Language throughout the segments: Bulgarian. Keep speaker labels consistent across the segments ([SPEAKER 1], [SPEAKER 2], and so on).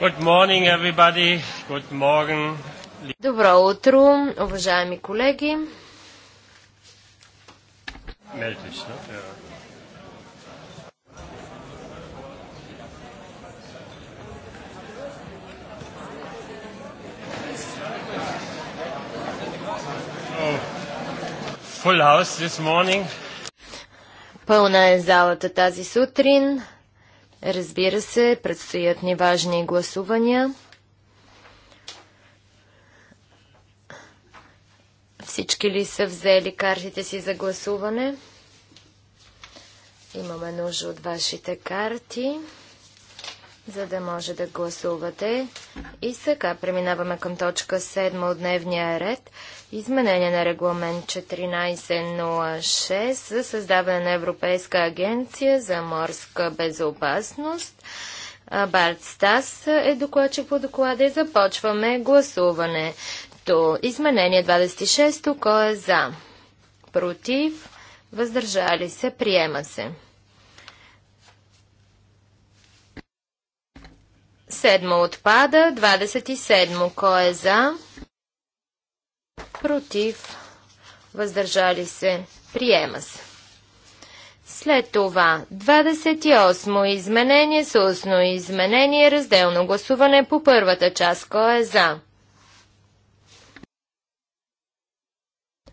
[SPEAKER 1] Good morning, everybody. Good morning.
[SPEAKER 2] Добро утро, уважаеми колеги.
[SPEAKER 1] Full house this morning.
[SPEAKER 2] Пълна е залата тази сутрин. Разбира се, предстоят ни важни гласувания. Всички ли са взели картите си за гласуване? Имаме нужда от вашите карти за да може да гласувате. И сега преминаваме към точка 7 от дневния ред. Изменение на регламент 1406 за създаване на Европейска агенция за морска безопасност. Барт Стас е докладчик по доклада и започваме То Изменение 26, кой е за? Против? Въздържали се? Приема се. Седма отпада, 27 кой е за? Против, въздържали се, приема се. След това 28 изменение с устно изменение, разделно гласуване по първата част. Кой е за?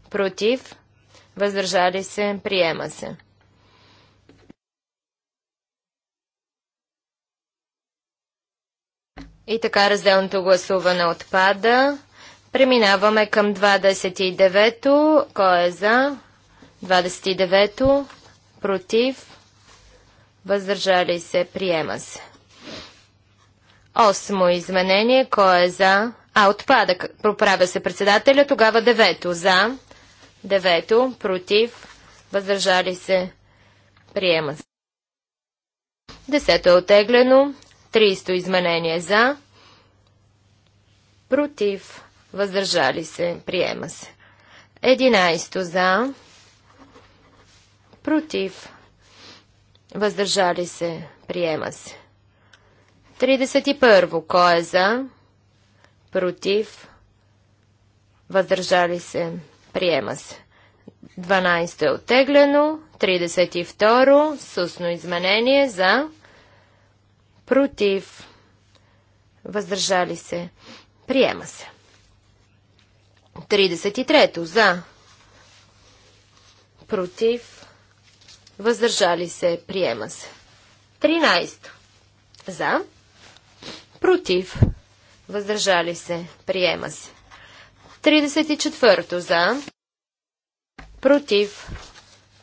[SPEAKER 2] Против, въздържали се, приема се. И така разделното гласуване отпада. Преминаваме към 29-то. Кой е за? 29-то. Против. Въздържали се. Приема се. Осмо изменение. Кой е за? А, отпада. Проправя се председателя. Тогава 9-то. За. Девето. Против. Въздържали се. Приема се. Десето е отеглено. 300 изменение за против, въздържали се, приема се. 11 за, против, въздържали се, приема се. 31. Кой е за? Против. Въздържали се. Приема се. 12 е и 32. Сусно изменение за. Против. Въздържали се. Приема се. 33. За. Против. Въздържали се. Приема се. 13. За. Против. Въздържали се. Приема се. 34. За. Против.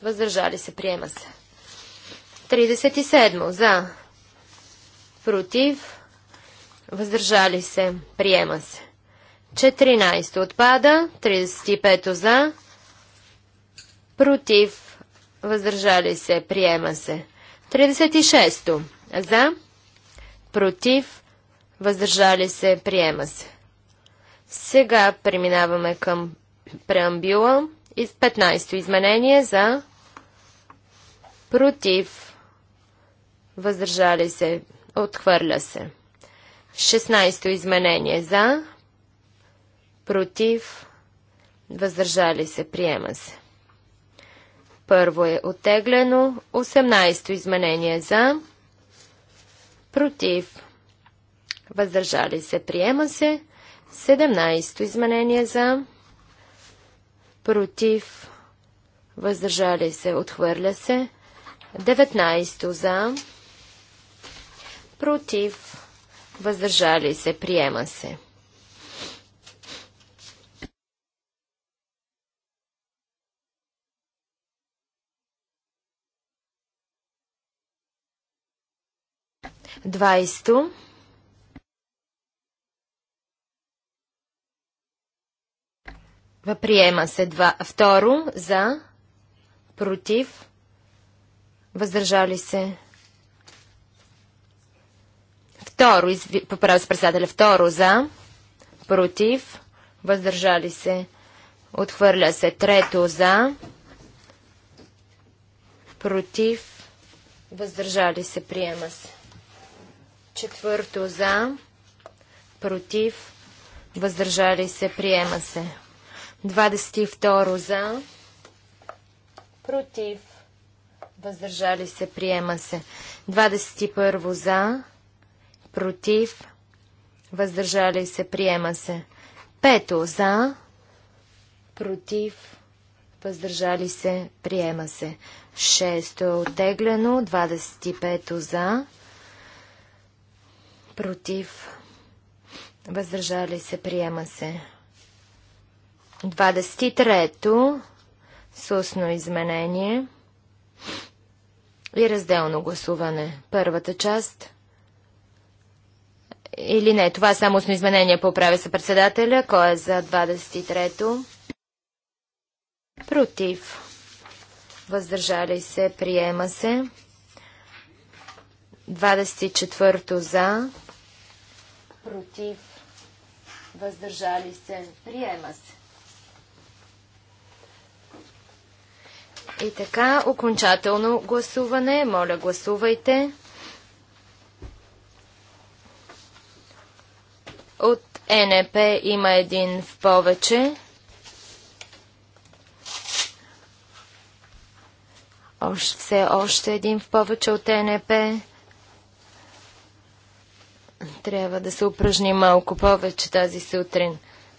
[SPEAKER 2] Въздържали се. Приема се. 37. За. Против. Въздържали се. Приема се. 14 отпада. 35 за. Против. Въздържали се. Приема се. 36 за. Против. Въздържали се. Приема се. Сега преминаваме към преамбюла. 15 изменение за. Против. Въздържали се. Отхвърля се. 16-то изменение за, против, въздържали се, приема се. Първо е оттеглено, 18-то изменение за, против, въздържали се, приема се. 17-то изменение за, против, въздържали се, отхвърля се. 19-то за, против, въздържали се, приема се. Двайсто. Приема се два. Второ за, против, въздържали се, Второ, изв... поправя се председателя. Второ за, против, въздържали се, отхвърля се. Трето за, против, въздържали се, приема се. Четвърто за, против, въздържали се, приема се. 22 за, против, въздържали се, приема се. 21 за, против, въздържали се, приема се. Пето за, против, въздържали се, приема се. Шесто е отеглено, 25 за, против, въздържали се, приема се. 23-то сусно изменение и разделно гласуване. Първата част – или не, това е само с изменение поправя се председателя. Кой е за 23-то? Против. Въздържали се, приема се. 24-то за. Против. Въздържали се, приема се. И така, окончателно гласуване. Моля, гласувайте. От НП има един в повече. Още, все още един в повече от НП. Трябва да се упражни малко повече тази сутрин.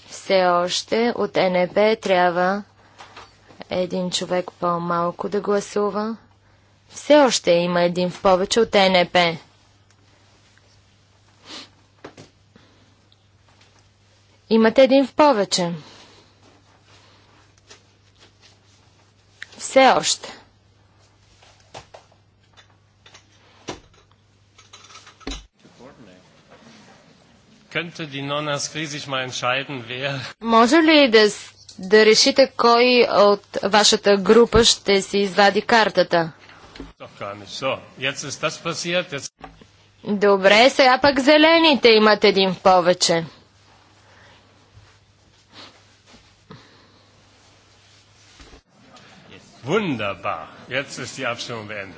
[SPEAKER 2] Все още от НП трябва един човек по-малко да гласува. Все още има един в повече от НП. Имате един в повече. Все още. Може ли да, да решите кой от вашата група ще си извади картата? Добре, сега пък зелените имат един в повече.
[SPEAKER 1] Wunderbar. Jetzt ist die Abstimmung beendet.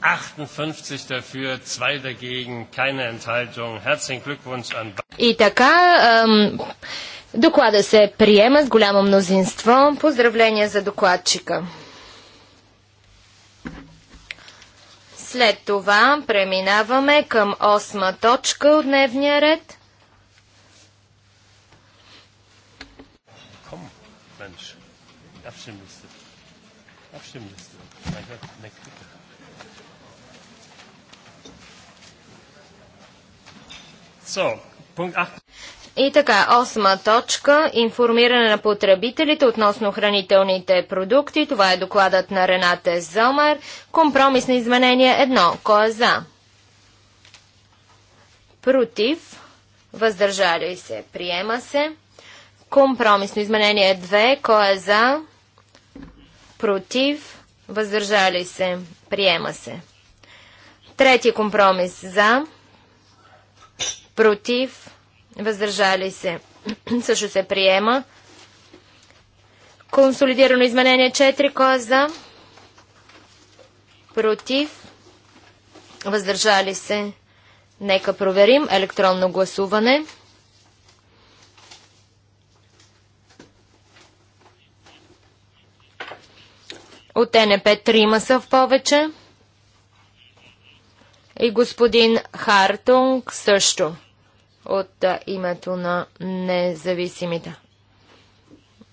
[SPEAKER 1] 58 dafür, 2 dagegen, keine Enthaltung. Herzlichen Glückwunsch an.
[SPEAKER 2] доклада се приема с голямо мнозинство. Поздравления за докладчика. След това преминаваме към осма точка от дневния ред.
[SPEAKER 1] Komm, stimmt es. So, 8.
[SPEAKER 2] И така, осма точка – информиране на потребителите относно хранителните продукти. Това е докладът на Рената Зомер. Компромисно изменение едно. Кой е за? Против. Въздържали се. Приема се. Компромисно изменение 2. Кой е за? против, въздържали се, приема се. Трети компромис за, против, въздържали се, също се приема. Консолидирано изменение 4, коза, е за, против, въздържали се. Нека проверим електронно гласуване. От НП трима са в повече. И господин Хартунг също от името на независимите.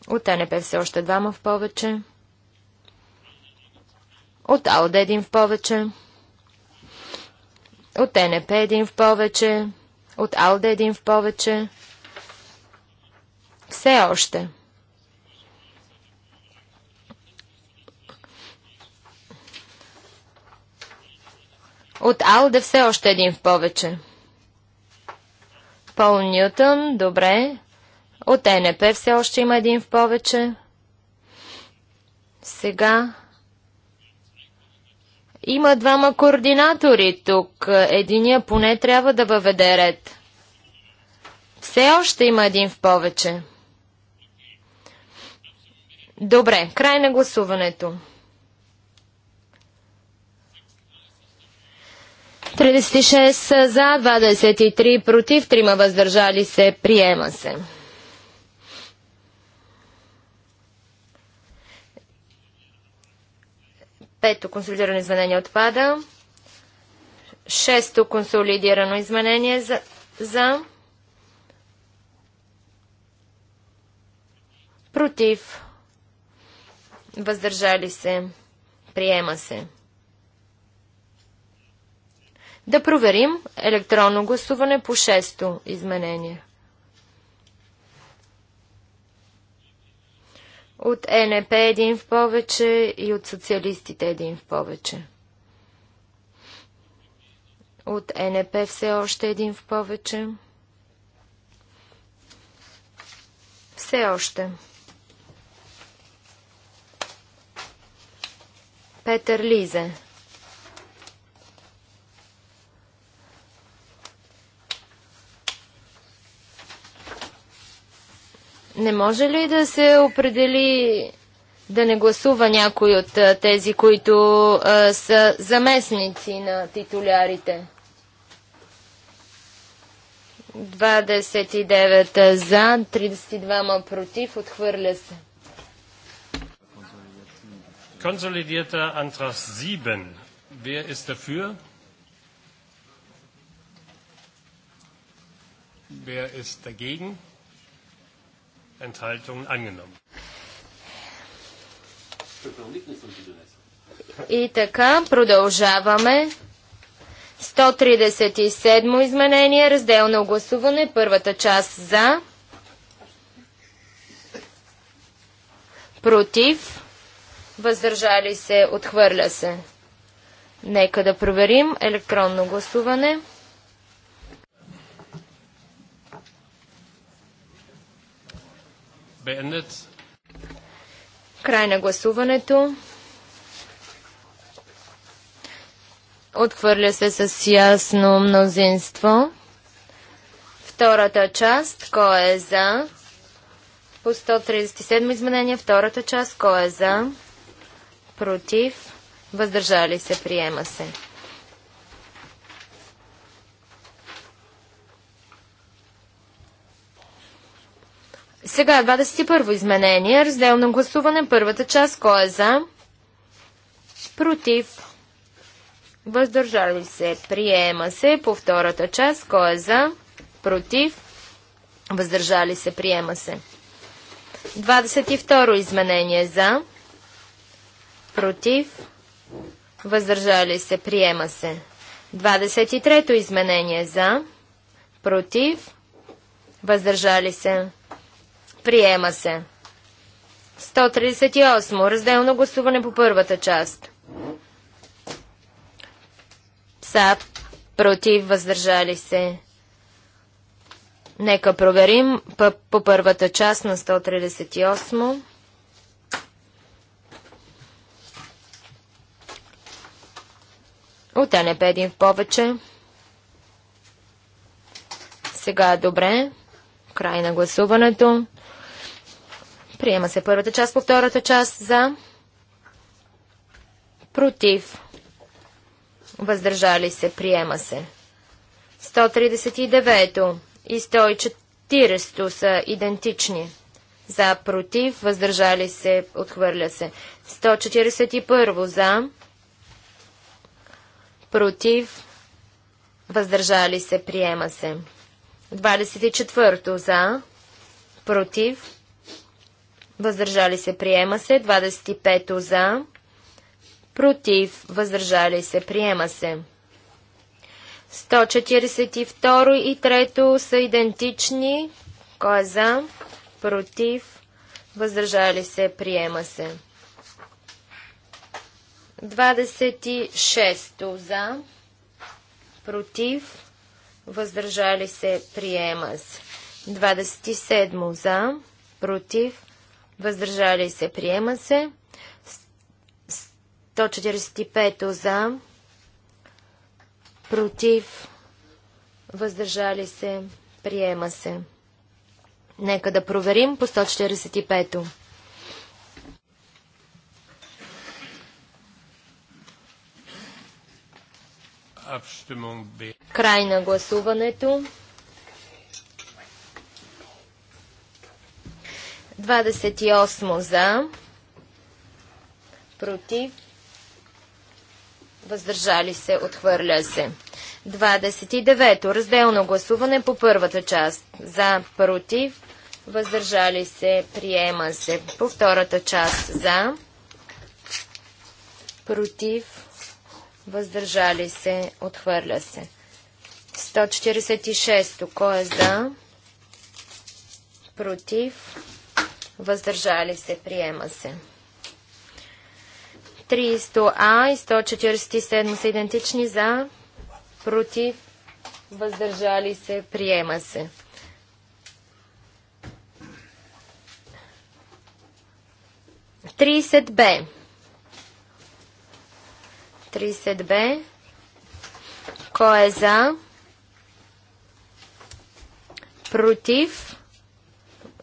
[SPEAKER 2] От НП все още двама в повече. От АЛД един в повече. От НП един в повече. От АЛД един в повече. Все още. От Алде все още един в повече. Пол Нютън, добре. От НП все още има един в повече. Сега има двама координатори тук. Единия поне трябва да въведе ред. Все още има един в повече. Добре, край на гласуването. 36 за, 23 против, 3 въздържали се, приема се. Пето консолидирано изменение отпада. Шесто консолидирано изменение за, за против, въздържали се, приема се. Да проверим електронно гласуване по шесто изменение. От НП един в повече и от социалистите един в повече. От НП все още един в повече. Все още. Петър Лизе. Не може ли да се определи да не гласува някой от тези, които а, са заместници на титулярите? 29 за, 32 против, отхвърля се.
[SPEAKER 1] Консолидирата антрас 7. Wer ist dafür? Wer ist dagegen? Enthaltungen angenommen.
[SPEAKER 2] И така, продължаваме. 137 изменение, разделно гласуване, първата част за, против, въздържали се, отхвърля се. Нека да проверим електронно гласуване. Край на гласуването. Отхвърля се с ясно мнозинство. Втората част, кой е за? По 137 изменения, втората част, кой е за? Против? Въздържали се, приема се. Сега 21 изменение, Раздел на гласуване, първата част, кой е за? Против. Въздържали се, приема се. По втората част, кой е за? Против. Въздържали се, приема се. 22 изменение за. Против. Въздържали се, приема се. 23 изменение за. Против. Въздържали се. Приема се. 138. Разделно гласуване по първата част. Са против, въздържали се. Нека проверим по, по първата част на 138. От НП един в повече. Сега е добре. Край на гласуването. Приема се първата част по втората част за. Против. Въздържали се. Приема се. 139 и 140 са идентични. За, против, въздържали се, отхвърля се. 141 за, против, въздържали се, приема се. 24 за, против, въздържали се, приема се. 25 за, против, въздържали се, приема се. 142 и 3 са идентични. Кой е за? Против, въздържали се, приема се. 26 за, против, въздържали се, приема се. 27 за, против, въздържали се, приема се. 145 за, против, въздържали се, приема се. Нека да проверим по 145-то. Край на гласуването. 28 за, против, въздържали се, отхвърля се. 29. Разделно гласуване по първата част. За, против, въздържали се, приема се. По втората част за, против, въздържали се, отхвърля се. 146. Кой е за? Против, въздържали се, приема се. 300А и 147 са идентични за, против, въздържали се, приема се. Трисет Б. 30 Б. Кой е за? Против?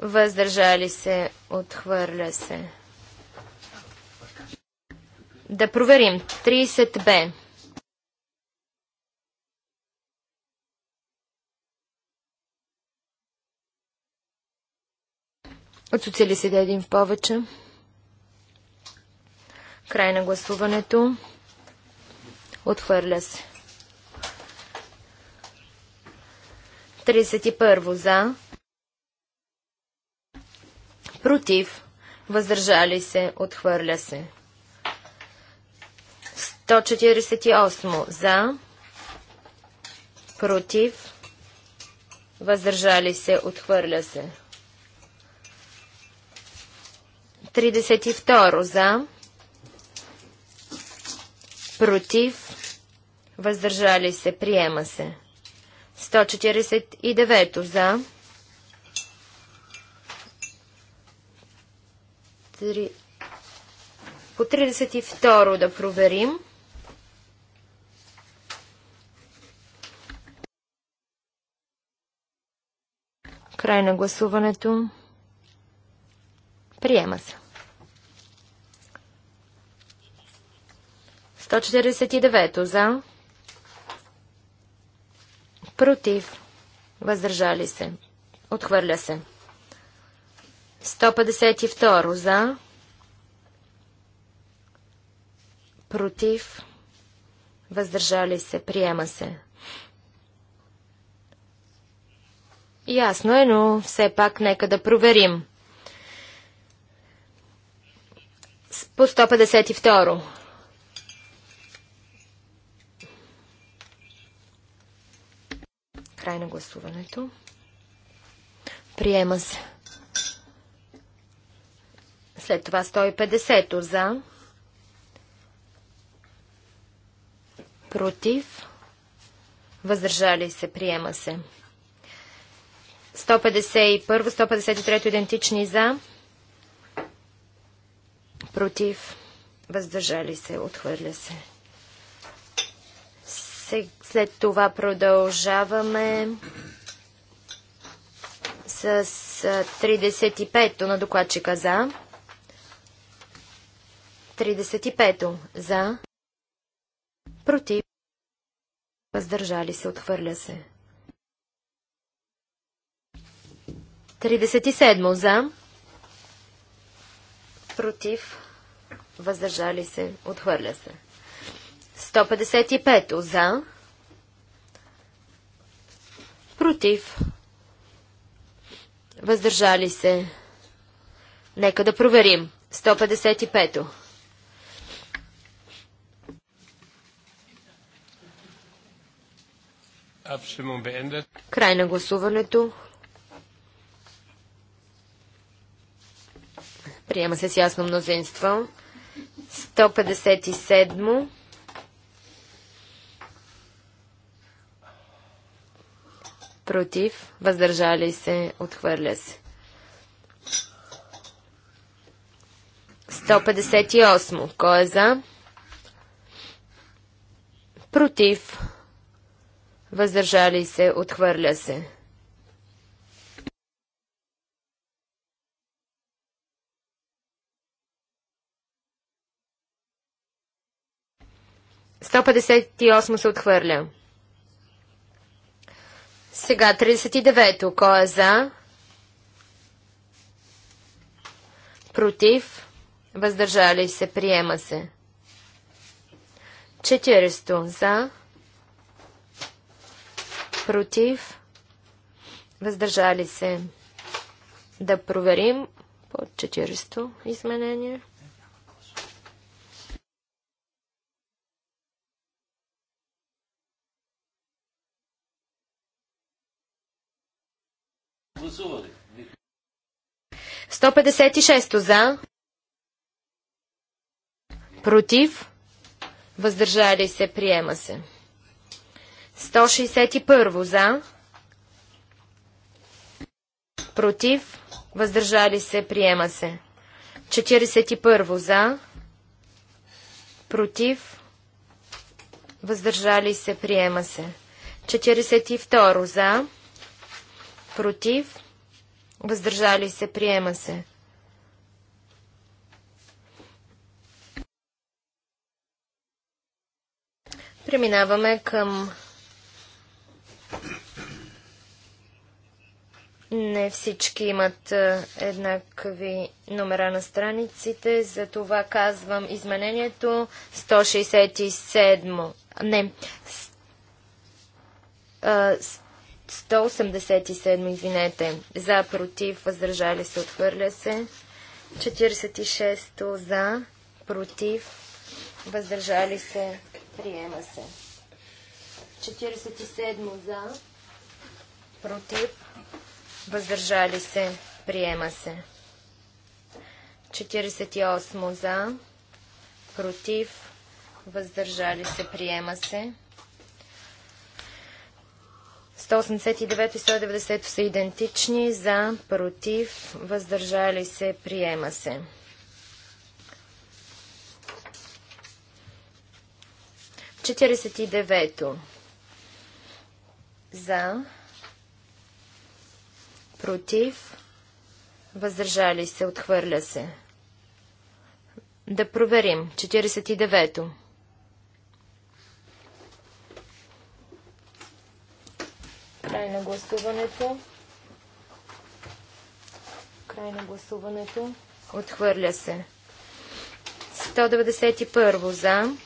[SPEAKER 2] въздържали се, отхвърля се. Да проверим. 30Б. От да един в повече. Край на гласуването. Отхвърля се. 31 за против, въздържали се, отхвърля се. 148 за, против, въздържали се, отхвърля се. 32 за, против, въздържали се, приема се. 149 за, против, 3... По 32 да проверим. Край на гласуването. Приема се. 149 за. Против. Въздържали се. Отхвърля се. 152 за, против, въздържали се, приема се. Ясно е, но все пак нека да проверим. По 152. Край на гласуването. Приема се. След това 150 за. Против. Въздържали се. Приема се. 151, 153 идентични за. Против. Въздържали се. Отхвърля се. След това продължаваме с 35-то на докладчика за. 35. За. Против. Въздържали се. Отхвърля се. 37. За. Против. Въздържали се. Отхвърля се. 155. За. Против. Въздържали се. Нека да проверим. 155. Край на гласуването. Приема се с ясно мнозинство. 157. Против. Въздържали се. Отхвърля се. 158. Кой е за? Против въздържали се, отхвърля се. Сто петдесет и осмо се отхвърля. Сега 39-то. Кой е за? Против? Въздържали се? Приема се. 40 За? против, въздържали се. Да проверим по 400 изменение. Гласували. 156 за. Против. Въздържали се. Приема се. 161 за, против, въздържали се, приема се. 41 за, против, въздържали се, приема се. 42 за, против, въздържали се, приема се. Преминаваме към Не всички имат е, еднакви номера на страниците, за това казвам изменението 167. Не, 187, е, извинете. За, против, въздържали се, отхвърля се. 46 за, против, въздържали се, приема се. 47 за, против, въздържали се, приема се. 48 за, против, въздържали се, приема се. 189 и 190 са идентични, за, против, въздържали се, приема се. Четиридесет и девето. За, против, въздържали се, отхвърля се. Да проверим. 49-то. Край на гласуването. Край на гласуването. Отхвърля се. 191 за.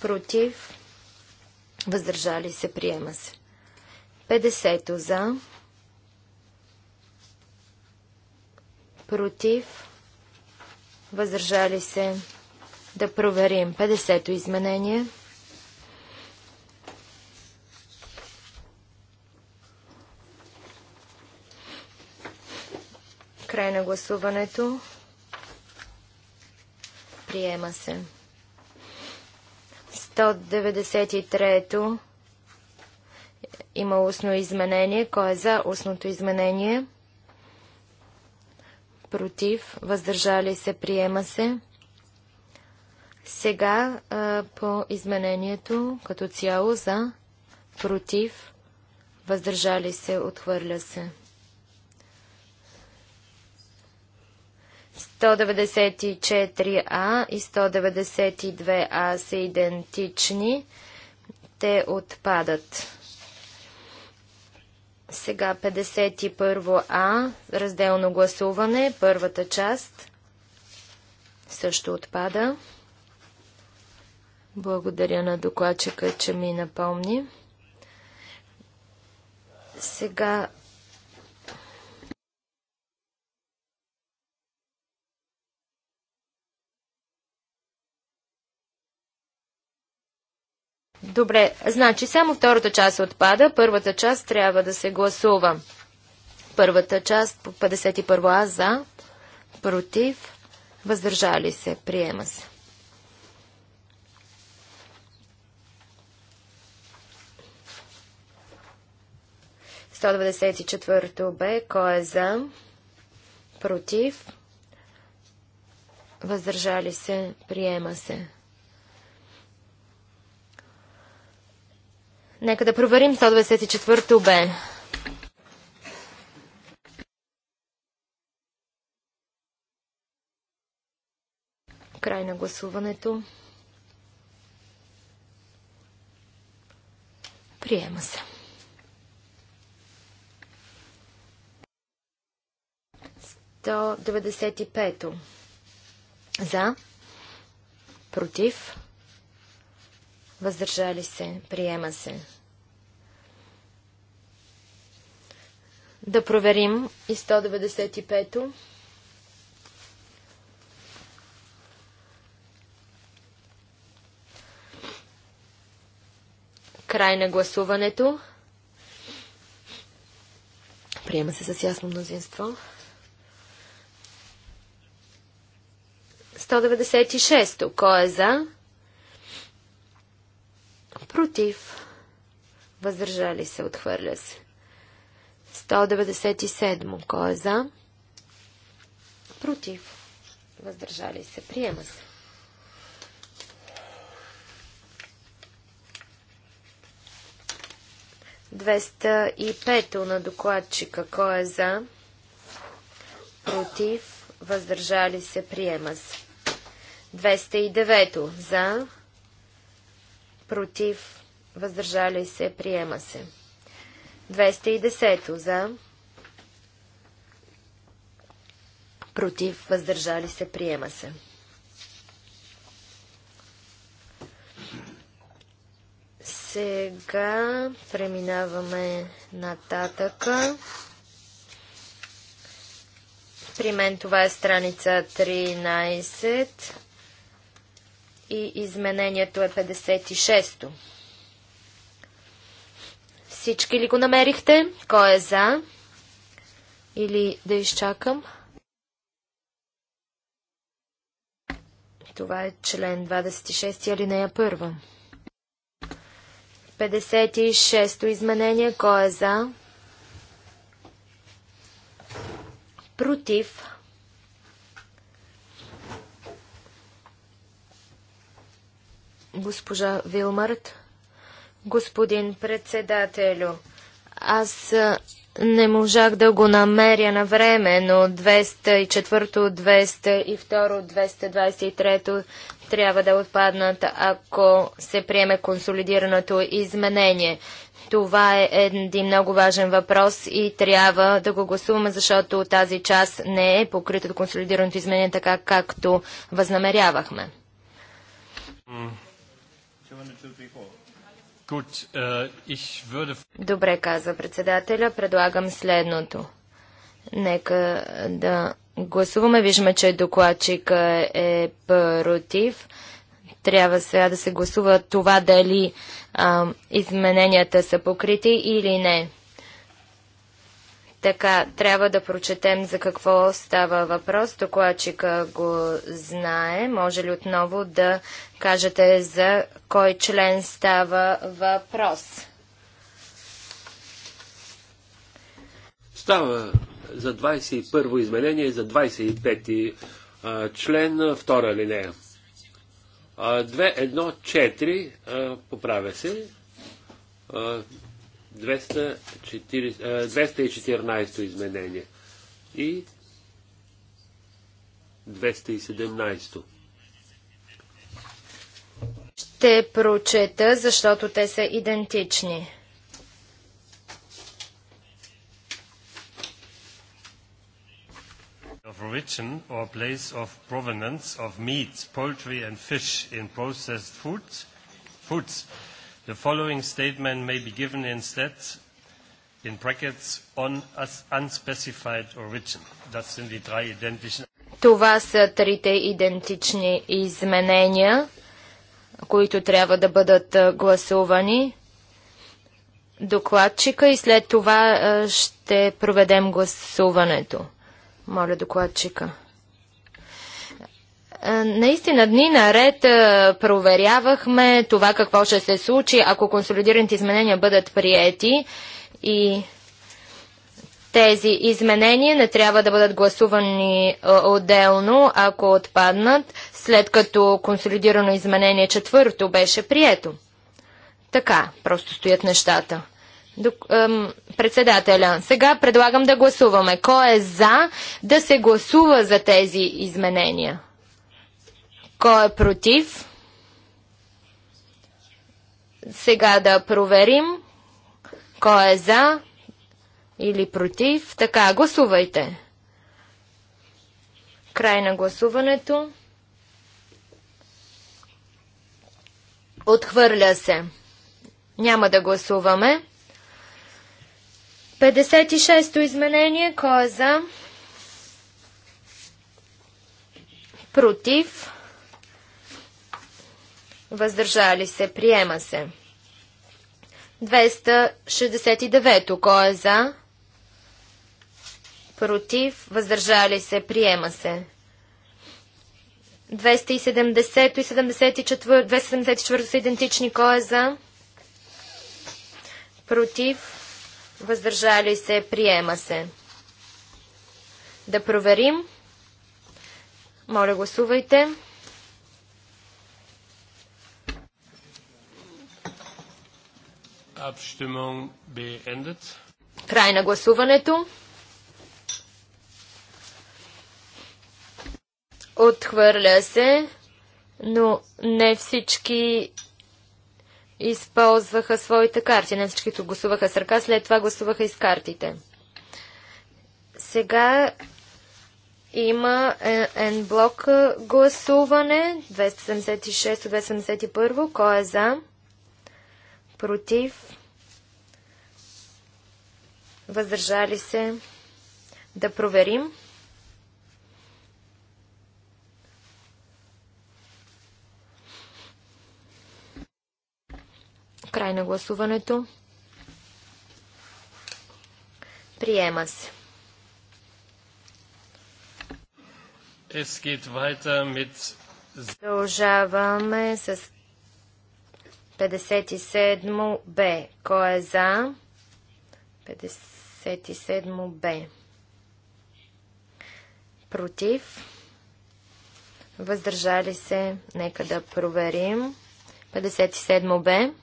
[SPEAKER 2] Против. Въздържали се. Приема се. 50 за, против, въздържали се да проверим 50-то изменение. Край на гласуването. Приема се. 193-то има устно изменение. Кой е за устното изменение? Против. Въздържали се. Приема се. Сега а, по изменението като цяло за. Против. Въздържали се. Отхвърля се. 194А и 192А са идентични. Те отпадат. Сега 51А, разделно гласуване, първата част също отпада. Благодаря на докладчика, че ми напомни. Сега Добре, значи само втората част отпада, първата част трябва да се гласува. Първата част по 51А за, против, въздържали се, приема се. Сто 194 Б, кой е за, против, въздържали се, приема се. Нека да проверим 124-то Б. Край на гласуването. Приема се. До 95-то. За. Против въздържали се, приема се. Да проверим и 195-то. Край на гласуването. Приема се с ясно мнозинство. 196-то. Кой е за? против, въздържали се, отхвърля се. 197. Кой е за? Против. Въздържали се. Приема се. Двеста и пето на докладчика. Кой е за? Против. Въздържали се. Приема се. 209. За против, въздържали се, приема се. 210 за, против, въздържали се, приема се. Сега преминаваме нататъка. При мен това е страница 13 и изменението е 56-то. Всички ли го намерихте? Кой е за? Или да изчакам? Това е член 26 алинея 1. 56-то изменение. Кой е за? Против. Госпожа Вилмарт. Господин председателю, аз не можах да го намеря на време, но 204, 202, 223 трябва да отпаднат, ако се приеме консолидираното изменение. Това е един много важен въпрос и трябва да го гласуваме, защото тази част не е покрита от консолидираното изменение така, както възнамерявахме.
[SPEAKER 1] Uh,
[SPEAKER 2] Добре, каза председателя. Предлагам следното. Нека да гласуваме. Виждаме, че докладчик е против. Трябва сега да се гласува това дали а, измененията са покрити или не. Така, трябва да прочетем за какво става въпрос. Докладчика го знае. Може ли отново да кажете за кой член става въпрос?
[SPEAKER 3] Става за 21-во изменение и за 25-ти член, втора линия. 2, 1, 4, поправя се. 214 изменение и 217.
[SPEAKER 2] Ще прочета, защото те са идентични.
[SPEAKER 1] of origin or place of provenance of meat, poultry and fish in processed foods, foods The following statement may be given instead in brackets on unspecified origin. Das sind die drei identischen.
[SPEAKER 2] Това са трите идентични изменения, които трябва да бъдат гласувани. Докладчика и след това ще проведем гласуването. Моля докладчика. Е, наистина дни наред е, проверявахме това какво ще се случи, ако консолидираните изменения бъдат приети и тези изменения не трябва да бъдат гласувани е, отделно, ако отпаднат, след като консолидирано изменение четвърто беше прието. Така просто стоят нещата. Председателя, сега предлагам да гласуваме. Кой е за да се гласува за тези изменения? Кой е против? Сега да проверим кой е за или против. Така, гласувайте. Край на гласуването. Отхвърля се. Няма да гласуваме. 56-то изменение. Кой е за? Против въздържали се, приема се. 269. Кой е за? Против, въздържали се, приема се. 270 и 74, 274 са идентични. Кой е за? Против, въздържали се, приема се. Да проверим. Моля, гласувайте. Край на гласуването. Отхвърля се, но не всички използваха своите карти. Не всички гласуваха с ръка, след това гласуваха и с картите. Сега има е, ен блок гласуване 276-271. Кой е за? против, въздържали се, да проверим. Край на гласуването. Приема се.
[SPEAKER 1] Es geht weiter mit...
[SPEAKER 2] Продължаваме с 57 Б. Кой е за? 57 Б. Против. Въздържали се. Нека да проверим. 57 Б.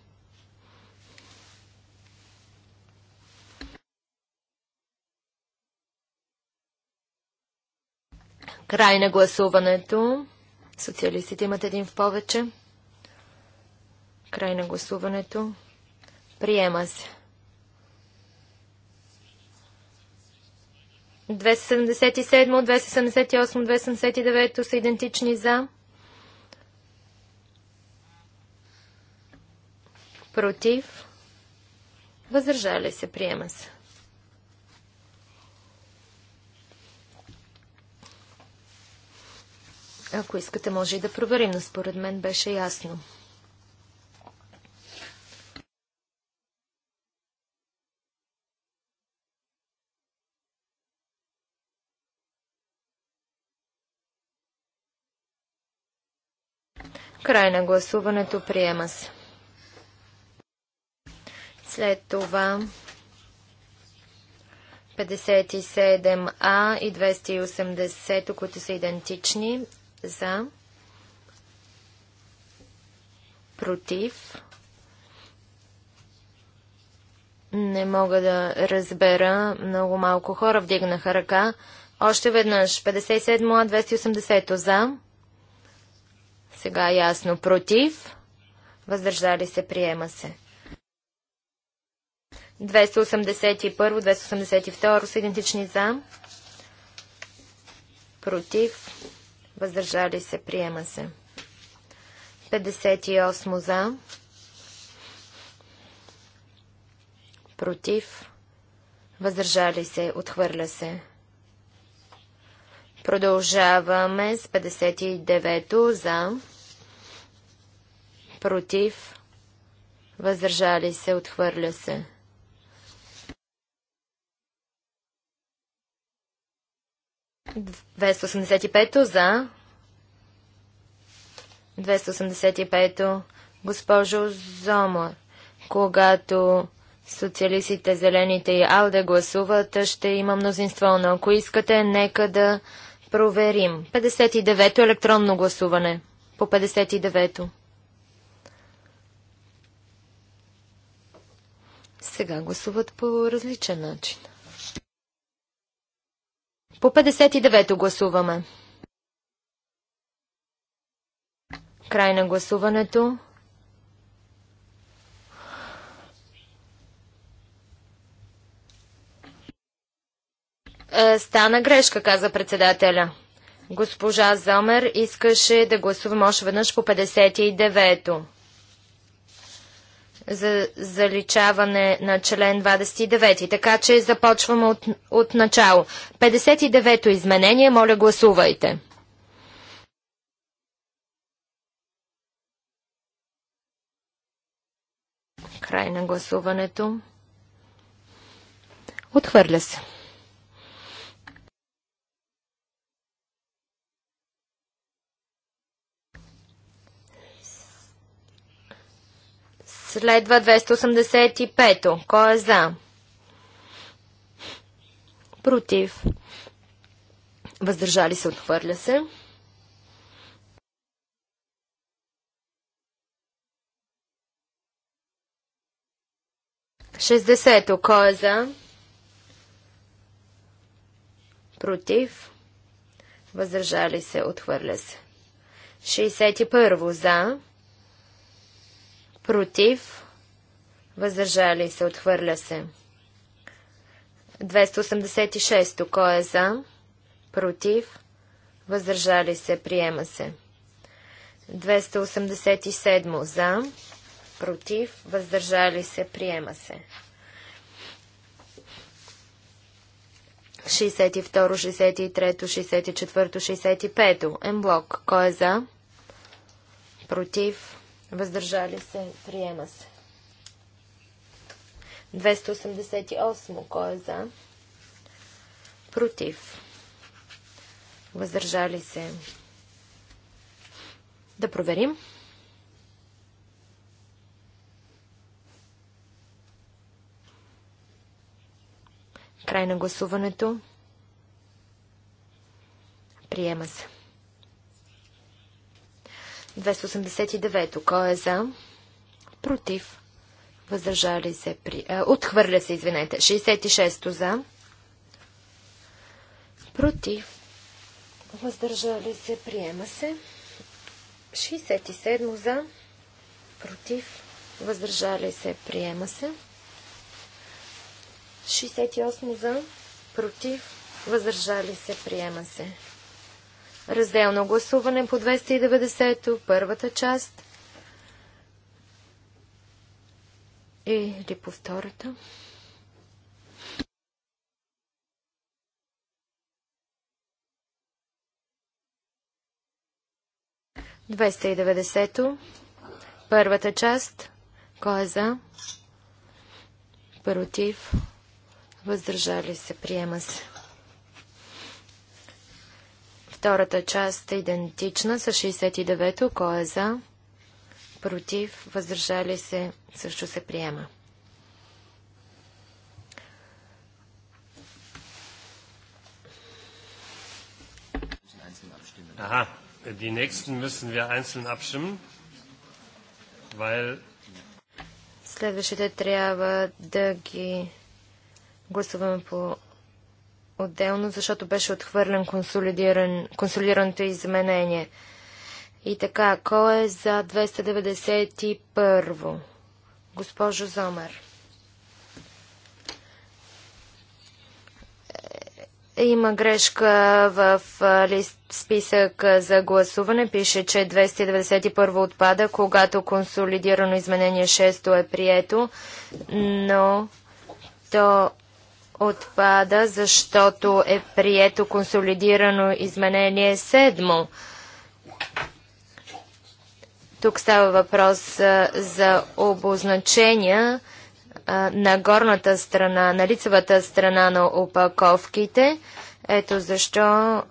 [SPEAKER 2] Край на гласуването. Социалистите имат един в повече. Край на гласуването. Приема се. 277, 278, 279 са идентични за. Против. Въздържали се. Приема се. Ако искате, може и да проверим, но според мен беше ясно. Край на гласуването приема се. След това 57А и 280, които са идентични за против. Не мога да разбера. Много малко хора вдигнаха ръка. Още веднъж. 57А, 280 за сега ясно против. Въздържали се, приема се. 281, 282 са идентични за. Против. Въздържали се, приема се. 58 за. Против. Въздържали се, отхвърля се. Продължаваме с 59-то за, против, въздържали се, отхвърля се. Двеста за. Двеста Госпожо Зомор, когато социалистите, зелените и Алде гласуват, ще има мнозинство, но ако искате, нека да проверим. 59-то електронно гласуване. По 59-то. Сега гласуват по различен начин. По 59-то гласуваме. Край на гласуването. Е, стана грешка, каза председателя. Госпожа Зомер искаше да гласуваме още веднъж по 59-то. За заличаване на член 29. Така че започваме от, от начало. 59-то изменение, моля гласувайте. Край на гласуването. Отхвърля се. Следва 285-то. Кой е за? Против. Въздържали се, отхвърля се. Шестдесето. Кой е за? Против. Въздържали се, отхвърля се. 61 за против, въздържали се, отхвърля се. 286. Кой е за? Против? Въздържали се. Приема се. 287. За? Против? Въздържали се. Приема се. 62, 63, 64, 65. Емблок. Кой е за? Против? въздържали се, приема се. 288. Кой е за? Против. Въздържали се. Да проверим. Край на гласуването. Приема се. 289. Кой е за? Против. Въздържали се при... А, отхвърля се, извинете. 66 за. Против. Въздържали се. Приема се. 67 за. Против. Въздържали се. Приема се. 68 за. Против. Въздържали се. Приема се. Разделно гласуване по 290-то, първата част или по втората. Двеста и Първата част. Кой е за? Против. Въздържали се. Приема се. Втората част е идентична с 69-то. Кой е за? Против? Въздържали се? Също се приема.
[SPEAKER 1] Aha, die nächsten müssen wir einzeln abstimmen, weil...
[SPEAKER 2] трябва да ги по отделно, защото беше отхвърлен консолидиран, консолидираното изменение. И така, кой е за 291? Госпожо Зомер. Е, има грешка в лист, списък за гласуване. Пише, че 291 отпада, когато консолидирано изменение 6 е прието, но то отпада, защото е прието консолидирано изменение 7. Тук става въпрос за обозначения на горната страна, на лицевата страна на опаковките. Ето защо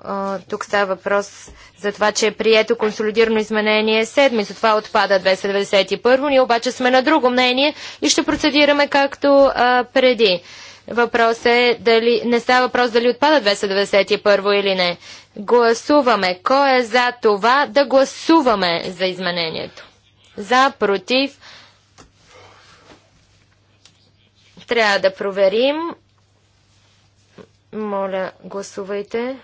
[SPEAKER 2] тук става въпрос за това, че е прието консолидирано изменение 7. За това отпада 291. Ние обаче сме на друго мнение и ще процедираме както преди. Въпрос е дали, не става въпрос дали отпада 291 или не. Гласуваме. Кой е за това да гласуваме за изменението? За, против. Трябва да проверим. Моля, гласувайте.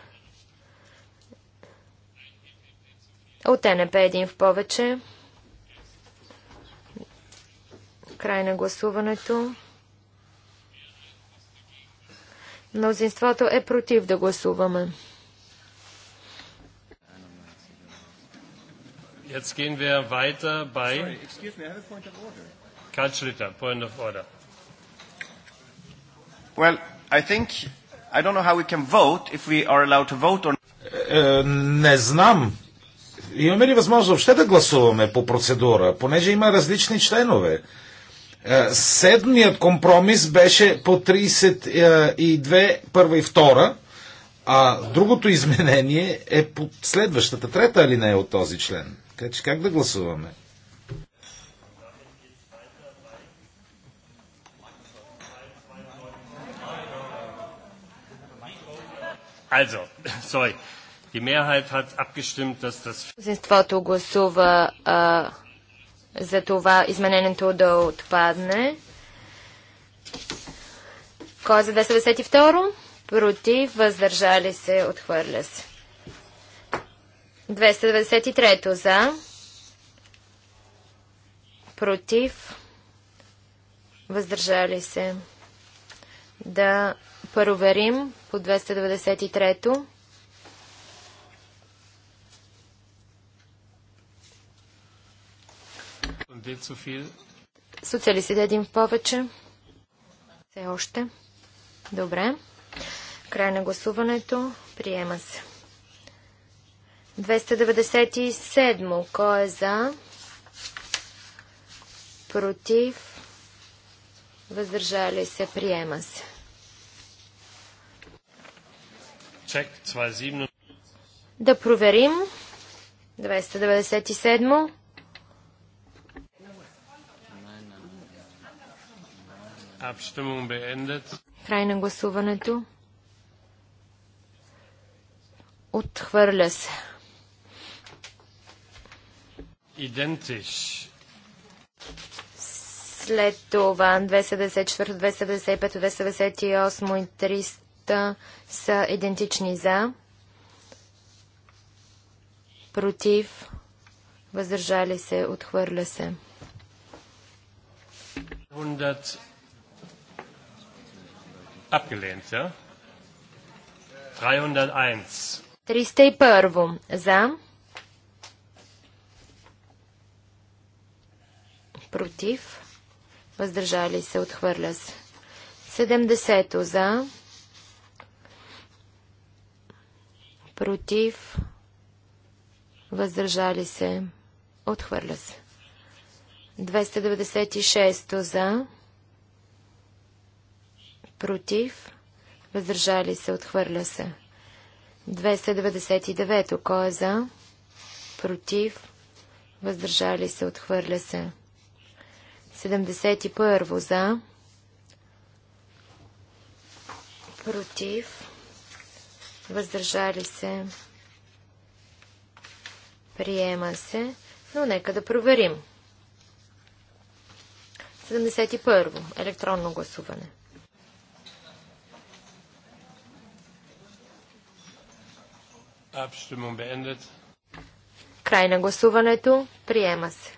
[SPEAKER 2] От НП един в повече. Край на гласуването. Мнозинството е против да гласуваме.
[SPEAKER 1] Jetzt gehen wir weiter bei Karl Schlitter, point of order. Well, I think I don't know how we can vote if we are allowed to vote or
[SPEAKER 4] е, не знам. Имаме ли възможност въобще да гласуваме по процедура, понеже има различни членове? Е, седмият компромис беше по 32 първа и втора, а другото изменение е по следващата трета или алинея е от този член. Така че как да гласуваме?
[SPEAKER 1] Also, sorry. Die Mehrheit hat abgestimmt, dass das...
[SPEAKER 2] Мнозинството гласува а, за това изменението да отпадне. Кой е за 292? Против, въздържали се, отхвърля се. 293 за. Против, въздържали се. Да проверим по 293. Социалистите един повече. Все още. Добре. Край на гласуването. Приема се. 297. Кой е за? Против? Въздържали се? Приема се. Да проверим. 297. Край на гласуването. Отхвърля се.
[SPEAKER 1] Идентиш.
[SPEAKER 2] След това 274, 275, 278 и 300 са идентични за. Против. Въздържали се. Отхвърля се.
[SPEAKER 1] 100... Abgelehnt, ja? 301.
[SPEAKER 2] 301. За. Против. Въздържали се. Отхвърля се. 70. За. Против. Въздържали се. Отхвърля се. 296. За против, въздържали се, отхвърля се. 299. Кой е за? Против, въздържали се, отхвърля се. 71. За? Против, въздържали се, приема се, но нека да проверим. 71. Електронно гласуване. Край на гласуването. Приема се.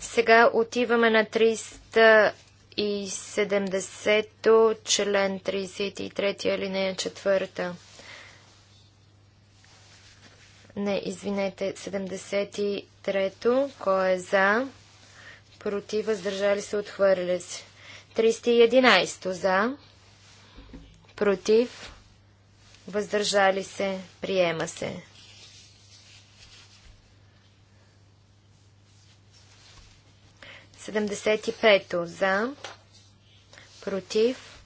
[SPEAKER 2] Сега отиваме на 370-то, член 33, алинея 4. Не, извинете, 73-то. Кой е за? против, въздържали се, отхвърля се. 311 за, против, въздържали се, приема се. Седемдесет и пето за, против,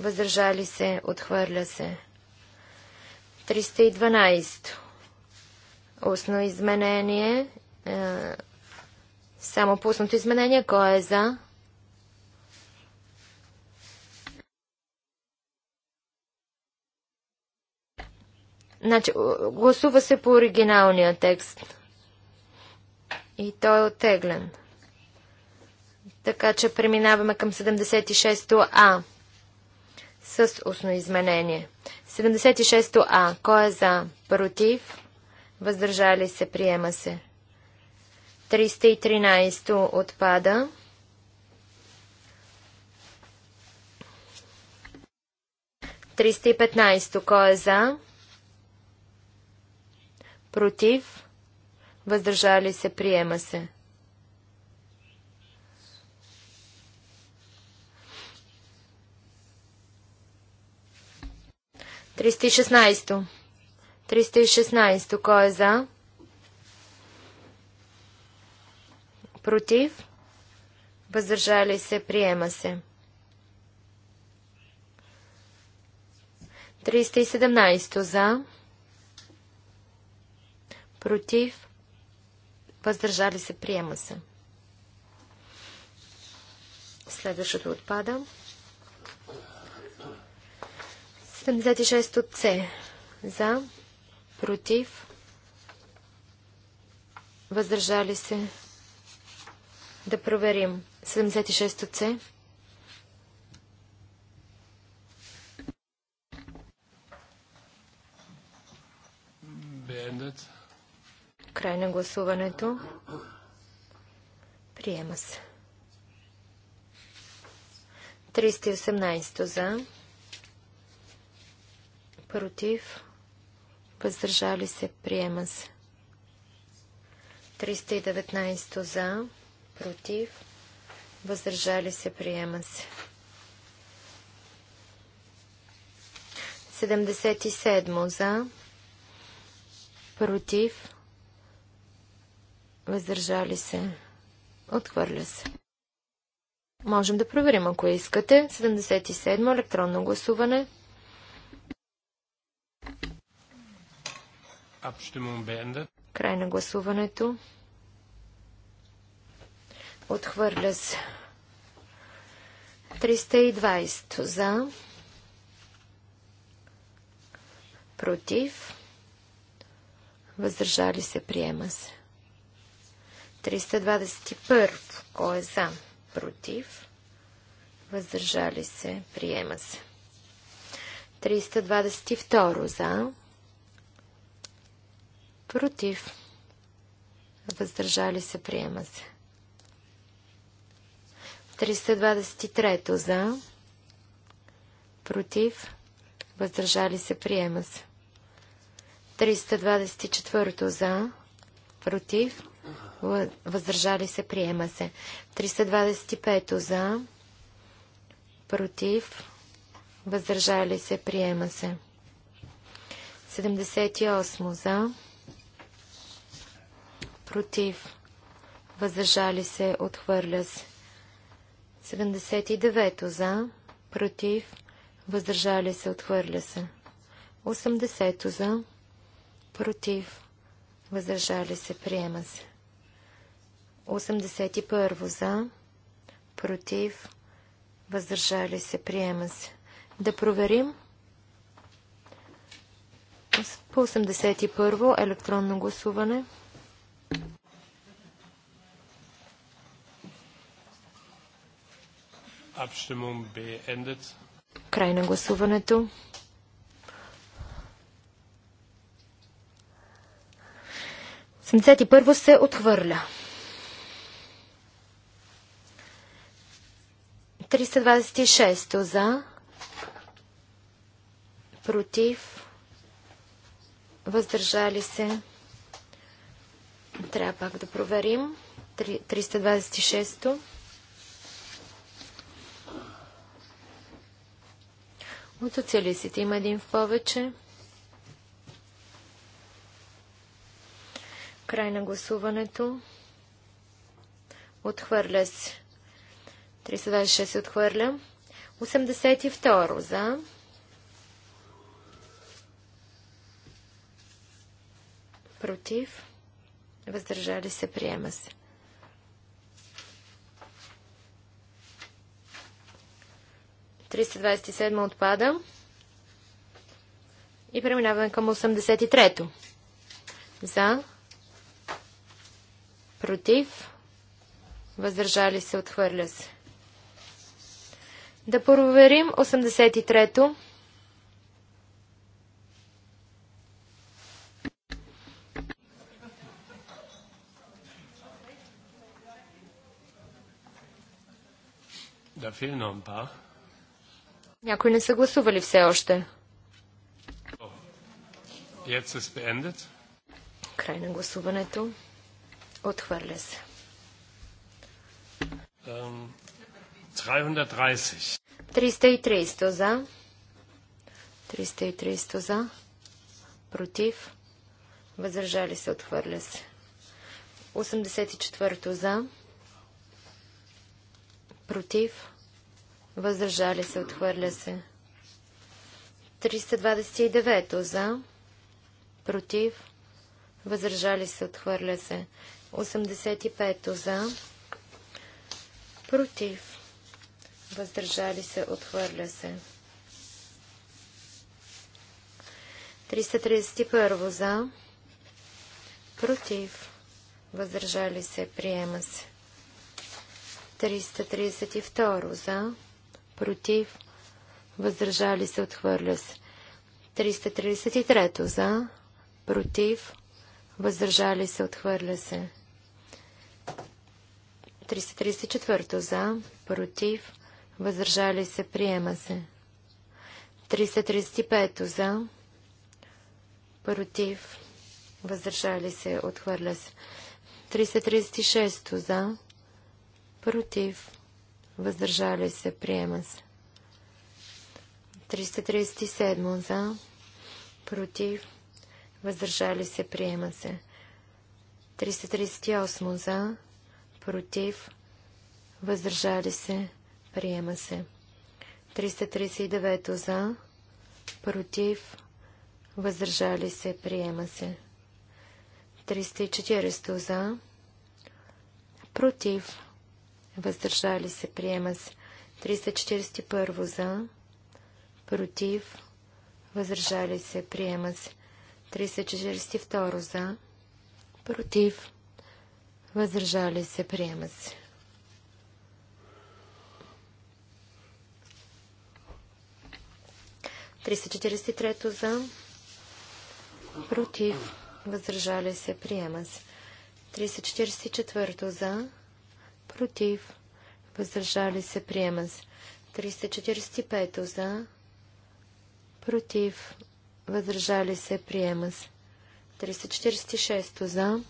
[SPEAKER 2] въздържали се, отхвърля се. 312. Устно изменение е, само пуснато изменение. Кой е за? Значи, гласува се по оригиналния текст. И той е отеглен. Така че преминаваме към 76А с устно изменение. 76А. Кой е за? Против? Въздържали се? Приема се. 313 отпада. Триста и Кой е за? Против? Въздържали се? Приема се. Триста и шестнайсто. Триста и шестнайсто. Кой е за? Против. Въздържали се. Приема се. 317 за. Против. Въздържали се. Приема се. Следващото отпада. 76 от С. За. Против. Въздържали се. Да проверим. 76 от С. Край на гласуването. Приема се. 318 за. Против. Въздържали се. Приема се. 319 за против, въздържали се, приема се. 77 за, против, въздържали се, отхвърля се. Можем да проверим, ако искате. 77 електронно гласуване. Край на гласуването. Отхвърля се. 320 за. Против. Въздържали се. Приема се. 321. Кой е за? Против. Въздържали се. Приема се. 322 за. Против. Въздържали се. Приема се. 323. 323 за, против, въздържали се, приема се. 324 за, против, въздържали се, приема се. 325 за, против, въздържали се, приема се. 78 за, против, въздържали се, отхвърля се. 79 за, против, въздържали се, отхвърля се. 80 за, против, въздържали се, приема се. 81 за, против, въздържали се, приема се. Да проверим. По 81 електронно гласуване. Край на гласуването. Семдесет и първо се отхвърля. 326 за, против, въздържали се. Трябва пак да проверим. 326. От социалистите има един в повече. Край на гласуването. Отхвърля се. 326 се отхвърля. 82 за. Против. Въздържали се. Приема се. 327 отпада. И преминаваме към 83-то. За. Против. Въздържали се. Отхвърля се. Да проверим 83-то.
[SPEAKER 1] Да fehlen noch
[SPEAKER 2] някои не са гласували все още. Край на гласуването. Отхвърля се.
[SPEAKER 1] 330.
[SPEAKER 2] за. 330 за. Против. Въздържали се. Отхвърля се. 84 за. Против въздържали се, отхвърля се. 329 за, против, въздържали се, отхвърля се. 85 за, против, въздържали се, отхвърля се. 331 за, против, въздържали се, приема се. 332 за, против, въздържали се, отхвърля се. 333 за, против, въздържали се, отхвърля се. 334 за, против, въздържали се, приема се. 335 за, против, въздържали се, отхвърля се. 336 за, против, въздържали се, приема се. 337 за, против, въздържали се, приема се. 338 за, против, въздържали се, приема се. 339 за, против, въздържали се, приема се. 340 за, против, въздържали се, приема се. 341 за, против, въздържали се, приема се. 342 за, против, въздържали се, приема се. Триста за, против, въздържали се, приема се. 344 за, против, въздържали се, приема се. 345 за, против, въздържали се, приема се. 346 за,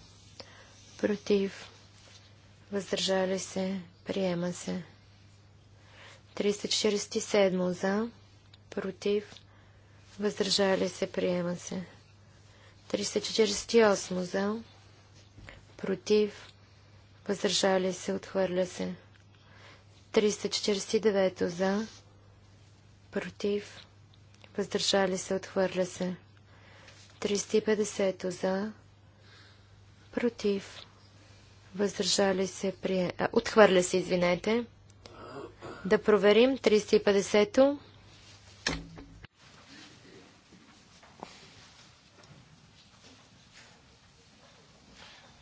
[SPEAKER 2] против, въздържали се, приема се. 347 за, против, въздържали се, приема се. 348 за, против, въздържали се, отхвърля се. 349 за, против, въздържали се, отхвърля се. 350 за, против, въздържали се, при... а, отхвърля се, извинете. Да проверим 350-то.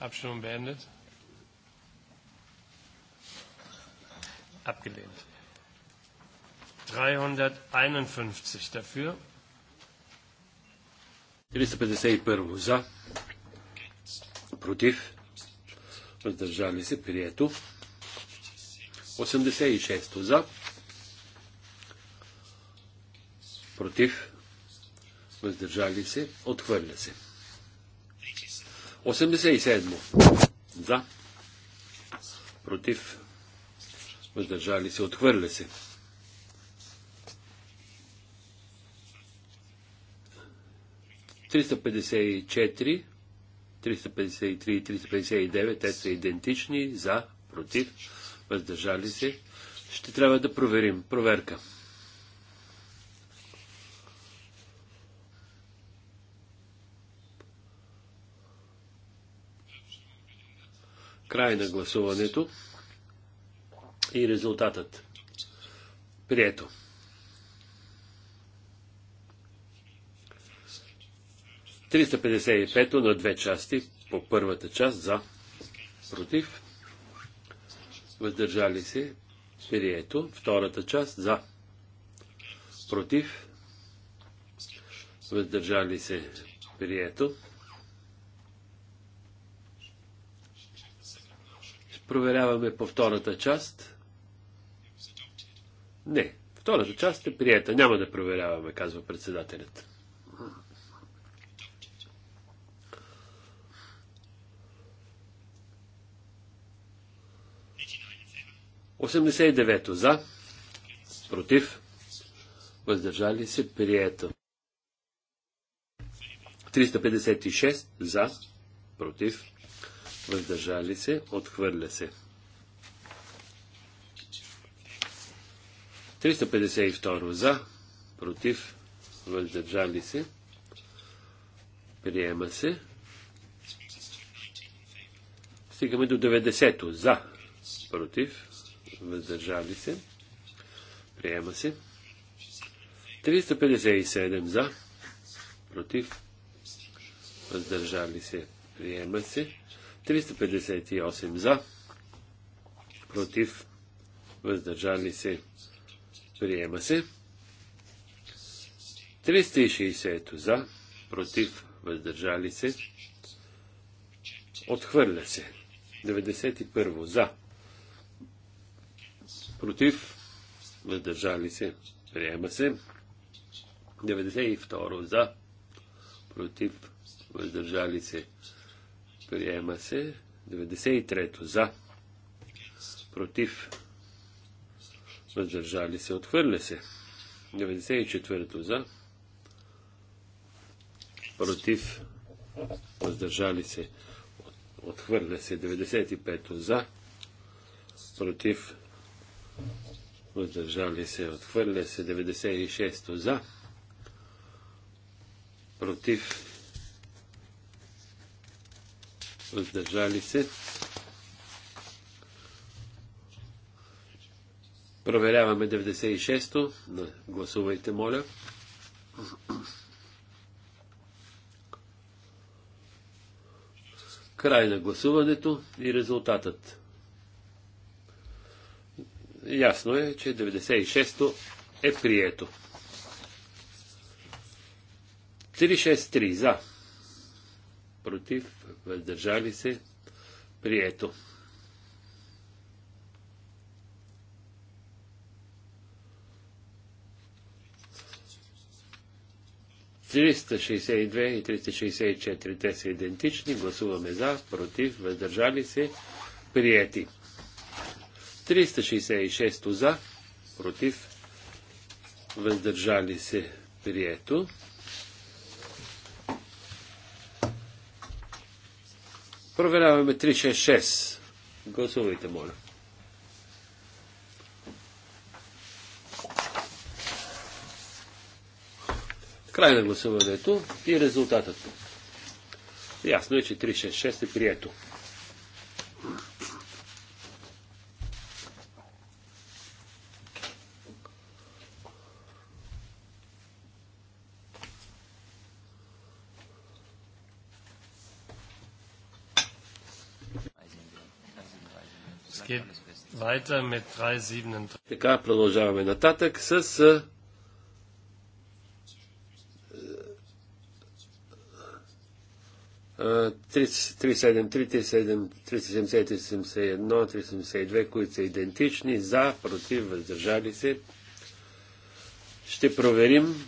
[SPEAKER 1] Abstimmung beendet. abgelehnt. 351 dafür.
[SPEAKER 3] 351 за, против, въздържали се, прието. 86 за, против, въздържали се, отхвърля се. 87 за, против, въздържали се, отхвърля се. Триста 353 и 359, те са идентични, за, против, въздържали се. Ще трябва да проверим. Проверка. Край на гласуването и резултатът. Прието. Триста на две части по първата част за против. Въздържали се. Прието. Втората част за против. Въздържали се. Прието. Проверяваме по втората част. Не, втората част е приета. Няма да проверяваме, казва председателят. Осемдесет за, против, въздържали се, прието. 356 за, против, въздържали се, отхвърля се. 352 за, против, въздържали се, приема се. Стигаме до 90-то за, против, въздържали се, приема се. 357 за, против, въздържали се, приема се. 358 за, против, въздържали се, приема се Приема се. 360 за, против, въздържали се. Отхвърля се. 91 за. Против, въздържали се. Приема се. 92 за. Против, въздържали се. Приема се. 93 за. Против, въздържали се, отхвърля се. 94-то за, против, въздържали се, отхвърля се. 95-то за, против, въздържали се, отхвърля се. 96-то за, против, въздържали се, Проверяваме 96-то. Гласувайте, моля. Край на гласуването и резултатът. Ясно е, че 96-то е прието. 363 за. Против, въздържали се, прието. 362 и 364. Те са идентични. Гласуваме за, против, въздържали се, приети. 366 за, против, въздържали се, прието. Проверяваме 366. Гласувайте, моля. Край на гласуването и резултатът. Ясно е, че 366 е прието. Така продължаваме нататък с 371, 372, които са идентични, за, против, въздържали се. Ще проверим.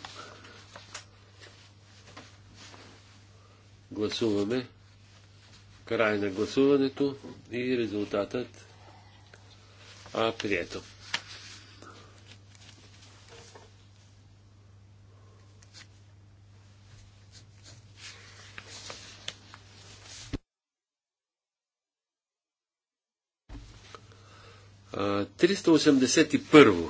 [SPEAKER 3] Гласуваме. Край на гласуването и резултатът а, прието. 381.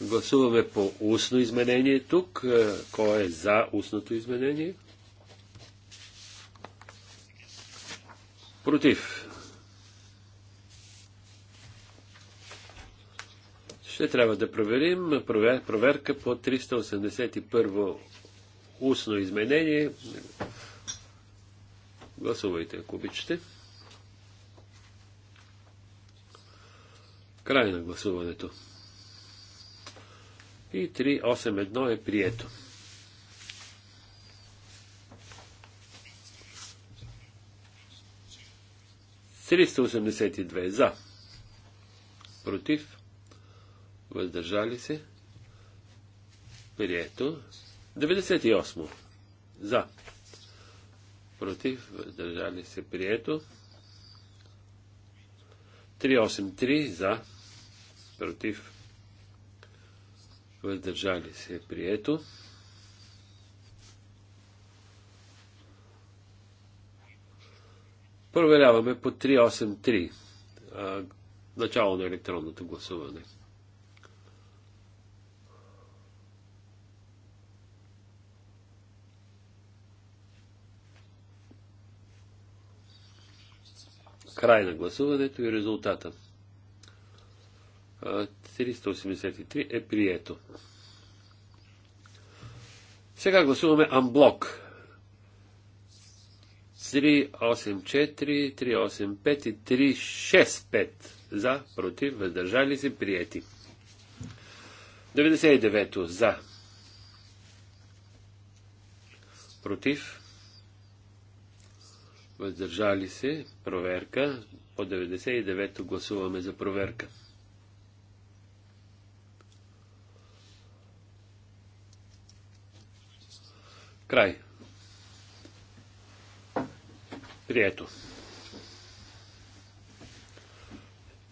[SPEAKER 3] Гласуваме по устно изменение тук. Е, кой е за устното изменение? Против. Ще трябва да проверим проверка по 381 устно изменение. Гласувайте, ако обичате. Край на гласуването. И 381 е прието. 382 за. Против. Въздържали се. Прието. 98. За. Против. Въздържали се. Прието. 383 за против, въздържали се, е прието. Проверяваме по 383 начало на електронното гласуване. Край на гласуването и резултата. 383 е прието. Сега гласуваме Амблок. 384, 385 и 365 за, против, въздържали се, прияти. 99 за. Против. Въздържали се. Проверка. По 99 гласуваме за проверка. 99 Край. Прието.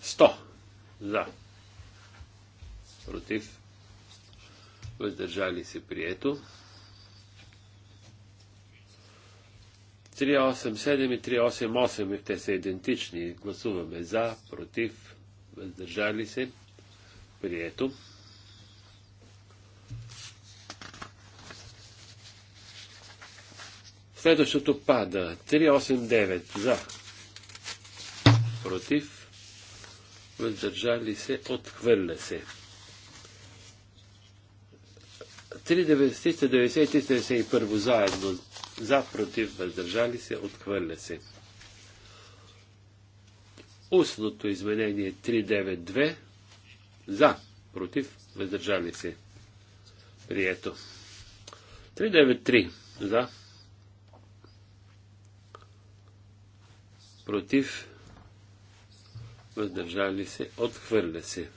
[SPEAKER 3] 100 за. Против. Въздържали се прието. 387 и 388, те са идентични. Гласуваме за, против, въздържали се. Прието. Следващото пада. 389 за. Против. Въздържали се. Отхвърля се. 390 391 заедно. За, против, въздържали се. Отхвърля се. Устното изменение 392 за, против, въздържали се. Прието. 393 за, против, въздържали се, отхвърля се.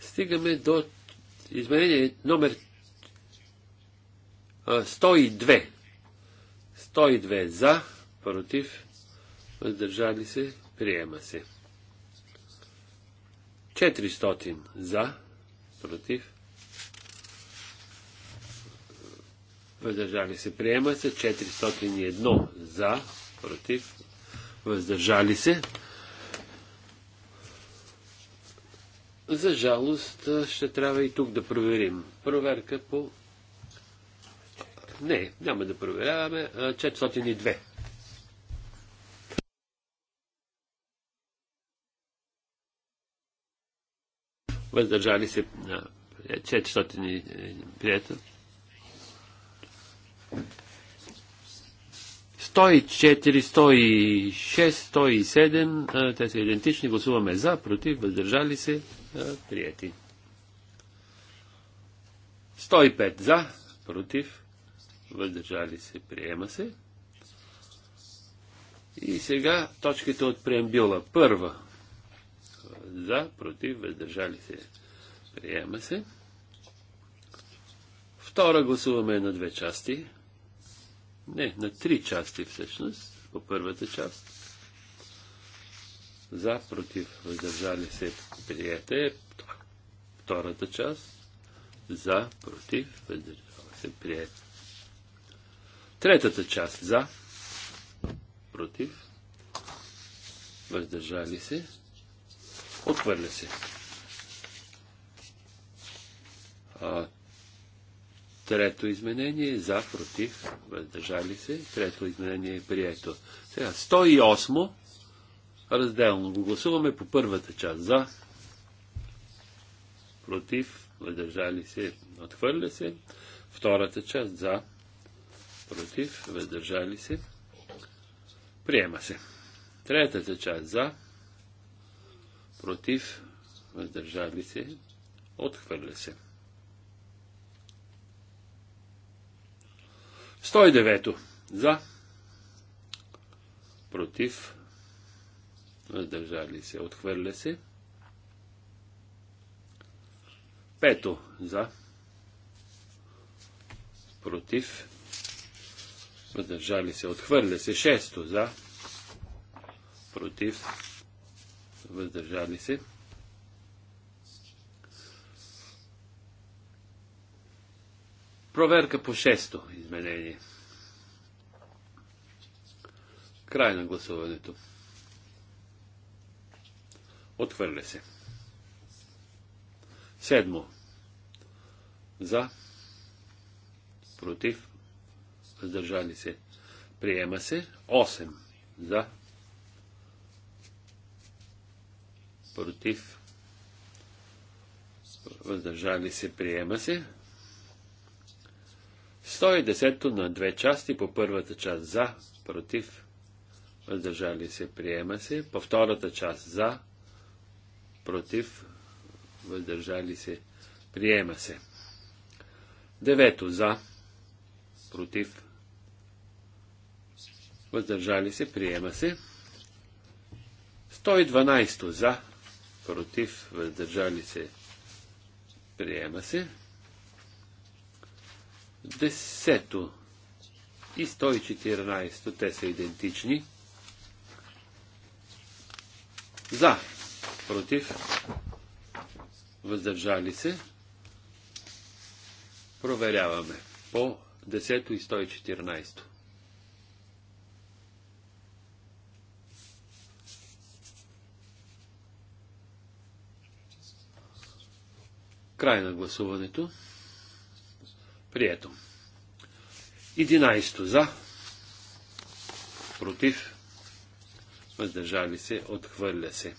[SPEAKER 3] Стигаме до изменение номер 102. 102 за, против, въздържали се, приема се. 400 за, против, въздържали се, приема се 401 за, против, въздържали се. За жалост ще трябва и тук да проверим. Проверка по... Не, няма да проверяваме. 402. Въздържали се на 400 приятели. 104, 106, 107, те са идентични, гласуваме за, против, въздържали се, прияти. 105 за, против, въздържали се, приема се. И сега точките от преамбюла. Първа. За, против, въздържали се, приема се. Втора гласуваме на две части не, на три части всъщност, по първата част. За, против, въздържали се, приете. Втората част. За, против, въздържали се, приете. Третата част. За, против, въздържали се, отхвърля се. А, Трето изменение е за, против, въздържали се. Трето изменение е прието. Сега 108 разделно го гласуваме по първата част. За, против, въздържали се, отхвърля се. Втората част за, против, въздържали се, приема се. Третата част за, против, въздържали се, отхвърля се. 109 за, против, въздържали се, отхвърля се. Пето за, против, въздържали се, отхвърля се. Шесто за, против, въздържали се. Проверка по шесто изменение. Край на гласуването. Отхвърля се. Седмо. За. Против. Въздържали се. Приема се. 8. За. Против. Въздържали се. Приема се. 110-то на две части, по първата част за, против, въздържали се, приема се, по втората част за, против, въздържали се, приема се. Девето за, против, въздържали се, приема се. 112 за, против, въздържали се, приема се. Десето и 114 те са идентични. За, против, въздържали се. Проверяваме по 10 и 114. Край на гласуването. Прието. 11 за. Против. Въздържали се. Отхвърля се.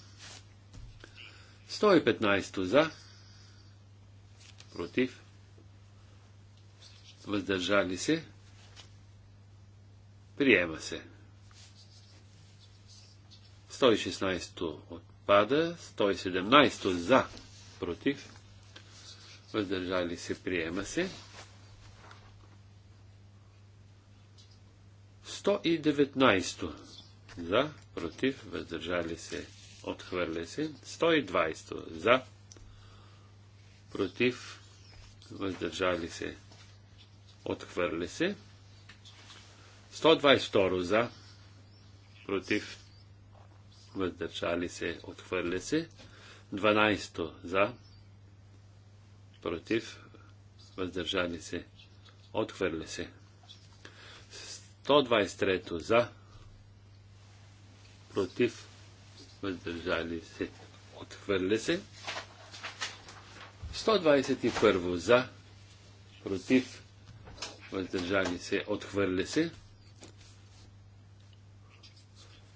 [SPEAKER 3] 115 за. Против. Въздържали се. Приема се. 116 отпада, 117 за, против, въздържали се, приема се. 119 за, против, въздържали се, отхвърля се. 120 за, против, въздържали се, отхвърля се. 122 за, против, въздържали се, отхвърля се. 12 за, против, въздържали се, отхвърля се. 123 за, против, въздържали се, отхвърля се. 121 за, против, въздържали се, отхвърля се.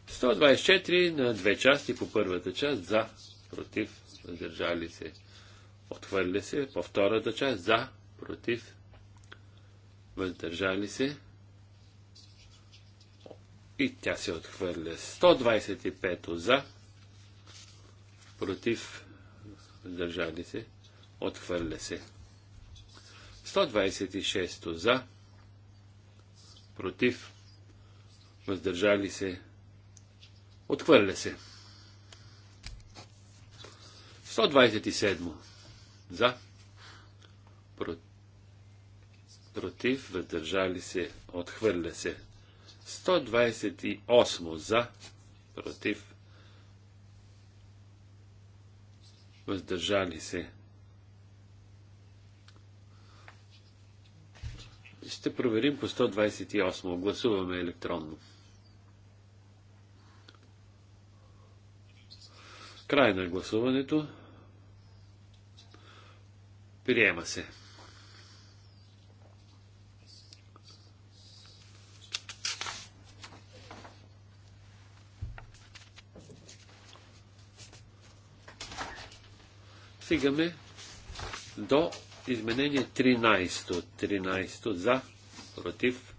[SPEAKER 3] 124 на две части по първата част за, против, въздържали се, отхвърля се. По втората част за, против, въздържали се. И тя се отхвърля. 125 за, против, въздържали се, отхвърля се. 126 за, против, въздържали се, отхвърля се. 127 за, против, въздържали се, отхвърля се. 128 за, против, въздържали се. Ще проверим по 128. Гласуваме електронно. Край на гласуването. Приема се. Стигаме до изменение 13. 13 за, против,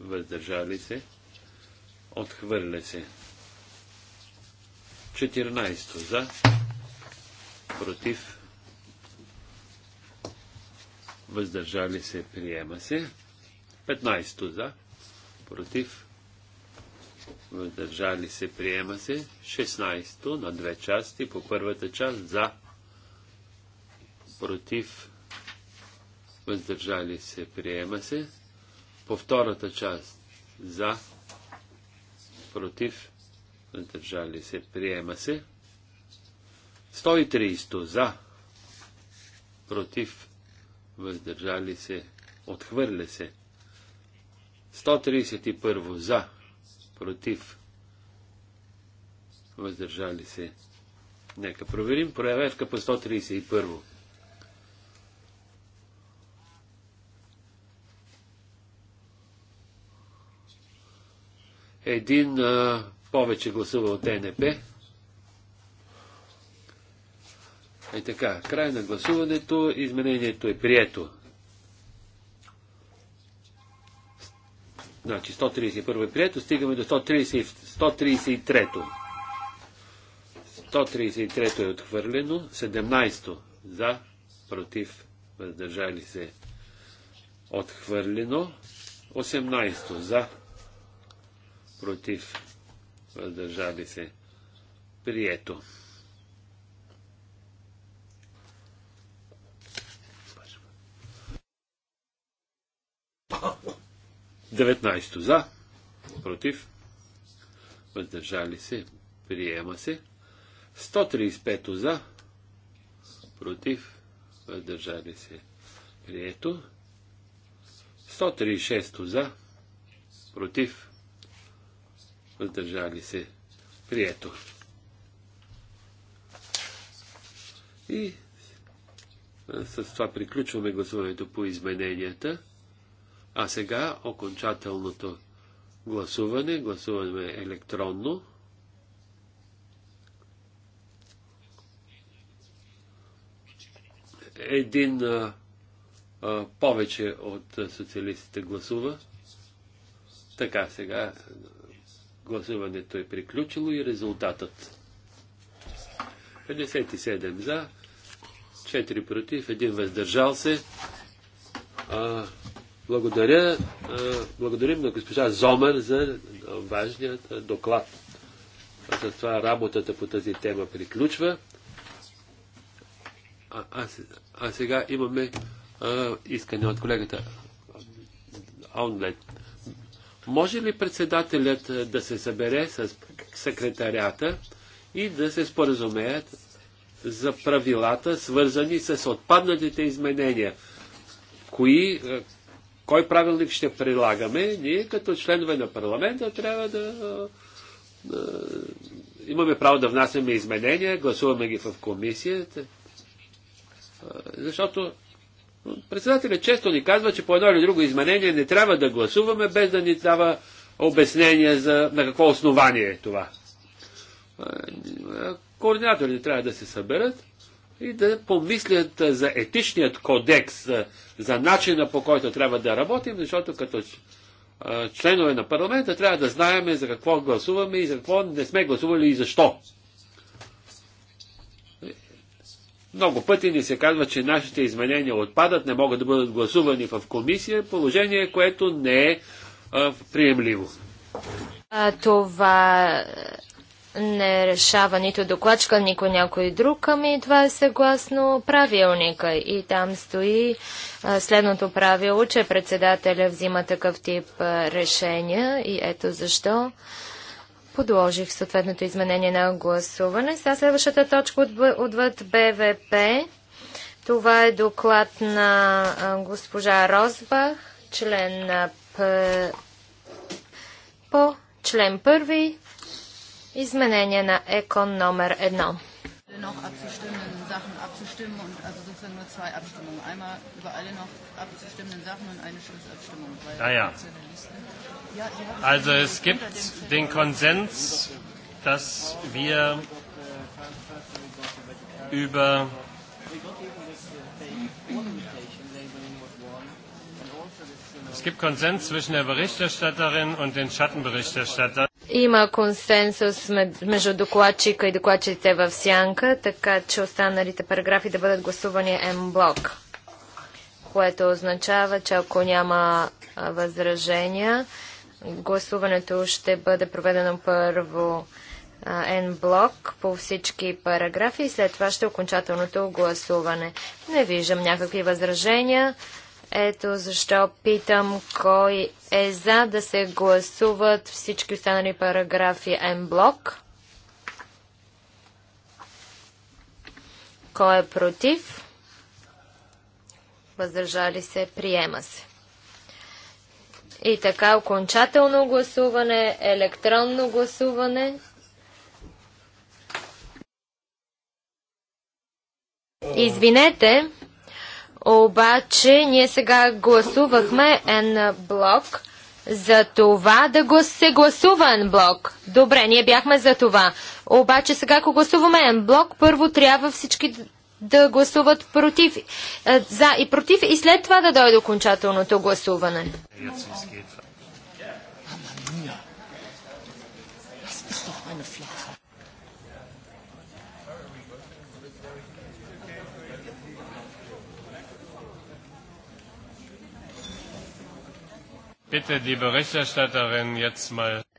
[SPEAKER 3] въздържали се, отхвърля се. 14 за, против, въздържали се, приема се. 15 за, против, въздържали се, приема се. 16 на две части, по първата част за, против, въздържали се, приема се. По втората част за, против, въздържали се, приема се. 130 за, против, въздържали се, отхвърля се. 131 за, против, въздържали се. Нека проверим проявявка по 131. Един а, повече гласува от НП. И е така, край на гласуването, изменението е прието. Значи 131 е прието, стигаме до 130, 133. 133 е отхвърлено, 17 за, против, въздържали се, отхвърлено, 18 за, против, въздържали се, прието. Деветнайсто за, против, въздържали се, приема се. 135 за, против, въздържали се, прието. 136 за, против, въздържали се, прието. И с това приключваме гласуването по измененията. А сега окончателното гласуване. Гласуваме електронно. Един а, а, повече от социалистите гласува. Така сега Гласуването е приключило и резултатът. 57 за, 4 против, 1 въздържал се. А, благодаря, а, благодарим на госпожа Зомер за важният доклад. за това работата по тази тема приключва. А, а, а сега имаме а, искане от колегата Онлет. Може ли председателят е, да се събере с секретарята и да се споразумеят за правилата, свързани с отпадналите изменения? Кои, е, кой правилник ще прилагаме? Ние като членове на парламента трябва да е, имаме право да внасяме изменения, гласуваме ги в комисията, защото председателят често ни казва, че по едно или друго изменение не трябва да гласуваме, без да ни дава обяснение за на какво основание е това. Координаторите трябва да се съберат и да помислят за етичният кодекс, за, за начина по който трябва да работим, защото като членове на парламента трябва да знаем за какво гласуваме и за какво не сме гласували и защо. Много пъти ни се казва, че нашите изменения отпадат, не могат да бъдат гласувани в комисия, положение, което не е а, приемливо.
[SPEAKER 2] А, това не решава нито докладчика, нито някой друг, ами това е съгласно правилника. И там стои а, следното правило, че председателя взима такъв тип а, решения и ето защо подложих съответното изменение на гласуване. Сега следващата точка отвъд БВП. Това е доклад на госпожа Розбах, член на П... по член първи, изменение на ЕКОН номер едно.
[SPEAKER 1] А, я. Also es gibt den Konsens, dass wir über Es gibt Konsens zwischen der Berichterstatterin und den Schattenberichterstattern.
[SPEAKER 2] Има консенсус между докладчика и докладчиците в сянка, така че останалите параграфи да бъдат гласувани М-блок, което означава, че ако няма възражения, Гласуването ще бъде проведено първо ен блок по всички параграфи и след това ще е окончателното гласуване. Не виждам някакви възражения. Ето защо питам кой е за да се гласуват всички останали параграфи Ен блок. Кой е против? Въздържали се, приема се. И така, окончателно гласуване, електронно гласуване. Извинете, обаче ние сега гласувахме ен блок за това да го се гласува ен блок. Добре, ние бяхме за това. Обаче сега, ако гласуваме ен блок, първо трябва всички да гласуват против, а, е, за и против и след това да дойде окончателното гласуване.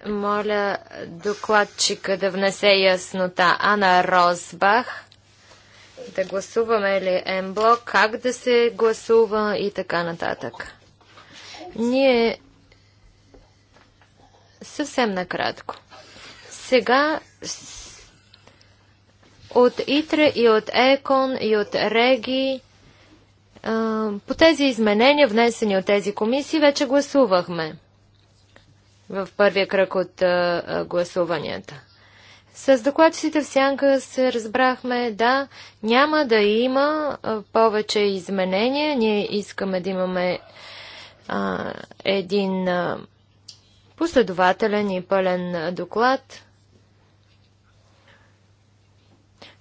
[SPEAKER 2] Моля докладчика да внесе яснота. Ана Розбах да гласуваме ли М-блок, как да се гласува и така нататък. Ние съвсем накратко. Сега от ИТРЕ и от ЕКОН и от РЕГИ по тези изменения, внесени от тези комисии, вече гласувахме в първия кръг от гласуванията. С докладчиците в сянка се разбрахме, да, няма да има повече изменения. Ние искаме да имаме а, един а, последователен и пълен доклад.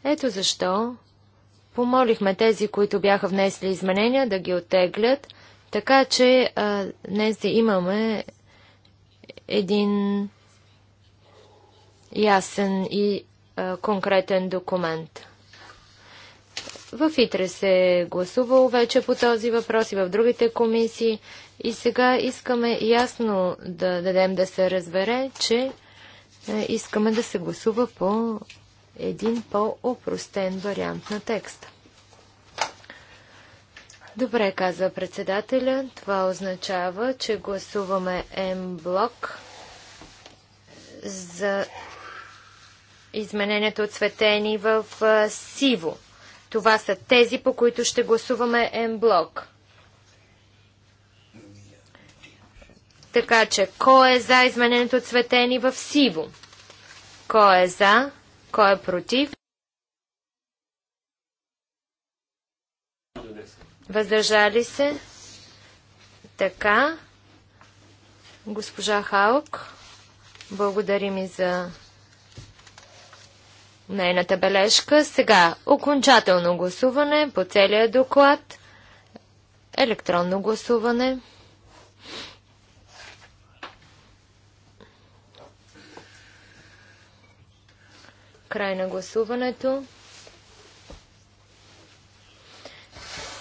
[SPEAKER 2] Ето защо помолихме тези, които бяха внесли изменения, да ги оттеглят, така че а, днес имаме един ясен и а, конкретен документ. В ИТРЕ се е гласувало вече по този въпрос и в другите комисии. И сега искаме ясно да дадем да се разбере, че искаме да се гласува по един по-опростен вариант на текста. Добре, казва председателя. Това означава, че гласуваме М-блок за от е отсветени в сиво. Това са тези, по които ще гласуваме М-блок. Така че, кой е за изменението светени в сиво? Кой е за? Кой е против? Въздържали се? Така. Госпожа Халк, благодарим и за нейната бележка. Сега окончателно гласуване по целия доклад. Електронно гласуване. Край на гласуването.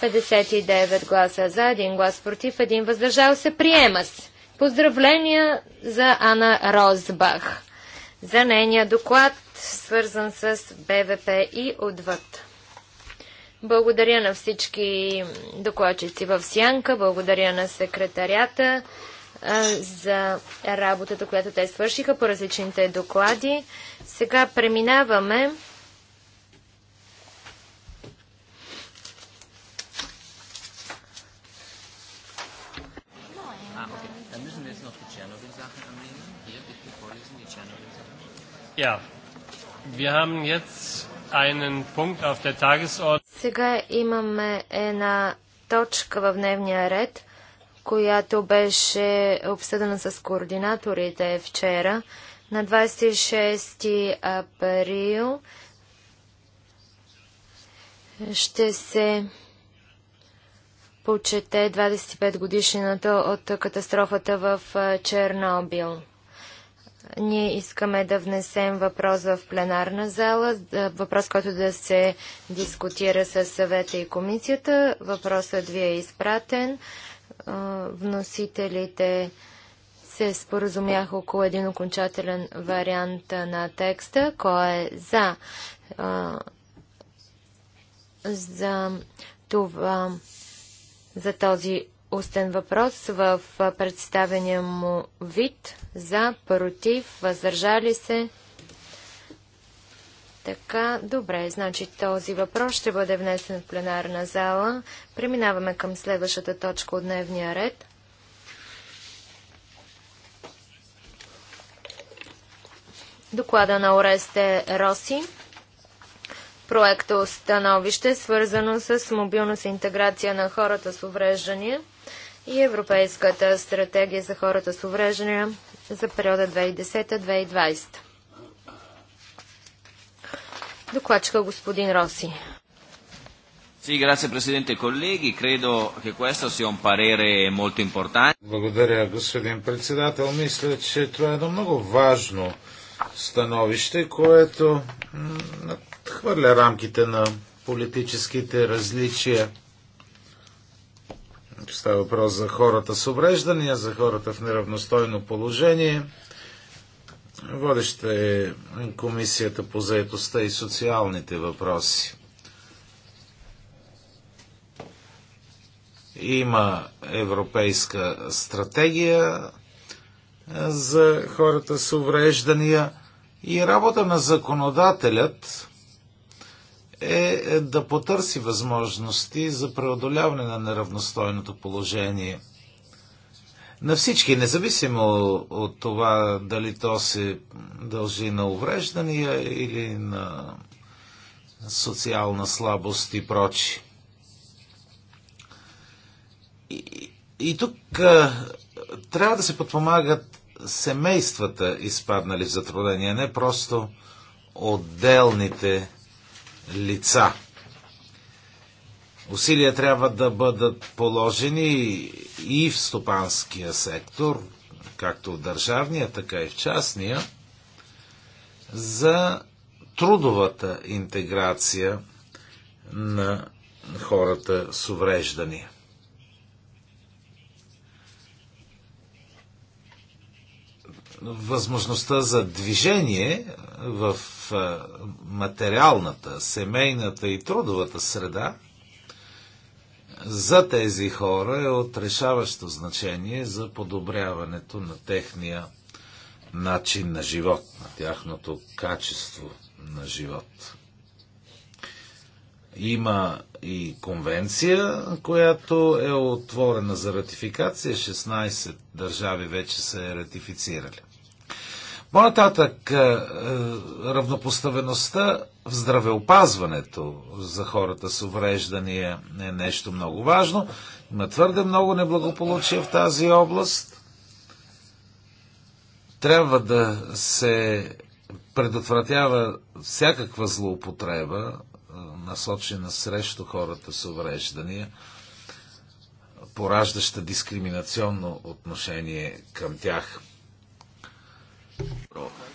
[SPEAKER 2] 59 гласа за, 1 глас против, 1 въздържал се. Приема се. Поздравления за Ана Розбах за нейния доклад свързан с БВП и отвъд. Благодаря на всички докладчици в Сянка, благодаря на секретарята за работата, която те свършиха по различните доклади. Сега преминаваме ah, Ja, сега имаме една точка в дневния ред, която беше обсъдена с координаторите вчера на 26 април. Ще се почете 25 годишнината от катастрофата в Чернобил. Ние искаме да внесем въпрос в пленарна зала, въпрос, който да се дискутира с съвета и комисията. Въпросът ви е изпратен. Вносителите се споразумях около един окончателен вариант на текста, кой е за, за това, за този устен въпрос в представения му вид. За, против, въздържали се. Така, добре, значи този въпрос ще бъде внесен в пленарна зала. Преминаваме към следващата точка от дневния ред. Доклада на Оресте Роси. Проекто становище, свързано с мобилност и интеграция на хората с увреждания и Европейската стратегия за хората с увреждания за периода 2010-2020. Докладчика господин Роси.
[SPEAKER 3] Sì, grazie
[SPEAKER 4] Presidente
[SPEAKER 2] colleghi, credo che questo sia un parere molto importante. Благодаря,
[SPEAKER 4] господин председател. Мисля, че това е едно много важно становище, което надхвърля рамките на политическите различия като става въпрос за хората с увреждания, за хората в неравностойно положение. Водеща е Комисията по заедостта и социалните въпроси. Има европейска стратегия за хората с увреждания и работа на законодателят е, е да потърси възможности за преодоляване на неравностойното положение на всички, независимо от това дали то се дължи на увреждания или на социална слабост и прочи. И, и тук а, е, трябва да се подпомагат семействата, изпаднали в затруднение, не просто отделните лица. Усилия трябва да бъдат положени и в стопанския сектор, както в държавния, така и в частния, за трудовата интеграция на хората с увреждания. Възможността за движение в е, материалната, семейната и трудовата среда за тези хора е от решаващо значение за подобряването на техния начин на живот, на тяхното качество на живот. Има и конвенция, която е отворена за ратификация. 16 държави вече са е ратифицирали. По-нататък е, е, равнопоставеността в здравеопазването за хората с увреждания е нещо много важно. Има твърде много неблагополучие в тази област. Трябва да се предотвратява всякаква злоупотреба, е, насочена срещу хората с увреждания, пораждаща дискриминационно отношение към тях.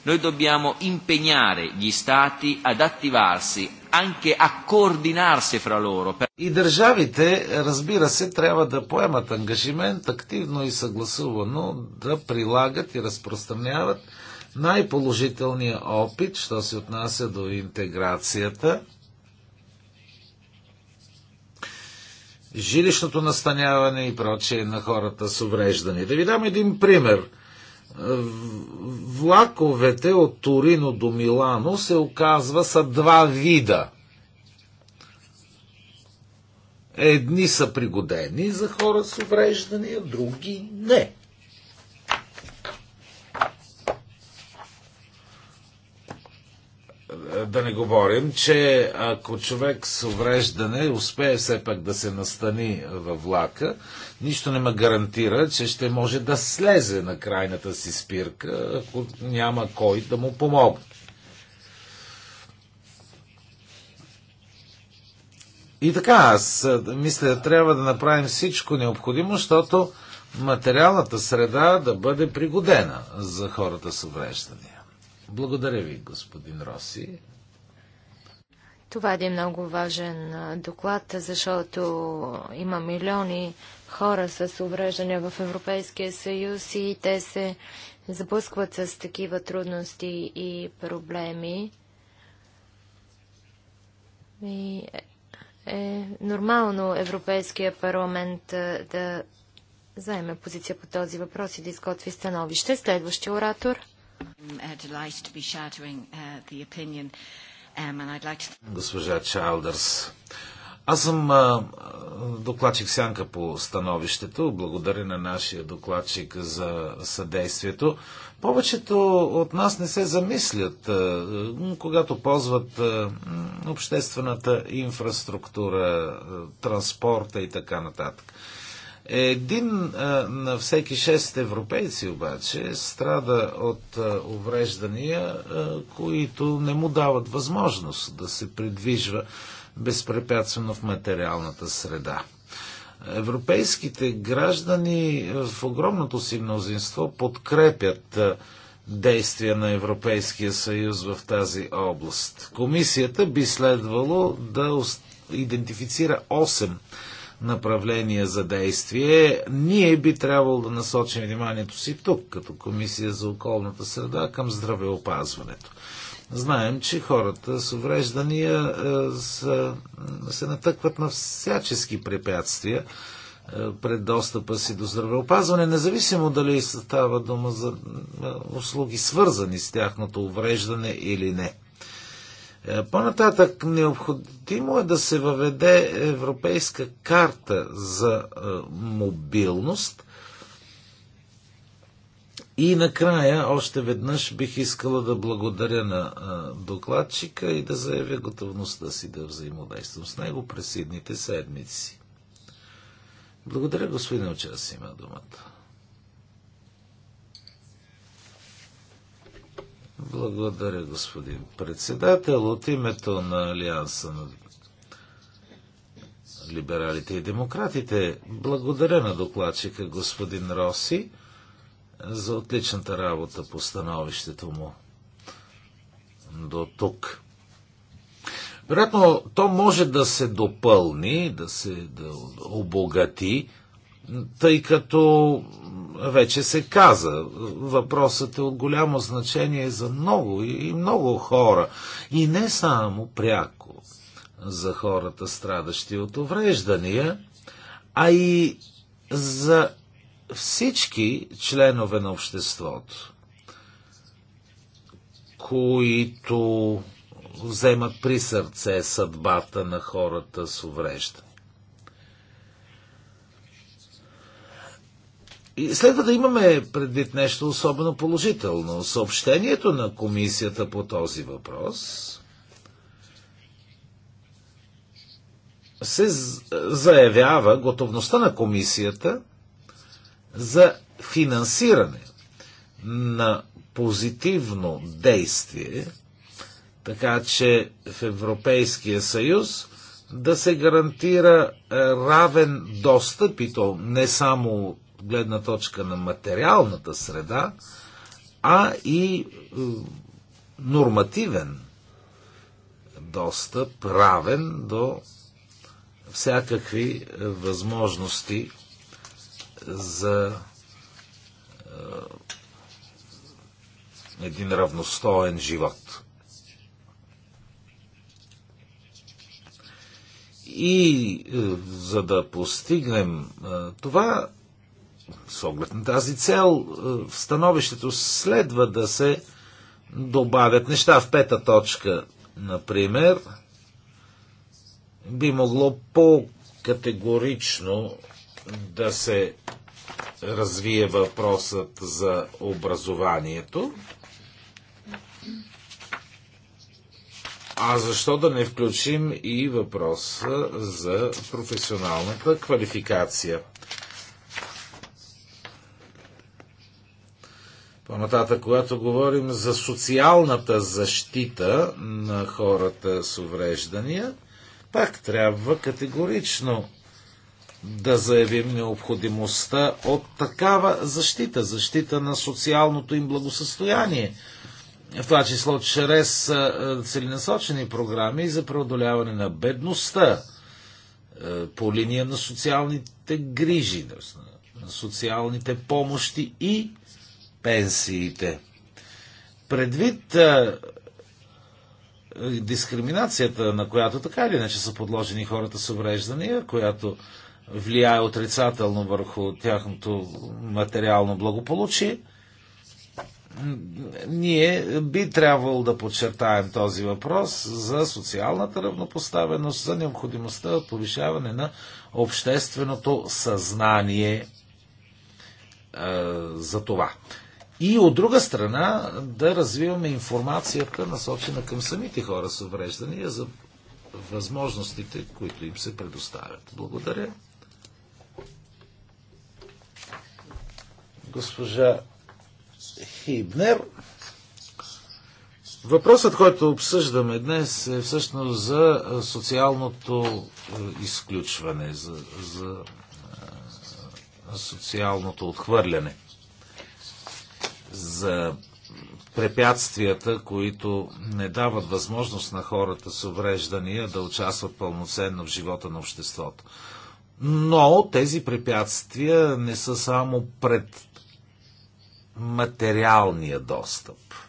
[SPEAKER 3] Noi dobbiamo impegnare gli stati ad attivarsi, anche a coordinarsi fra loro. Per... I
[SPEAKER 4] държавите, разбира се, трябва да поемат ангажимент активно и съгласувано да прилагат и разпространяват най-положителния опит, що се отнася до интеграцията, жилищното настаняване и прочее на хората с увреждане. Да ви дам един пример – Влаковете от Торино до Милано се оказва са два вида. Едни са пригодени за хора с увреждания, други не. Да не говорим, че ако човек с увреждане успее все пак да се настани във влака, нищо не ме гарантира, че ще може да слезе на крайната си спирка, ако няма кой да му помогне. И така, аз мисля, трябва да направим всичко необходимо, защото материалната среда да бъде пригодена за хората с увреждания. Благодаря ви, господин Роси.
[SPEAKER 2] Това е един много важен доклад, защото има милиони хора с увреждания в Европейския съюз и те се запускват с такива трудности и проблеми. И е, е нормално Европейския парламент да заеме позиция по този въпрос и да изготви становище. Следващия оратор. Е,
[SPEAKER 4] Госпожа Чалдърс. Аз съм а, докладчик Сянка по становището. Благодаря на нашия докладчик за съдействието. Повечето от нас не се замислят, а, когато ползват а, обществената инфраструктура, а, транспорта и така нататък. Един на всеки шест европейци обаче страда от увреждания, които не му дават възможност да се придвижва безпрепятствено в материалната среда. Европейските граждани в огромното си мнозинство подкрепят действия на Европейския съюз в тази област. Комисията би следвало да идентифицира 8 направления за действие, ние би трябвало да насочим вниманието си тук, като Комисия за околната среда, към здравеопазването. Знаем, че хората с увреждания е, са, се натъкват на всячески препятствия е, пред достъпа си до здравеопазване, независимо дали става дума за е, услуги свързани с тяхното увреждане или не. Е, по-нататък необходимо е да се въведе европейска карта за е, мобилност. И накрая, още веднъж бих искала да благодаря на е, докладчика и да заявя готовността си да взаимодействам с него през едните седмици. Благодаря, господин Очас, има думата. Благодаря, господин председател. От името на Алианса на либералите и демократите, благодаря на докладчика господин Роси за отличната работа по становището му до тук. Вероятно, то може да се допълни, да се да обогати тъй като вече се каза, въпросът е от голямо значение за много и много хора. И не само пряко за хората, страдащи от увреждания, а и за всички членове на обществото, които вземат при сърце съдбата на хората с увреждане. И следва да имаме предвид нещо особено положително. Съобщението на комисията по този въпрос се заявява готовността на комисията за финансиране на позитивно действие, така че в Европейския съюз да се гарантира е, равен достъп и то не само гледна точка на материалната среда, а и е, нормативен достъп, равен до всякакви е, възможности за е, един равностоен живот. И за да постигнем това, с оглед на тази цел е, в становището следва да се добавят неща в пета точка, например, би могло по-категорично да се развие въпросът за образованието. А защо да не включим и въпроса за професионалната квалификация? По-нататък, когато говорим за социалната защита на хората с увреждания, пак трябва категорично да заявим необходимостта от такава защита, защита на социалното им благосъстояние. В това число чрез целенасочени програми за преодоляване на бедността по линия на социалните грижи, на социалните помощи и пенсиите. Предвид а, дискриминацията, на която така или иначе са подложени хората с увреждания, която влияе отрицателно върху тяхното материално благополучие, ние би трябвало да подчертаем този въпрос за социалната равнопоставеност, за необходимостта от повишаване на общественото съзнание за това. И от друга страна да развиваме информацията, насочена към самите хора с увреждания за възможностите, които им се предоставят. Благодаря. Госпожа Хибнер. Въпросът, който обсъждаме днес е всъщност за социалното е, изключване, за, за е, социалното отхвърляне за препятствията, които не дават възможност на хората с увреждания да участват пълноценно в живота на обществото. Но тези препятствия не са само пред материалния достъп –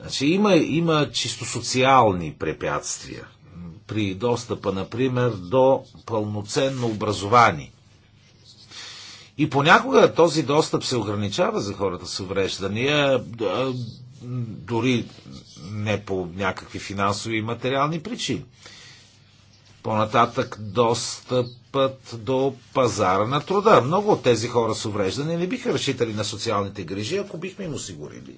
[SPEAKER 4] Значи има, има чисто социални препятствия при достъпа, например, до пълноценно образование. И понякога този достъп се ограничава за хората с увреждания, дори не по някакви финансови и материални причини. По-нататък достъпът до пазара на труда. Много от тези хора с увреждане не биха разчитали на социалните грижи, ако бихме им осигурили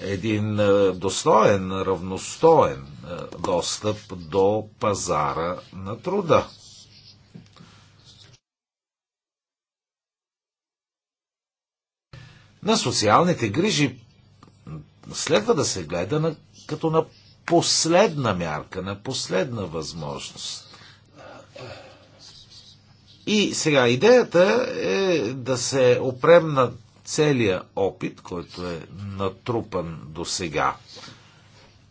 [SPEAKER 4] един е, достоен, равностоен е, достъп до пазара на труда. На социалните грижи следва да се гледа на, като на последна мярка, на последна възможност. И сега идеята е да се опремнат целия опит, който е натрупан до сега.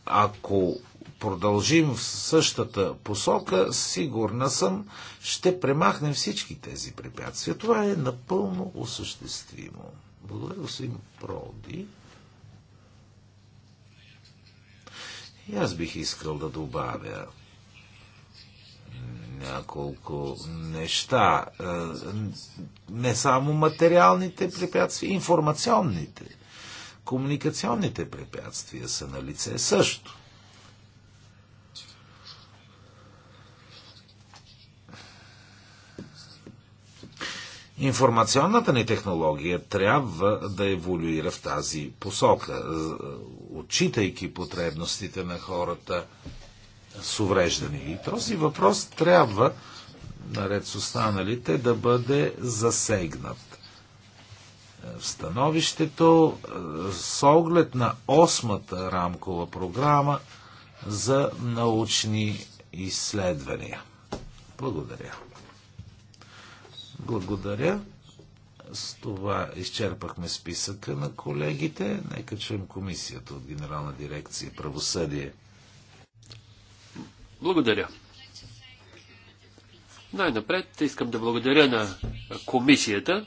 [SPEAKER 4] Ако продължим в същата посока, сигурна съм, ще премахнем всички тези препятствия. Това е напълно осъществимо. Благодаря, господин Проди. И аз бих искал да добавя няколко неща. Е, не само материалните препятствия, информационните, комуникационните препятствия са на лице също. Информационната ни технология трябва да еволюира в тази посока, е, отчитайки потребностите на хората – с увреждане. И този въпрос трябва, наред с останалите, да бъде засегнат. Е, в становището е, с оглед на осмата рамкова програма за научни изследвания. Благодаря. Благодаря. С това изчерпахме списъка на колегите. Нека чуем комисията от Генерална дирекция правосъдие.
[SPEAKER 3] Благодаря. Най-напред искам да благодаря на комисията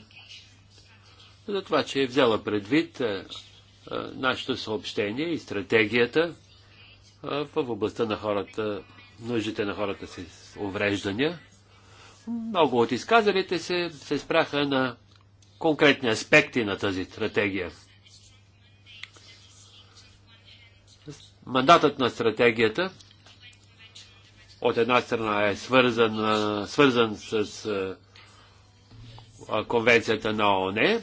[SPEAKER 3] за това, че е взела предвид е, е, нашето съобщение и стратегията е, в областта на хората, нуждите на хората с увреждания. Много от изказалите се, се спраха на конкретни аспекти на тази стратегия. Мандатът на стратегията от една страна е свързан, свързан с конвенцията на ООН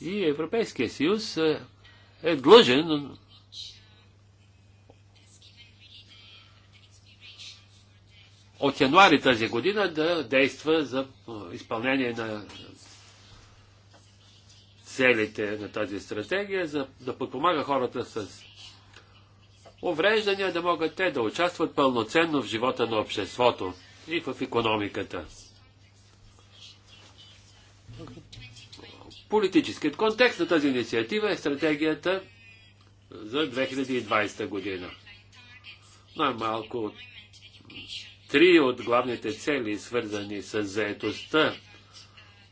[SPEAKER 3] и Европейския съюз е длъжен от януари тази година да действа за изпълнение на целите на тази стратегия, за да подпомага хората с увреждания, да могат те да участват пълноценно в живота на обществото и в економиката. Политическият контекст на тази инициатива е стратегията за 2020 година. Най-малко три от главните цели, свързани с заетостта,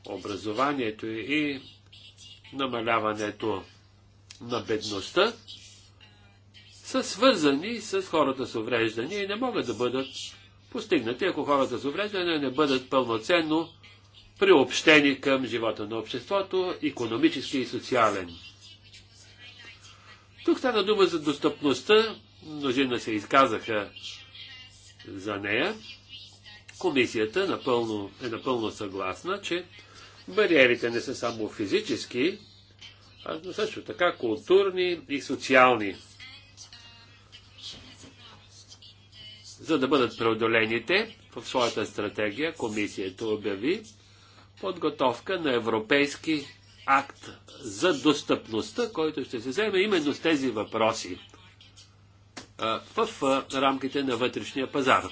[SPEAKER 3] образованието и намаляването на бедността, са свързани с хората с увреждания и не могат да бъдат постигнати, ако хората с увреждания не бъдат пълноценно приобщени към живота на обществото, економически и социален. Тук стана дума за достъпността, множина се изказаха за нея. Комисията напълно, е напълно съгласна, че бариерите не са само физически, а също така културни и социални. За да бъдат преодолените, в своята стратегия комисията обяви подготовка на европейски акт за достъпността, който ще се вземе именно с тези въпроси в рамките на вътрешния пазар.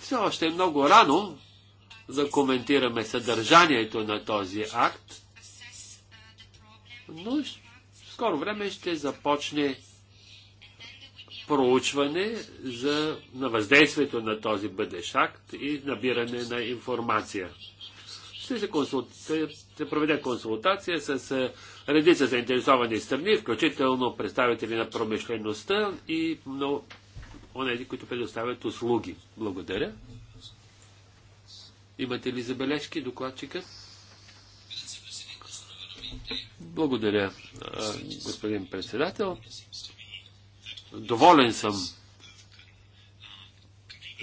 [SPEAKER 3] Все още е много рано да коментираме съдържанието на този акт, но в скоро време ще започне проучване за, на въздействието на този бъдещ акт и набиране на информация. Ще се, консул... се, се проведе консултация с редица заинтересовани страни, включително представители на промишлеността и много онези, които предоставят услуги. Благодаря. Имате ли забележки, докладчика? Благодаря, господин председател доволен съм.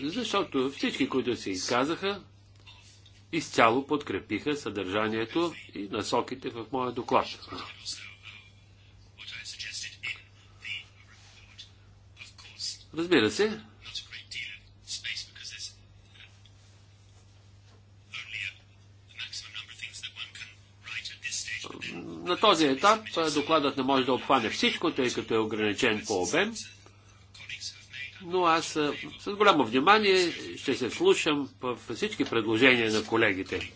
[SPEAKER 3] Защото всички, които се изказаха, изцяло подкрепиха съдържанието и насоките в моя доклад. Разбира се, на този етап докладът не може да обхване всичко, тъй като е ограничен по обем, но аз с голямо внимание ще се слушам в всички предложения на колегите.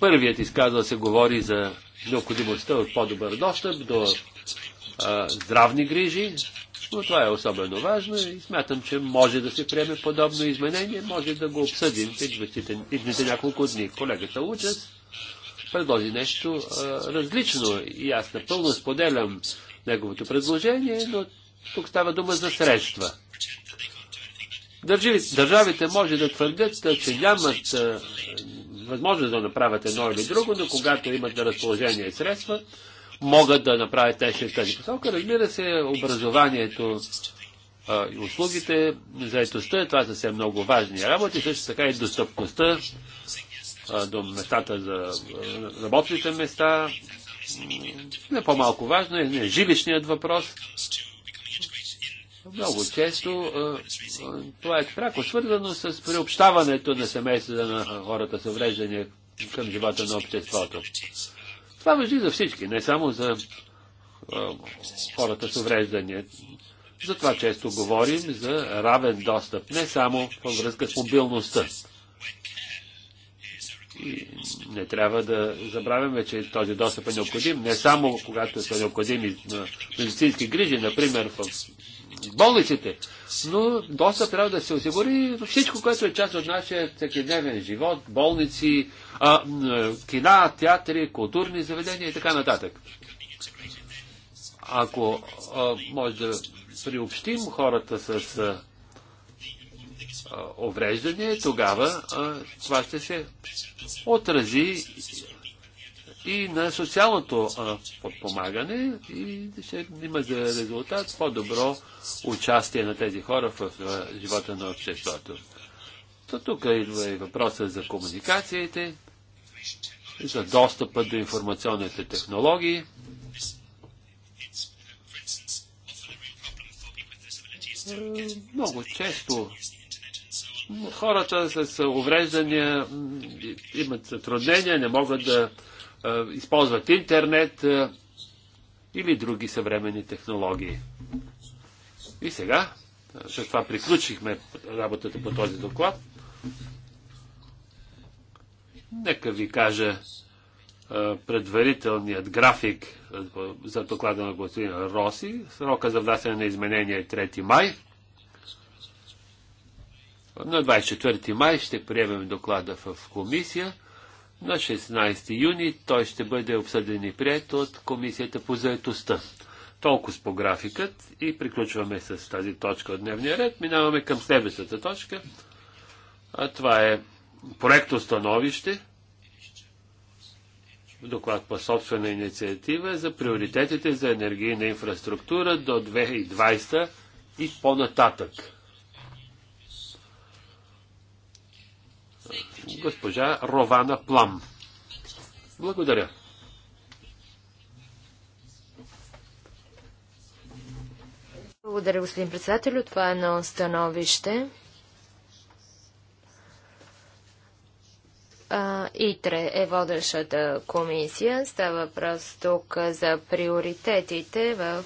[SPEAKER 3] Първият изказва се говори за необходимостта от по-добър достъп до а, здравни грижи, но това е особено важно и смятам, че може да се приеме подобно изменение, може да го обсъдим в идните няколко дни. Колегата Лучас предложи нещо а, различно и аз напълно споделям неговото предложение, но тук става дума за средства. държавите може да твърдят, че нямат възможност да направят едно или друго, но когато имат на разположение средства, могат да направят нещо в тази посока. Разбира се, образованието и услугите, заедостта, това са все много важни работи, също така и достъпността до местата за работните места. Не по-малко важно е жилищният въпрос. Много често това е пряко свързано с приобщаването на семействата на хората с увреждания към живота на обществото. Това въжи за всички, не само за хората с увреждания. Затова често говорим за равен достъп, не само във връзка с мобилността. И не трябва да забравяме, че този достъп е необходим, не само когато са необходими медицински грижи, например в болниците, но достъп трябва да се осигури всичко, което е част от нашия всекидневен живот, болници, а, кина, театри, културни заведения и така нататък. Ако а, може да приобщим хората с увреждания, тогава това ще се отрази и на социалното подпомагане и ще има за резултат по-добро участие на тези хора в живота на обществото. То тук идва и въпроса за комуникациите, за достъпа до информационните технологии. Много често Хората с увреждания имат затруднения, не могат да използват интернет или други съвременни технологии. И сега, с това приключихме работата по този доклад. Нека ви кажа предварителният график за доклада на господин Роси. Срока за внасяне на изменения е 3 май. На 24 май ще приемем доклада в комисия. На 16 юни той ще бъде обсъден и прият от комисията по заетостта. Толкова с по графикът и приключваме с тази точка от дневния ред. Минаваме към следващата точка. А това е проекто становище, доклад по собствена инициатива за приоритетите за енергийна инфраструктура до 2020 и по-нататък. госпожа Рована Плам. Благодаря.
[SPEAKER 2] Благодаря, господин председател. Това е едно становище ИТРЕ е водещата комисия. Става въпрос тук за приоритетите в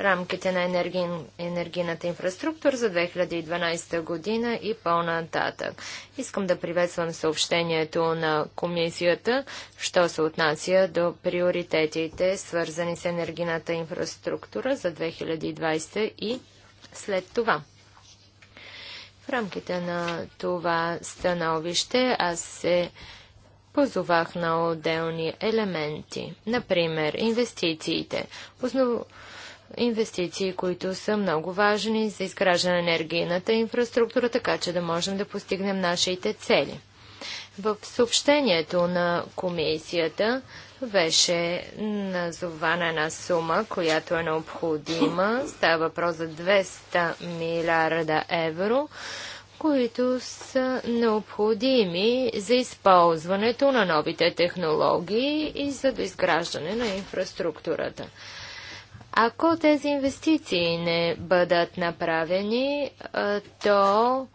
[SPEAKER 2] рамките на енергин, енергийната инфраструктура за 2012 година и по-нататък. Искам да приветствам съобщението на комисията, що се отнася до приоритетите, свързани с енергийната инфраструктура за 2020 и след това. В рамките на това становище аз се позовах на отделни елементи. Например, инвестициите. Основ... Инвестиции, които са много важни за изграждане на енергийната инфраструктура, така че да можем да постигнем нашите цели. В съобщението на комисията беше назована една сума, която е необходима. Става въпрос за 200 милиарда евро, които са необходими за използването на новите технологии и за доизграждане на инфраструктурата. Ако тези инвестиции не бъдат направени, то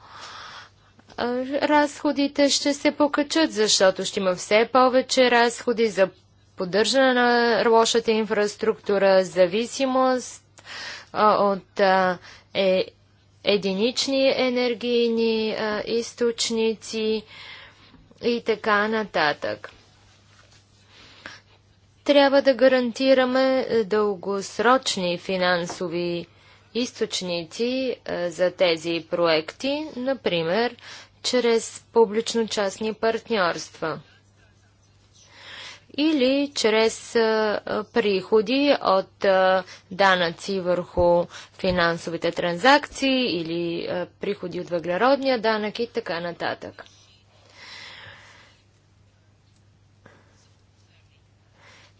[SPEAKER 2] разходите ще се покачат, защото ще има все повече разходи за поддържане на лошата инфраструктура, зависимост а, от а, е, единични енергийни а, източници и така нататък. Трябва да гарантираме дългосрочни финансови източници за тези проекти, например чрез публично-частни партньорства или чрез приходи от данъци върху финансовите транзакции или приходи от въглеродния данък и така нататък.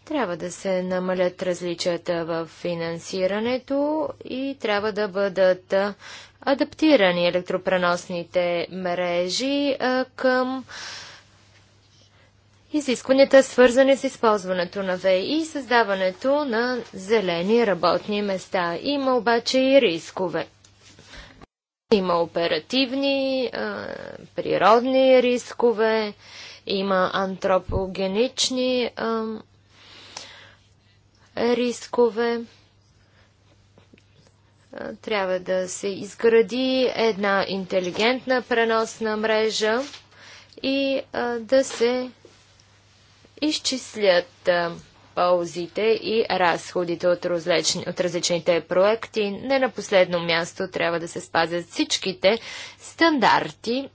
[SPEAKER 2] Трябва да се намалят различията в финансирането и трябва да бъдат адаптирани електропреносните мрежи към изискванията, свързани с използването на ВЕИ и създаването на зелени работни места. Има обаче и рискове. Има оперативни, природни рискове, има антропогенични рискове. Трябва да се изгради една интелигентна преносна мрежа и да се изчислят ползите и разходите от, различни, от различните проекти. Не на последно място трябва да се спазят всичките стандарти,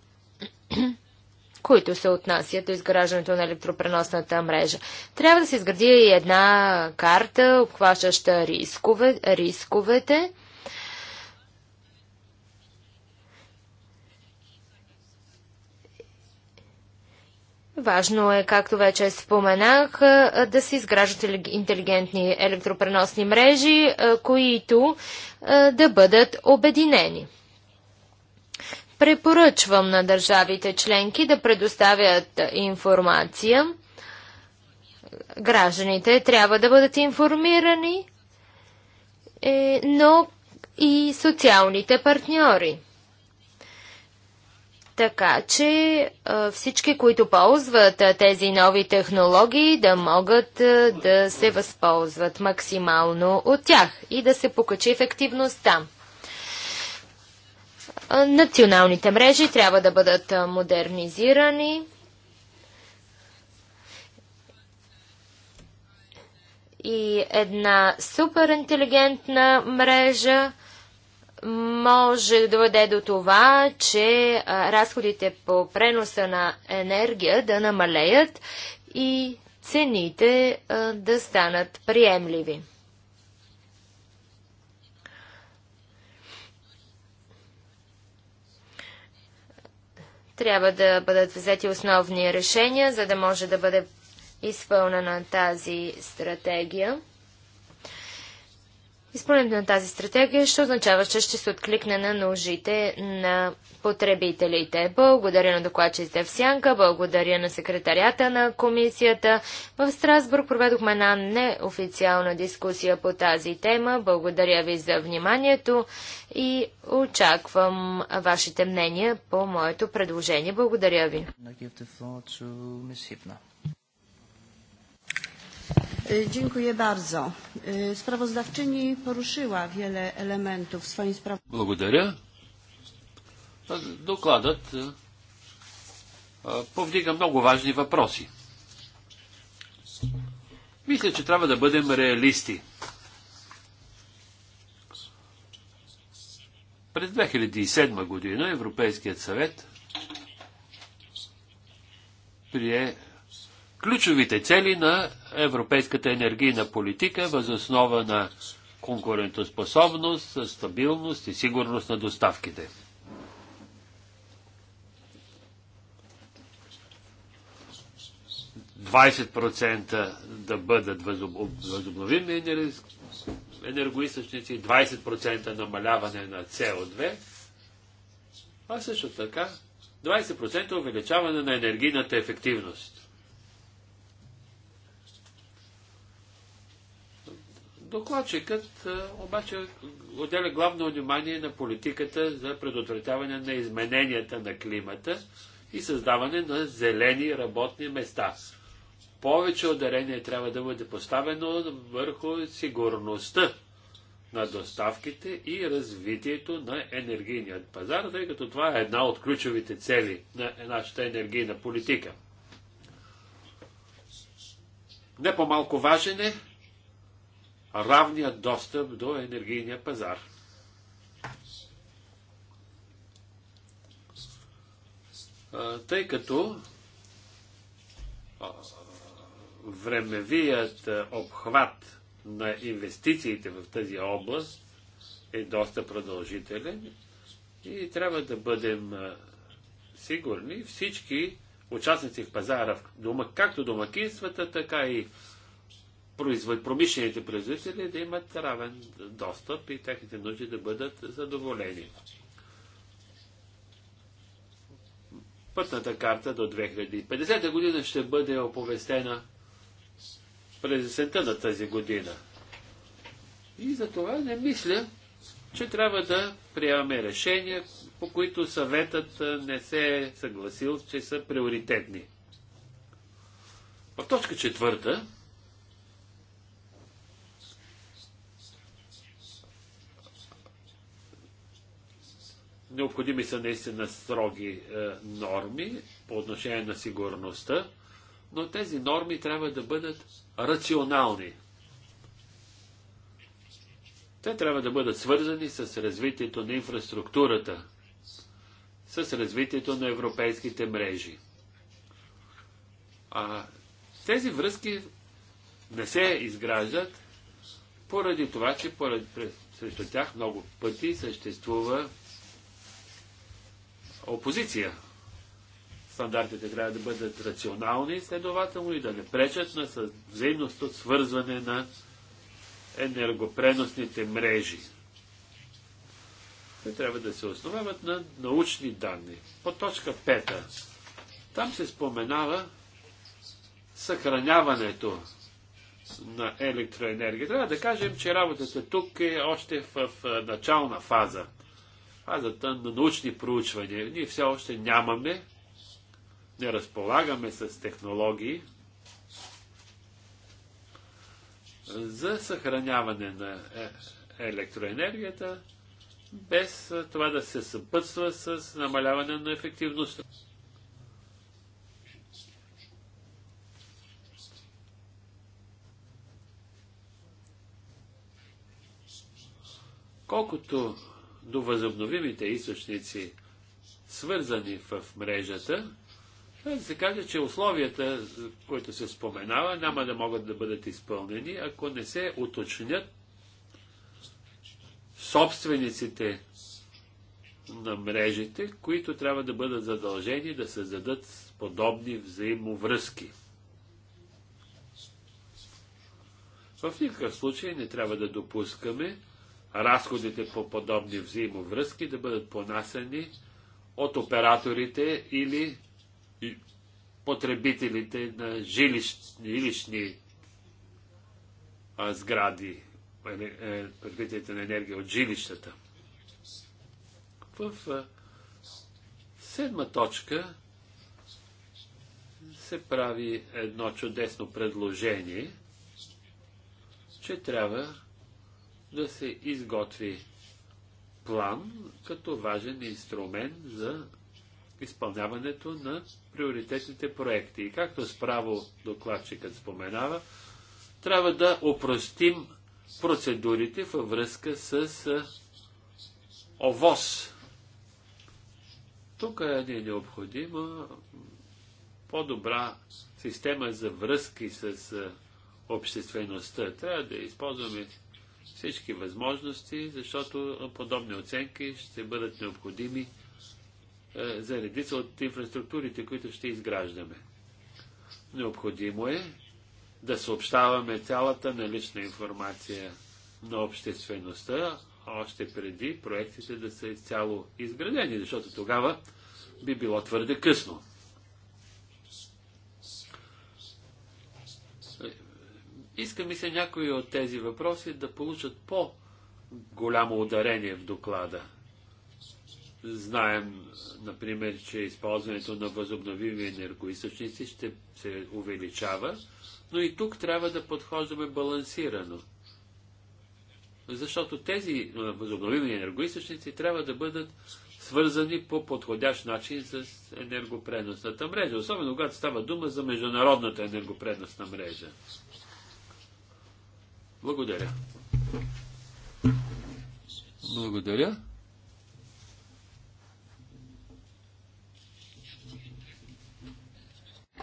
[SPEAKER 2] които се отнасят до изграждането на електропреносната мрежа. Трябва да се изгради и една карта, обхващаща рискове, рисковете Важно е, както вече споменах, да се изграждат интелигентни електропреносни мрежи, които да бъдат обединени. Препоръчвам на държавите членки да предоставят информация. Гражданите трябва да бъдат информирани, е, но и социалните партньори. Така че всички, които ползват тези нови технологии, да могат да се възползват максимално от тях и да се покачи ефективността. Националните мрежи трябва да бъдат модернизирани. И една суперинтелигентна мрежа може да доведе до това, че разходите по преноса на енергия да намалеят и цените да станат приемливи. Трябва да бъдат взети основни решения, за да може да бъде изпълнена тази стратегия. Изпълнението на тази стратегия ще означава, че ще се откликне на нужите на потребителите. Благодаря на докладчите в Сянка, благодаря на секретарята на комисията. В Страсбург проведохме една неофициална дискусия по тази тема. Благодаря ви за вниманието и очаквам вашите мнения по моето предложение. Благодаря ви. E, dziękuję bardzo. E, sprawozdawczyni poruszyła
[SPEAKER 3] wiele elementów w swoim sprawozdaniu. Благодаря. Докладът е, е, повдига много важни въпроси. Мисля, че трябва да бъдем реалисти. През 2007 година Европейският съвет прие ключовите цели на европейската енергийна политика възоснова на конкурентоспособност, стабилност и сигурност на доставките. процента да бъдат възобновими енергоисъчници, енергоисточници, 20% намаляване на со 2 а също така 20% увеличаване на енергийната ефективност. Докладчикът обаче отделя главно внимание на политиката за предотвратяване на измененията на климата и създаване на зелени работни места. Повече ударение трябва да бъде поставено върху сигурността на доставките и развитието на енергийният пазар, тъй като това е една от ключовите цели на нашата енергийна политика. Не по-малко важен е равния достъп до енергийния пазар. Тъй като времевият обхват на инвестициите в тази област е доста продължителен и трябва да бъдем сигурни всички участници в пазара, както домакинствата, така и производ, промишлените производители да имат равен достъп и техните нужди да бъдат задоволени. Пътната карта до 2050 година ще бъде оповестена през есента на тази година. И за това не мисля, че трябва да приемаме решения, по които съветът не се е съгласил, че са приоритетни. В точка четвърта Необходими са наистина строги е, норми по отношение на сигурността, но тези норми трябва да бъдат рационални. Те трябва да бъдат свързани с развитието на инфраструктурата, с развитието на европейските мрежи. А тези връзки не се изграждат поради това, че поради, срещу тях много пъти съществува опозиция. Стандартите трябва да бъдат рационални, следователно и да не пречат на от свързване на енергопреносните мрежи. Те трябва да се основават на научни данни. По точка 5. Там се споменава съхраняването на електроенергия. Трябва да кажем, че работата тук е още в начална фаза фазата на научни проучвания. Ние все още нямаме, не разполагаме с технологии за съхраняване на е- електроенергията, без това да се съпътства с намаляване на ефективността. Колкото до възобновимите източници, свързани в мрежата, да се каже, че условията, които се споменава, няма да могат да бъдат изпълнени, ако не се уточнят собствениците на мрежите, които трябва да бъдат задължени да създадат подобни взаимовръзки. В никакъв случай не трябва да допускаме разходите по подобни взаимовръзки да бъдат понасени от операторите или потребителите на жилищни, жилищни а, сгради, е, потребителите на енергия от жилищата. В а, седма точка се прави едно чудесно предложение, че трябва да се изготви план като важен инструмент за изпълняването на приоритетните проекти. И както справо докладчикът споменава, трябва да опростим процедурите във връзка с ОВОС. Тук ни е необходима по-добра система за връзки с обществеността. Трябва да използваме всички възможности, защото подобни оценки ще бъдат необходими е, за редица от инфраструктурите, които ще изграждаме. Необходимо е да съобщаваме цялата налична информация на обществеността, още преди проектите да са изцяло изградени, защото тогава би било твърде късно. Иска ми се някои от тези въпроси да получат по-голямо ударение в доклада. Знаем, например, че използването на възобновими енергоисточници ще се увеличава, но и тук трябва да подхождаме балансирано. Защото тези възобновими енергоисточници трябва да бъдат свързани по подходящ начин с енергопреносната мрежа, особено когато става дума за международната енергопреносна мрежа. Благодаря. Благодаря.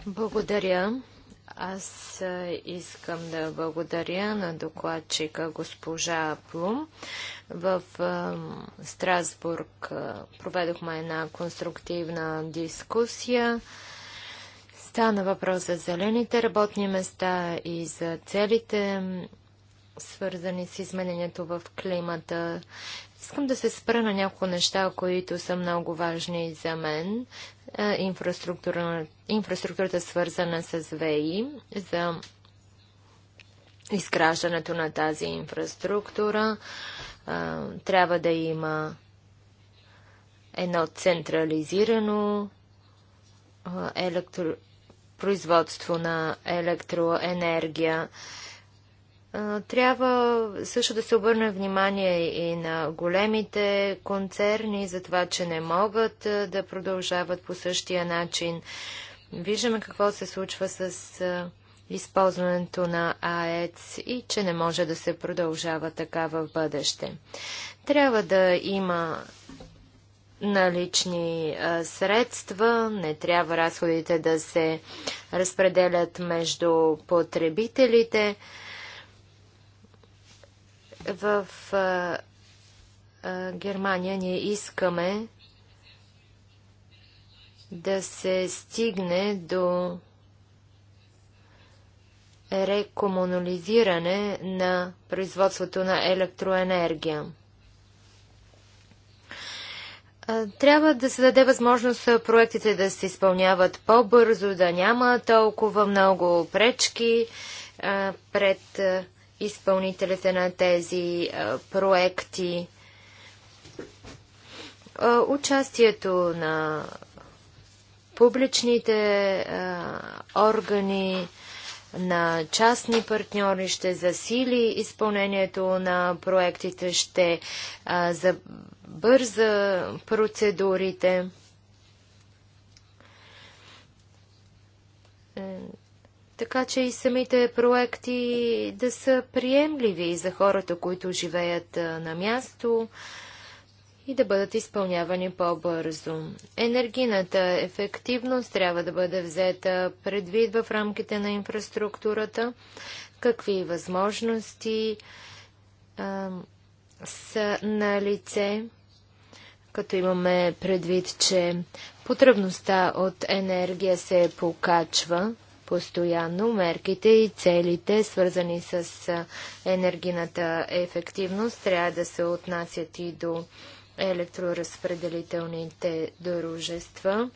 [SPEAKER 2] Благодаря. Аз искам да благодаря на докладчика госпожа Плум. В Страсбург проведохме една конструктивна дискусия. Стана въпрос за зелените работни места и за целите свързани с изменението в климата. Искам да се спра на няколко неща, които са много важни за мен. Е, инфраструктура, инфраструктурата свързана с ВИ, за изграждането на тази инфраструктура. Е, трябва да има едно централизирано е, електро... производство на електроенергия. Трябва също да се обърне внимание и на големите концерни за това, че не могат да продължават по същия начин. Виждаме какво се случва с използването на АЕЦ и че не може да се продължава така в бъдеще. Трябва да има налични средства, не трябва разходите да се разпределят между потребителите. В а, а, Германия ние искаме да се стигне до рекомунализиране на производството на електроенергия. Трябва да се даде възможност проектите да се изпълняват по-бързо, да няма толкова много пречки пред изпълнителите на тези проекти. участието на публичните органи, на частни партньори ще засили изпълнението на проектите, ще забърза процедурите. Е, така че и самите проекти да са приемливи за хората, които живеят на място и да бъдат изпълнявани по-бързо. Енергийната ефективност трябва да бъде взета предвид в рамките на инфраструктурата, какви възможности а, са на лице, като имаме предвид, че потребността от енергия се покачва постоянно мерките и целите, свързани с енергийната ефективност, трябва да се отнасят и до електроразпределителните дружества.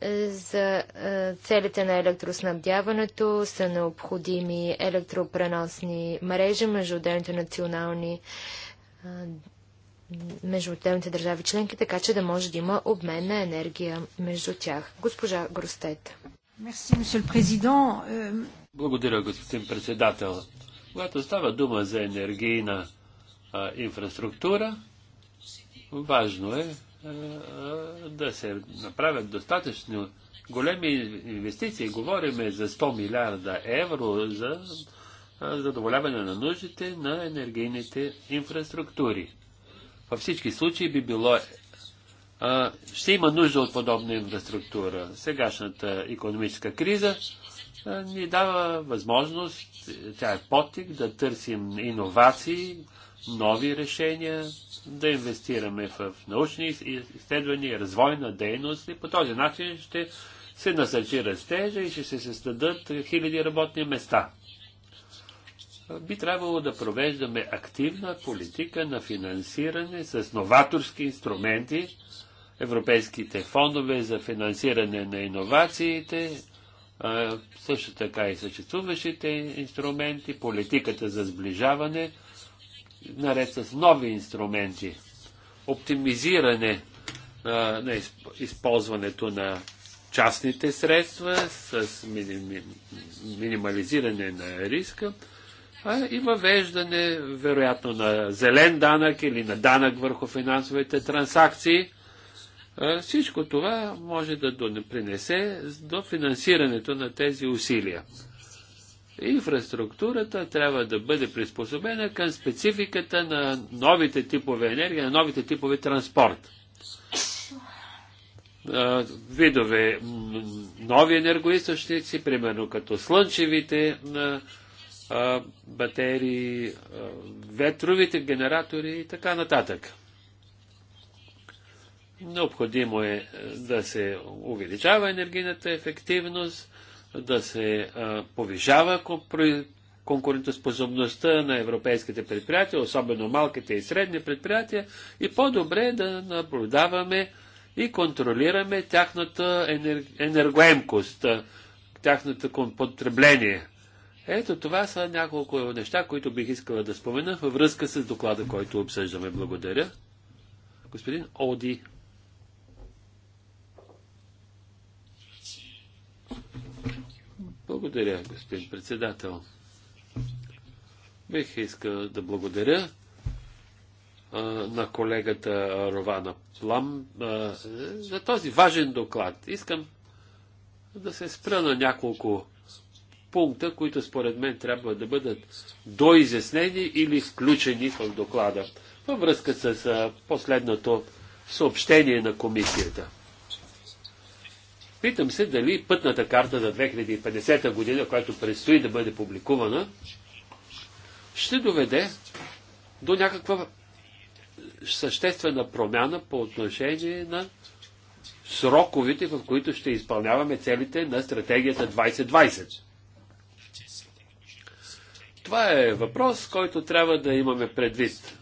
[SPEAKER 2] Е, за е, целите на електроснабдяването са необходими електропреносни мрежи между отделните национални е, между отделните държави членки, така че да може да има обмен на енергия между тях. Госпожа Гростет. Euh,
[SPEAKER 3] Благодаря, господин председател. Когато става дума за енергийна а, инфраструктура, важно е а, да се направят достатъчно големи инвестиции. Говориме за 100 милиарда евро за задоволяване на нуждите на енергийните инфраструктури. Във всички случаи би било ще има нужда от подобна инфраструктура. Сегашната економическа криза ни дава възможност, тя е потик, да търсим иновации, нови решения, да инвестираме в научни изследвания, развойна дейност и по този начин ще се насърчи растежа и ще се създадат хиляди работни места. Би трябвало да провеждаме активна политика на финансиране с новаторски инструменти, европейските фондове за финансиране на иновациите, също така и съществуващите инструменти, политиката за сближаване, наред с нови инструменти, оптимизиране на използването на частните средства с минимализиране на риска а и въвеждане, вероятно, на зелен данък или на данък върху финансовите транзакции, всичко това може да принесе до финансирането на тези усилия. Инфраструктурата трябва да бъде приспособена към спецификата на новите типове енергия, на новите типове транспорт. Видове нови енергоисточници, примерно като слънчевите батерии, ветровите генератори и така нататък. Необходимо е, е да се увеличава енергийната ефективност, да се е, повишава конкурентоспособността на европейските предприятия, особено малките и средни предприятия, и по-добре е да наблюдаваме и контролираме тяхната енергоемкост, тяхното потребление. Ето това са няколко неща, които бих искала да спомена във връзка с доклада, който обсъждаме. Благодаря. Господин Оди. Благодаря, господин председател. Бих искал да благодаря а, на колегата Рована Плам а, за този важен доклад. Искам да се спра на няколко пункта, които според мен трябва да бъдат доизяснени или включени в доклада във връзка с а, последното съобщение на комисията. Питам се дали пътната карта за 2050 година, която предстои да бъде публикувана, ще доведе до някаква съществена промяна по отношение на сроковите, в които ще изпълняваме целите на стратегията 2020. Това е въпрос, който трябва да имаме предвид.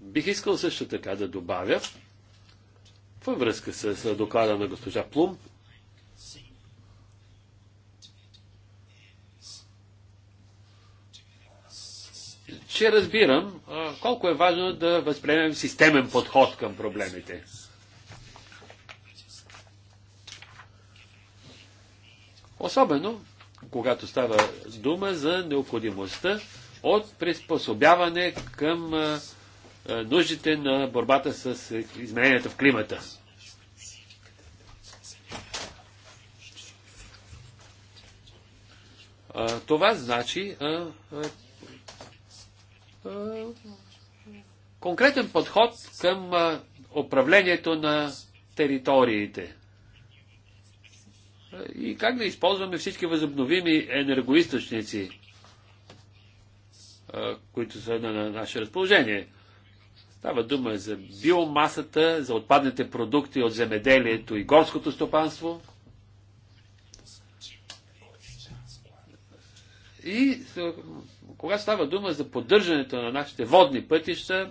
[SPEAKER 3] Бих искал също така да добавя, във връзка с доклада на госпожа Плум. Ще разбирам колко е важно да възприемем системен подход към проблемите. Особено, когато става дума за необходимостта от приспособяване към е, нуждите на борбата с е, измененията в климата. Това значи а, а, конкретен подход към а, управлението на териториите. И как да използваме всички възобновими енергоисточници, които са на наше разположение. Става дума за биомасата, за отпадните продукти от земеделието и горското стопанство. И когато става дума за поддържането на нашите водни пътища,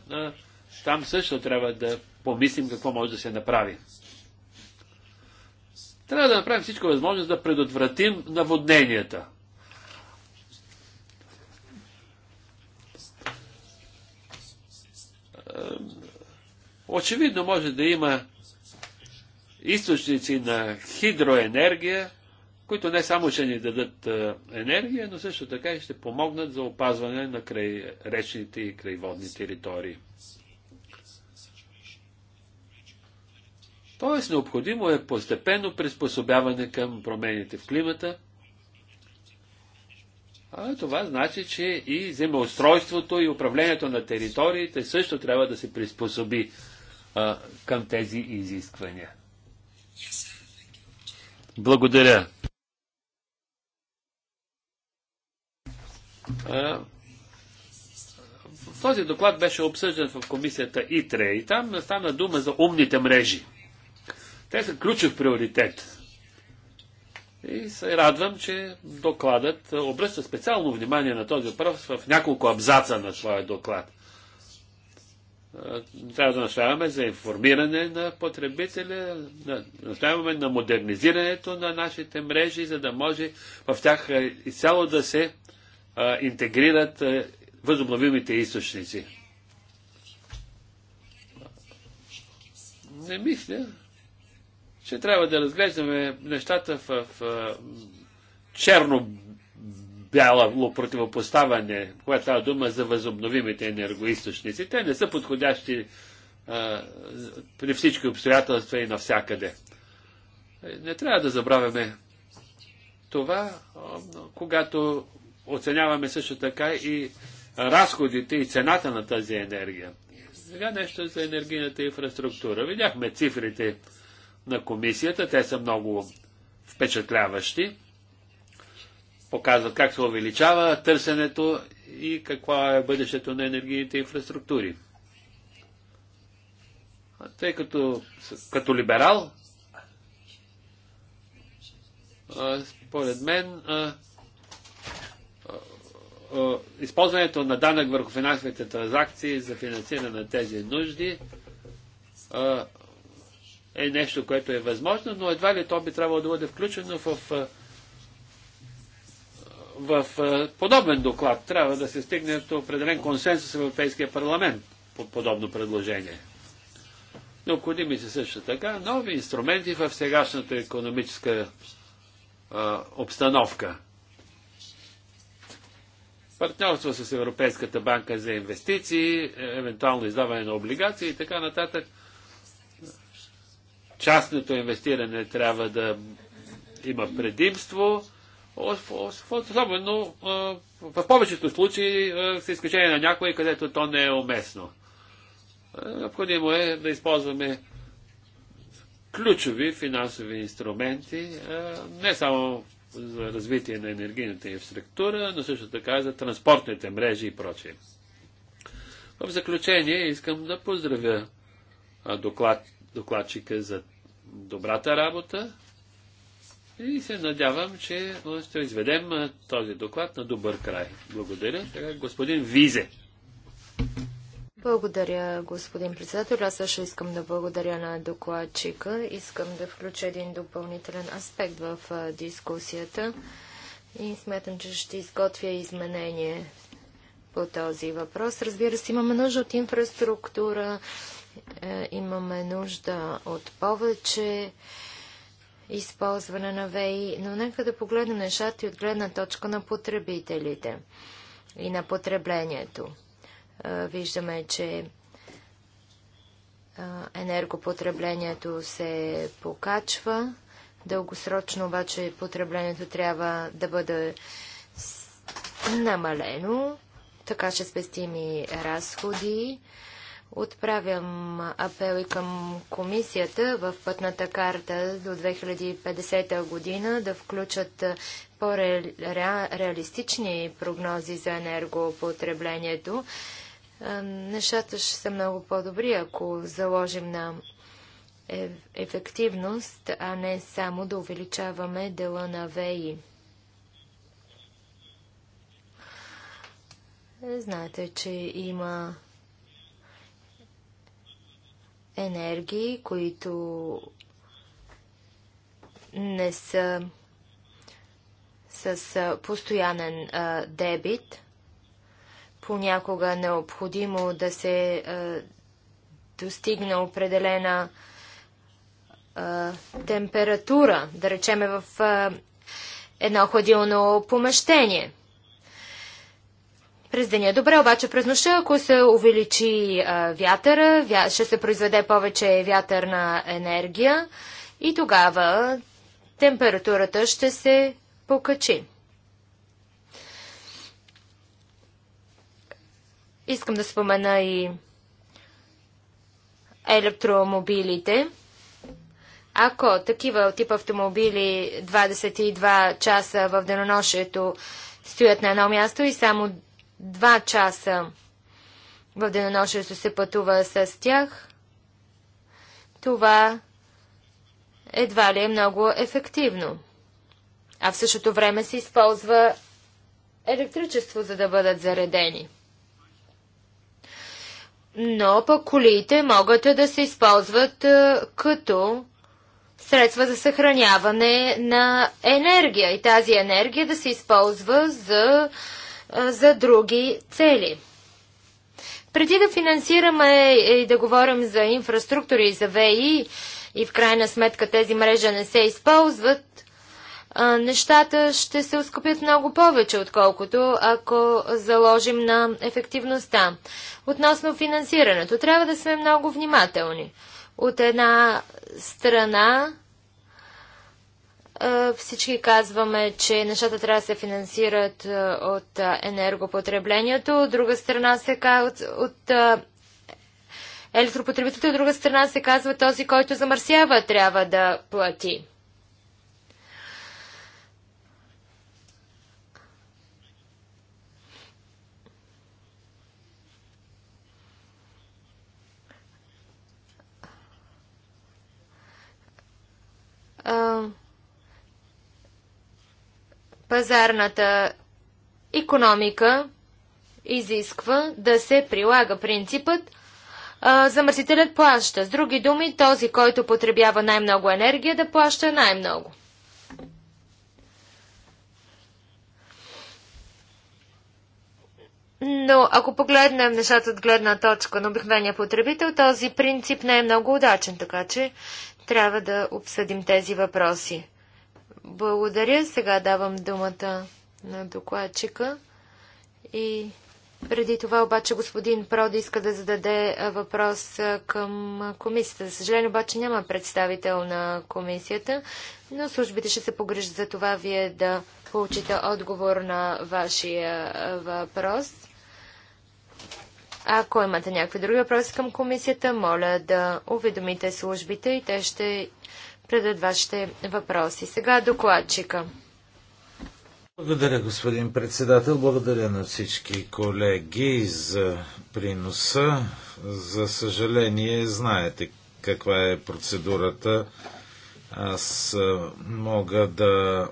[SPEAKER 3] там също трябва да помислим какво може да се направи. Трябва да направим всичко възможност да предотвратим наводненията – Е, очевидно може да има източници на хидроенергия, които не само ще ни дадат е, енергия, но също така и ще помогнат за опазване на край, речните и крайводни територии. Тоест необходимо е постепенно приспособяване към промените в климата – а това значи, че и земеустройството и управлението на териториите също трябва да се приспособи а, към тези изисквания. Благодаря. А, този доклад беше обсъждан в комисията ИТРЕ и там стана дума за умните мрежи. Те са ключов приоритет и се радвам, че докладът обръща специално внимание на този въпрос в няколко абзаца на своя доклад. Трябва да настояваме за информиране на потребителя, да настояваме на модернизирането на нашите мрежи, за да може в тях изцяло да се интегрират възобновимите източници. Не мисля, че трябва да разглеждаме нещата в, в черно-бяло противопоставане, когато става дума за възобновимите енергоисточници. Те не са подходящи а, при всички обстоятелства и навсякъде. Не трябва да забравяме това, когато оценяваме също така и разходите и цената на тази енергия. Сега нещо за енергийната инфраструктура. Видяхме цифрите на комисията. Те са много впечатляващи. Показват как се увеличава търсенето и какво е бъдещето на енергийните инфраструктури. Тъй като, като либерал, според мен, използването на данък върху финансовите транзакции за финансиране на тези нужди е нещо, което е възможно, но едва ли то би трябвало да бъде включено в, в, в подобен доклад. Трябва да се стигне до определен консенсус в Европейския парламент по подобно предложение. Необходими са също така нови инструменти в сегашната економическа а, обстановка. Партньорство с Европейската банка за инвестиции, е, евентуално издаване на облигации и така нататък – частното инвестиране трябва да има предимство, особено в повечето случаи, с изключение на някои, където то не е уместно. Необходимо е да използваме ключови финансови инструменти, не само за развитие на енергийната инфраструктура, но също така за транспортните мрежи и прочие. В заключение искам да поздравя доклад докладчика за добрата работа и се надявам, че ще изведем този доклад на добър край. Благодаря. Сега господин Визе.
[SPEAKER 2] Благодаря, господин председател. Аз също искам да благодаря на докладчика. Искам да включа един допълнителен аспект в дискусията и смятам, че ще изготвя изменение по този въпрос. Разбира се, имаме нужда от инфраструктура, е, имаме нужда от повече използване на ВИ, но нека да погледнем нещата и от гледна точка на потребителите и на потреблението. Е, виждаме, че е, енергопотреблението се покачва, дългосрочно обаче потреблението трябва да бъде намалено, така ще спестим и разходи. Отправям апел и към комисията в пътната карта до 2050 година да включат по-реалистични прогнози за енергопотреблението. Е, нещата ще са много по-добри, ако заложим на ефективност, а не само да увеличаваме дела на ВЕИ. Знаете, че има енергии, които не са с постоянен а, дебит. Понякога е необходимо да се а, достигне определена а, температура, да речеме в едно хладилно помещение през деня. Е добре, обаче през нощта, ако се увеличи а, вятъра, вя... ще се произведе повече вятърна енергия и тогава температурата ще се покачи. Искам да спомена и електромобилите. Ако такива тип автомобили 22 часа в денонощието стоят на едно място и само два часа в денонощието се пътува с тях, това едва ли е много ефективно. А в същото време се използва електричество, за да бъдат заредени. Но пък колите могат да се използват е, като средства за съхраняване на енергия и тази енергия да се използва за а, за други цели. Преди да финансираме и да говорим за инфраструктури и за ВИ, и в крайна сметка тези мрежа не се използват, нещата ще се ускъпят много повече, отколкото ако заложим на ефективността. Относно финансирането, трябва да сме много внимателни. От една страна всички казваме, че нещата трябва да се финансират от енергопотреблението, от друга страна се от, от електропотребителите, от друга страна се казва този, който замърсява, трябва да плати. Um... Uh Пазарната економика изисква да се прилага принципът замърсителят плаща. С други думи, този, който потребява най-много енергия, да плаща най-много. Но ако погледнем нещата от гледна точка на обикновения потребител, този принцип не е много удачен, така че трябва да обсъдим тези въпроси. Благодаря. Сега давам думата на докладчика. И преди това обаче господин Проди иска да зададе въпрос към комисията. За съжаление обаче няма представител на комисията, но службите ще се погрежат за това вие да получите отговор на вашия въпрос. Ако имате някакви други въпроси към комисията, моля да уведомите службите и те ще предат вашите въпроси. Сега докладчика.
[SPEAKER 4] Благодаря, господин председател. Благодаря на всички колеги за приноса. За съжаление, знаете каква е процедурата. Аз мога да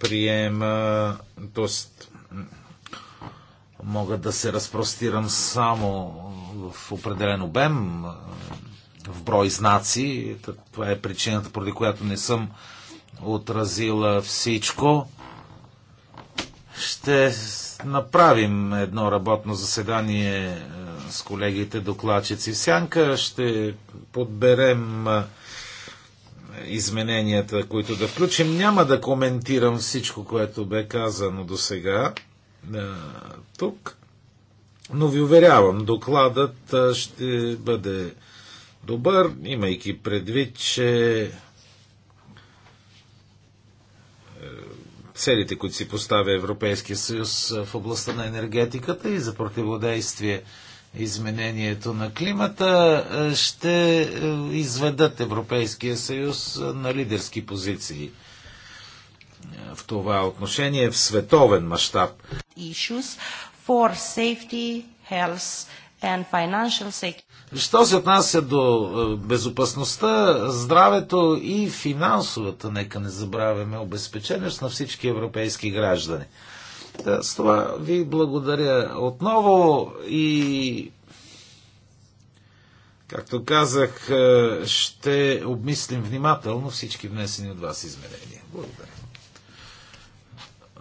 [SPEAKER 4] приема, т.е. мога да се разпростирам само в определен обем в брой знаци. Това е причината, поради която не съм отразила всичко. Ще направим едно работно заседание е, с колегите докладчици в Сянка. Ще подберем е, измененията, които да включим. Няма да коментирам всичко, което бе казано до сега е, тук, но ви уверявам, докладът ще бъде добър, имайки предвид, че е, целите, които си поставя Европейския съюз е, в областта на енергетиката и за противодействие изменението на климата, е, ще изведат Европейския съюз на лидерски позиции в това отношение в световен мащаб. Що се отнася до е, безопасността, здравето и финансовата, нека не забравяме, обезпеченост на всички европейски граждани. С това ви благодаря отново и както казах, е, ще обмислим внимателно всички внесени от вас изменения. Благодаря.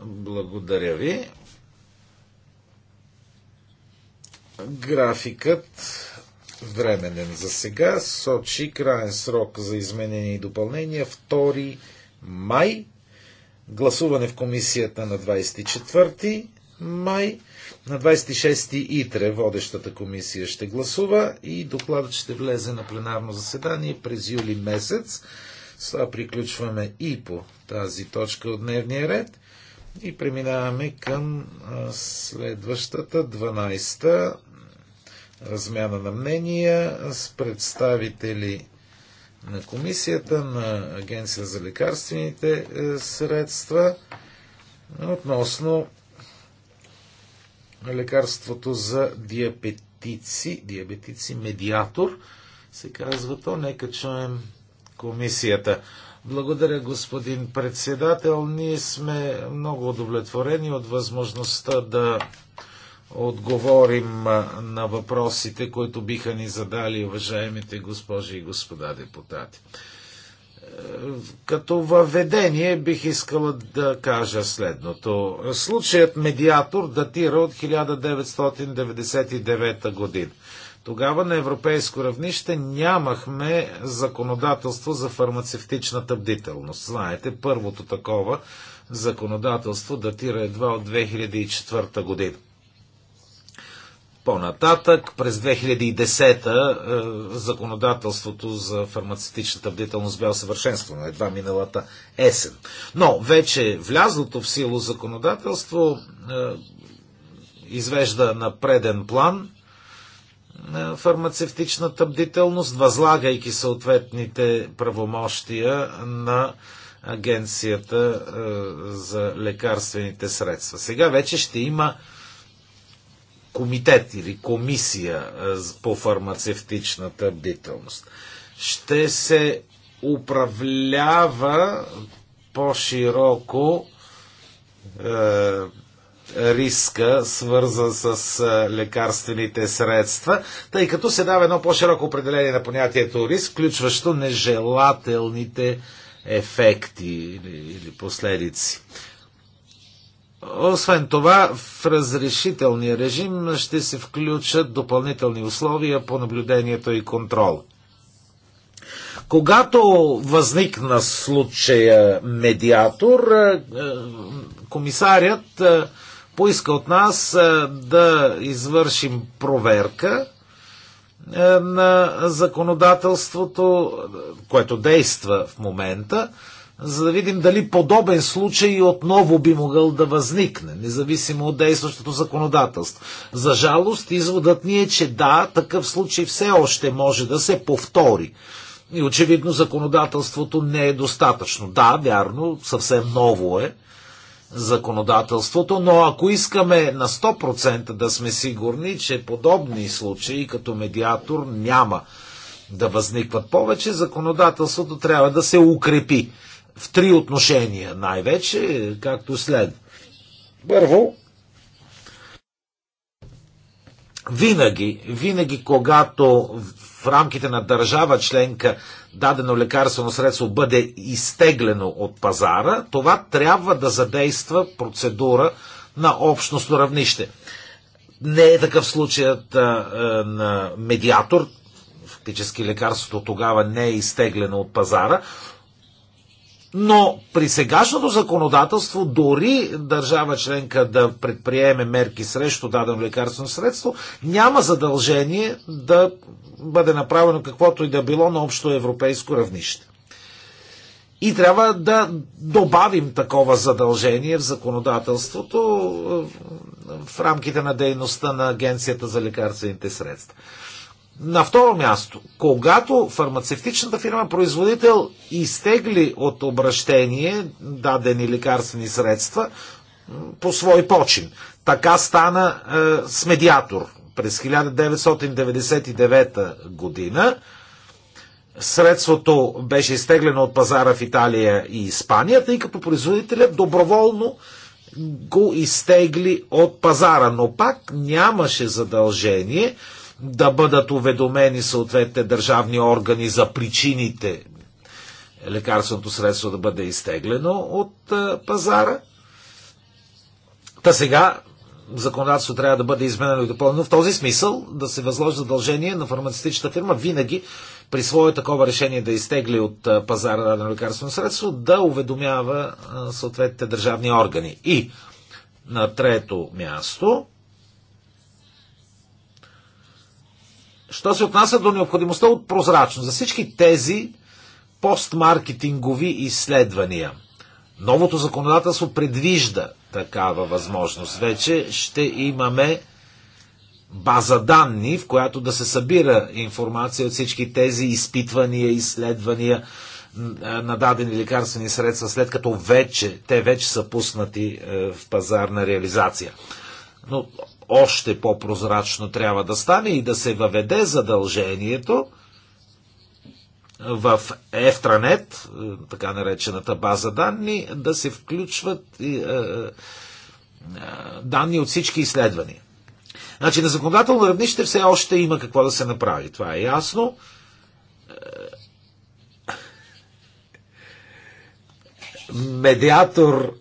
[SPEAKER 4] Благодаря ви. Графикът временен за сега. Сочи краен срок за изменение и допълнение 2 май. Гласуване в комисията на 24 май. На 26 итре водещата комисия ще гласува и докладът ще влезе на пленарно заседание през юли месец. Сега приключваме и по тази точка от дневния ред и преминаваме към следващата 12-та размяна на мнения с представители на комисията, на Агенция за лекарствените е, средства относно лекарството за диабетици, диабетици медиатор, се казва то. Нека чуем комисията. Благодаря, господин председател. Ние сме много удовлетворени от възможността да отговорим на въпросите, които биха ни задали уважаемите госпожи и господа депутати. Е, като въведение бих искала да кажа следното. Случаят медиатор датира от 1999 година. Тогава на европейско равнище нямахме законодателство за фармацевтичната бдителност. Знаете, първото такова законодателство датира едва от 2004 година. По-нататък, през 2010 е, законодателството за фармацевтичната бдителност бе усъвършенствано, едва миналата есен. Но вече влязлото в сило законодателство е, извежда на преден план е, фармацевтичната бдителност, възлагайки съответните правомощия на Агенцията за лекарствените средства. Сега вече ще има комитет или комисия по фармацевтичната бдителност. Ще се управлява по-широко е, риска, свързан с е, лекарствените средства, тъй като се дава едно по-широко определение на понятието риск, включващо нежелателните ефекти или, или последици. Освен това, в разрешителния режим ще се включат допълнителни условия по наблюдението и контрол. Когато възникна случая медиатор, е, е, комисарят е, поиска от нас да извършим проверка на законодателството, което действа в момента, за да видим дали подобен случай отново би могъл да възникне, независимо от действащото законодателство. За жалост, изводът ни е, че да, такъв случай все още може да се повтори. И очевидно законодателството не е достатъчно. Да, вярно, съвсем ново е законодателството, но ако искаме на 100% да сме сигурни, че подобни случаи като медиатор няма да възникват повече, законодателството трябва да се укрепи в три отношения най-вече, както след. Първо, винаги, винаги когато в рамките на държава членка дадено лекарствено средство бъде изтеглено от пазара, това трябва да задейства процедура на общностно равнище. Не е такъв случаят а, а, на медиатор, фактически лекарството тогава не е изтеглено от пазара, но при сегашното законодателство, дори държава членка да предприеме мерки срещу дадено лекарствено средство, няма задължение да бъде направено каквото и да било на общо европейско равнище. И трябва да добавим такова задължение в законодателството в рамките на дейността на Агенцията за лекарствените средства. На второ място, когато фармацевтичната фирма производител изтегли от обращение дадени лекарствени средства по свой почин. Така стана е, с медиатор през 1999 година. Средството беше изтеглено от пазара в Италия и Испания, тъй като производителят доброволно го изтегли от пазара, но пак нямаше задължение да бъдат уведомени съответните държавни органи за причините лекарственото средство да бъде изтеглено от е, пазара. Та сега законодателство трябва да бъде изменено и допълнено. В този смисъл да се възложи задължение на фармацевтичната фирма винаги при свое такова решение да изтегли от е, пазара дадено лекарствено средство, да уведомява е, съответните държавни органи. И на трето място, Що се отнася до необходимостта от прозрачност? За всички тези постмаркетингови изследвания. Новото законодателство предвижда такава възможност. Вече ще имаме база данни, в която да се събира информация от всички тези изпитвания, изследвания на дадени лекарствени средства, след като вече, те вече са пуснати е, в пазарна реализация. Но още по-прозрачно трябва да стане и да се въведе задължението в Ефтранет, е, така наречената база данни, да се включват е, е, данни от всички изследвания. Значи на законодателно равнище все още има какво да се направи. Това е ясно. Медиатор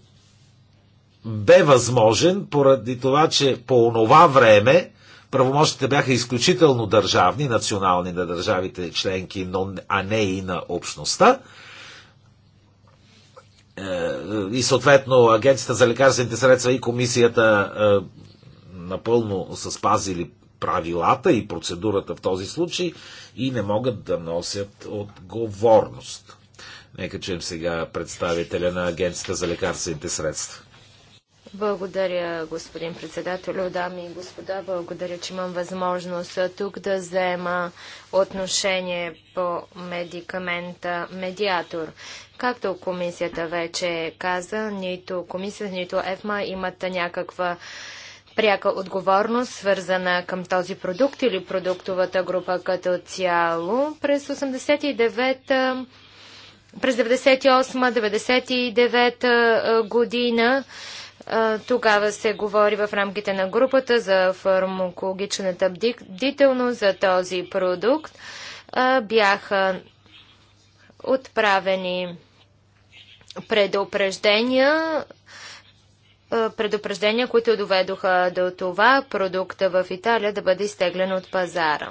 [SPEAKER 4] бе възможен поради това, че по онова време правомощите бяха изключително държавни, национални на държавите членки, но, а не и на общността. Е, и съответно Агенцията за лекарствените средства и комисията е, напълно са спазили правилата и процедурата в този случай и не могат да носят отговорност. Нека чуем сега представителя на Агенцията за лекарствените средства.
[SPEAKER 2] Благодаря, господин председател, дами и господа. Благодаря, че имам възможност тук да взема отношение по медикамента медиатор. Както комисията вече каза, нито комисията, нито ЕФМА имат някаква пряка отговорност, свързана към този продукт или продуктовата група като цяло. През 89 през 98-99 година тогава се говори в рамките на групата за фармакологичната бдителност за този продукт. Бяха отправени предупреждения, предупреждения, които доведоха до това продукта в Италия да бъде изтеглен от пазара.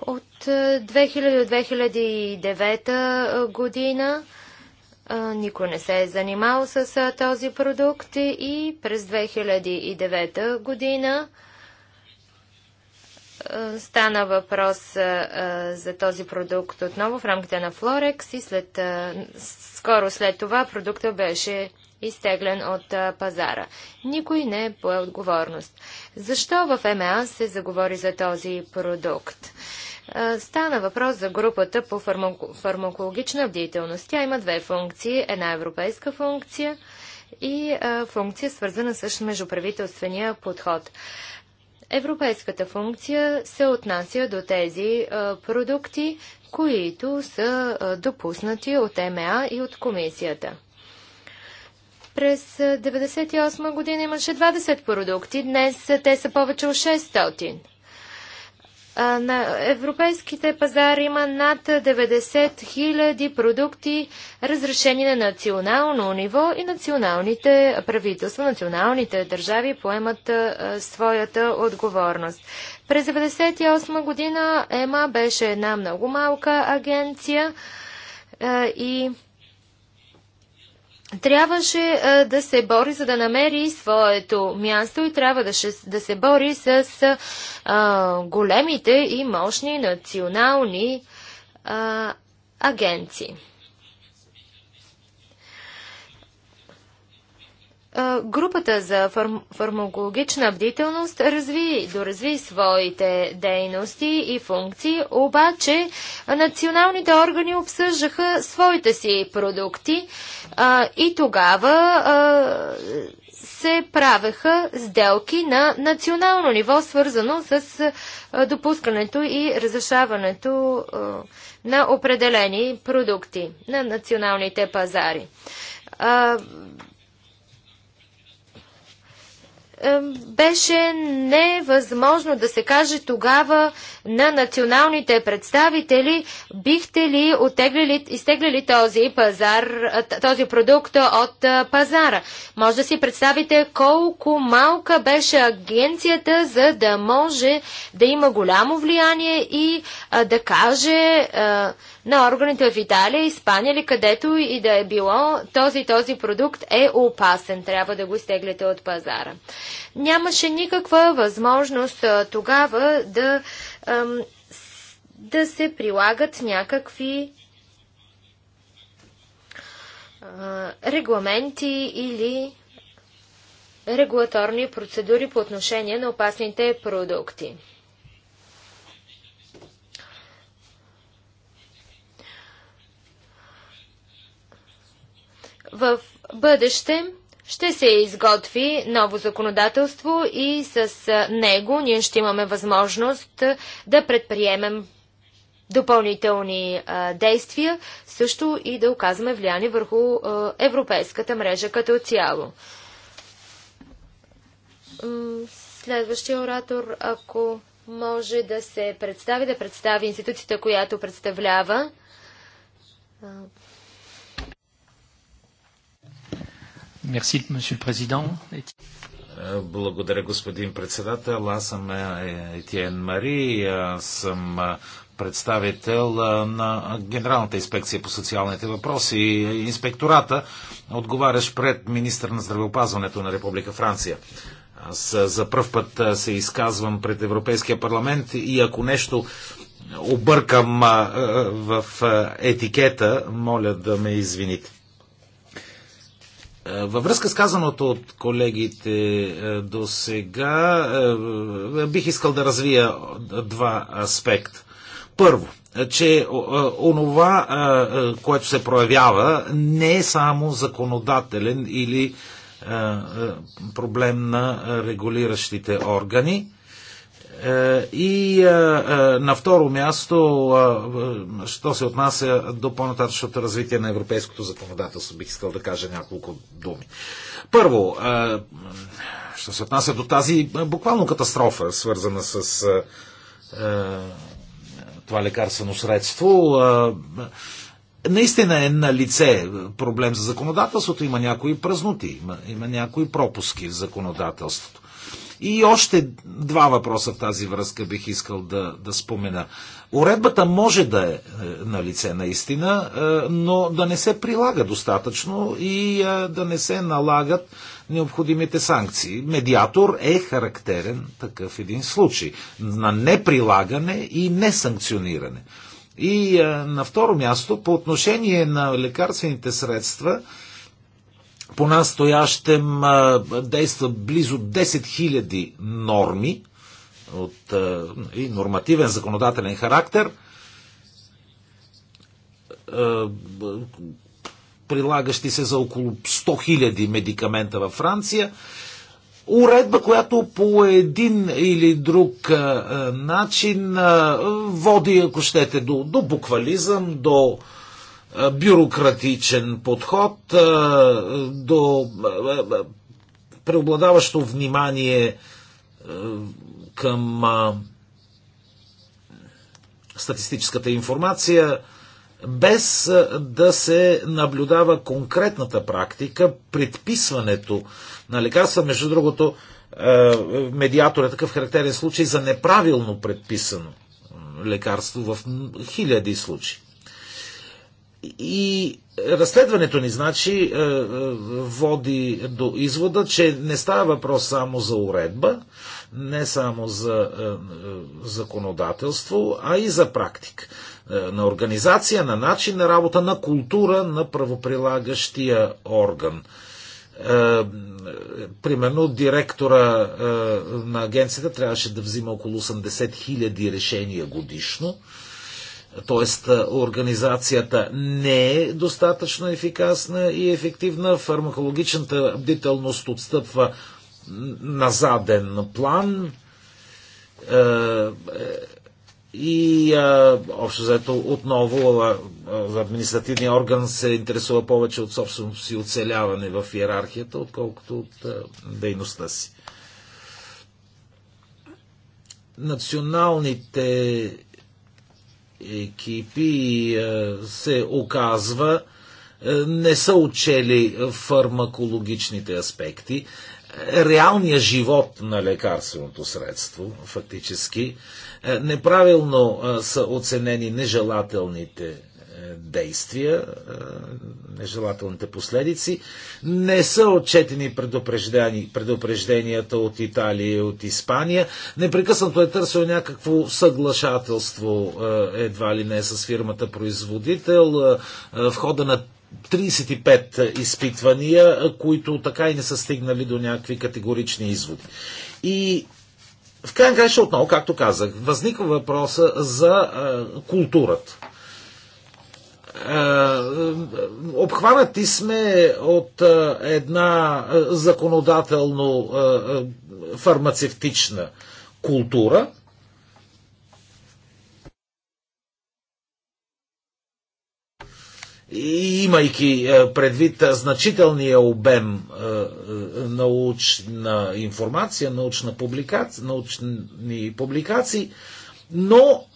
[SPEAKER 2] От 2000 до 2009 година никой не се е занимал с този продукт и през 2009 година стана въпрос за този продукт отново в рамките на Флорекс и след, скоро след това продукта беше изтеглен от пазара. Никой не е по отговорност. Защо в МА се заговори за този продукт? Стана въпрос за групата по фармакологична бдителност. Тя има две функции. Една европейска функция и функция, свързана с междуправителствения подход. Европейската функция се отнася до тези продукти, които са допуснати от МА и от комисията. През 1998 година имаше 20 продукти, днес те са повече от 600. На европейските пазари има над 90 000 продукти, разрешени на национално ниво и националните правителства, националните държави поемат своята отговорност. През 1998 година ЕМА беше една много малка агенция и трябваше а, да се бори, за да намери своето място и трябва да, ще, да се бори с а, големите и мощни национални а, агенции. Групата за фарм, фармакологична бдителност разви, доразви своите дейности и функции, обаче националните органи обсъждаха своите си продукти а, и тогава а, се правеха сделки на национално ниво, свързано с а, допускането и разрешаването а, на определени продукти на националните пазари. А, беше невъзможно да се каже тогава на националните представители, бихте ли отеглили, изтеглили този пазар, този продукт от пазара. Може да си представите колко малка беше агенцията, за да може да има голямо влияние и да каже а, на органите в Италия, Испания или където и да е било, този този продукт е опасен, трябва да го изтегляте от пазара. Нямаше никаква възможност тогава да, да се прилагат някакви регламенти или регулаторни процедури по отношение на опасните продукти. В бъдеще ще се изготви ново законодателство и с него ние ще имаме възможност да предприемем допълнителни а, действия, също и да оказваме влияние върху а, европейската мрежа като цяло. Следващия оратор, ако може да се представи, да представи институцията, която представлява.
[SPEAKER 1] Мерси, месье президент.
[SPEAKER 4] Благодаря, господин председател. Аз съм е, е, Етиен Мари. Аз съм е, представител на Генералната инспекция по социалните въпроси и инспектората, отговарящ пред министър на здравеопазването на Република Франция. Аз за първ път се изказвам пред Европейския парламент и ако нещо объркам в етикета, моля да ме извините. Е, във връзка с казаното от колегите е, до сега, е, бих искал да развия два аспекта. Първо, че онова, което се проявява, не е само законодателен или проблем на регулиращите органи, е, и е, е, на второ място, що се отнася до по-нататъчното развитие на европейското законодателство, бих искал да кажа няколко думи. Първо, що се отнася до тази буквално катастрофа, свързана с това лекарствено средство, наистина е на лице проблем за законодателството. Има някои празноти, има, има някои пропуски в законодателството. И още два въпроса в тази връзка бих искал да, да спомена. Уредбата може да е, е на лице наистина, е, но да не се прилага достатъчно и е, да не се налагат необходимите санкции. Медиатор е характерен такъв един случай на неприлагане и несанкциониране. И на второ място, по отношение на лекарствените средства, по настоящем действа близо 10 000 норми от и нормативен законодателен характер, прилагащи се за около 100 000 медикамента във Франция. Уредба, която по един или друг начин води, ако щете, до, до буквализъм, до бюрократичен подход до преобладаващо внимание към статистическата информация, без да се наблюдава конкретната практика, предписването на лекарства. Между другото, медиатор е такъв характерен случай за неправилно предписано лекарство в хиляди случаи. И разследването ни, значи, е, е, води до извода, че не става въпрос само за уредба, не само за е, законодателство, а и за практика. На организация, на начин на работа, на култура на правоприлагащия орган. Примерно, директора на агенцията трябваше да взима около 80 000 решения годишно т.е. организацията не е достатъчно ефикасна и ефективна, фармакологичната бдителност отстъпва на заден план и общо заето отново административния орган се интересува повече от собственото си оцеляване в иерархията, отколкото от дейността си. Националните екипи е, се оказва е, не са учели фармакологичните аспекти. Реалният живот на лекарственото средство, фактически, е, неправилно са оценени нежелателните действия, нежелателните последици. Не са отчетени предупрежденията от Италия и от Испания. Непрекъснато е търсил някакво съглашателство едва ли не с фирмата производител. В хода на 35 изпитвания, които така и не са стигнали до някакви категорични изводи. И в крайна краща отново, както казах, възниква въпроса за а, културата. Е, е, обхванати сме от е, една законодателно фармацевтична култура, имайки предвид значителния обем научна информация, научна публикация, научни публикации, но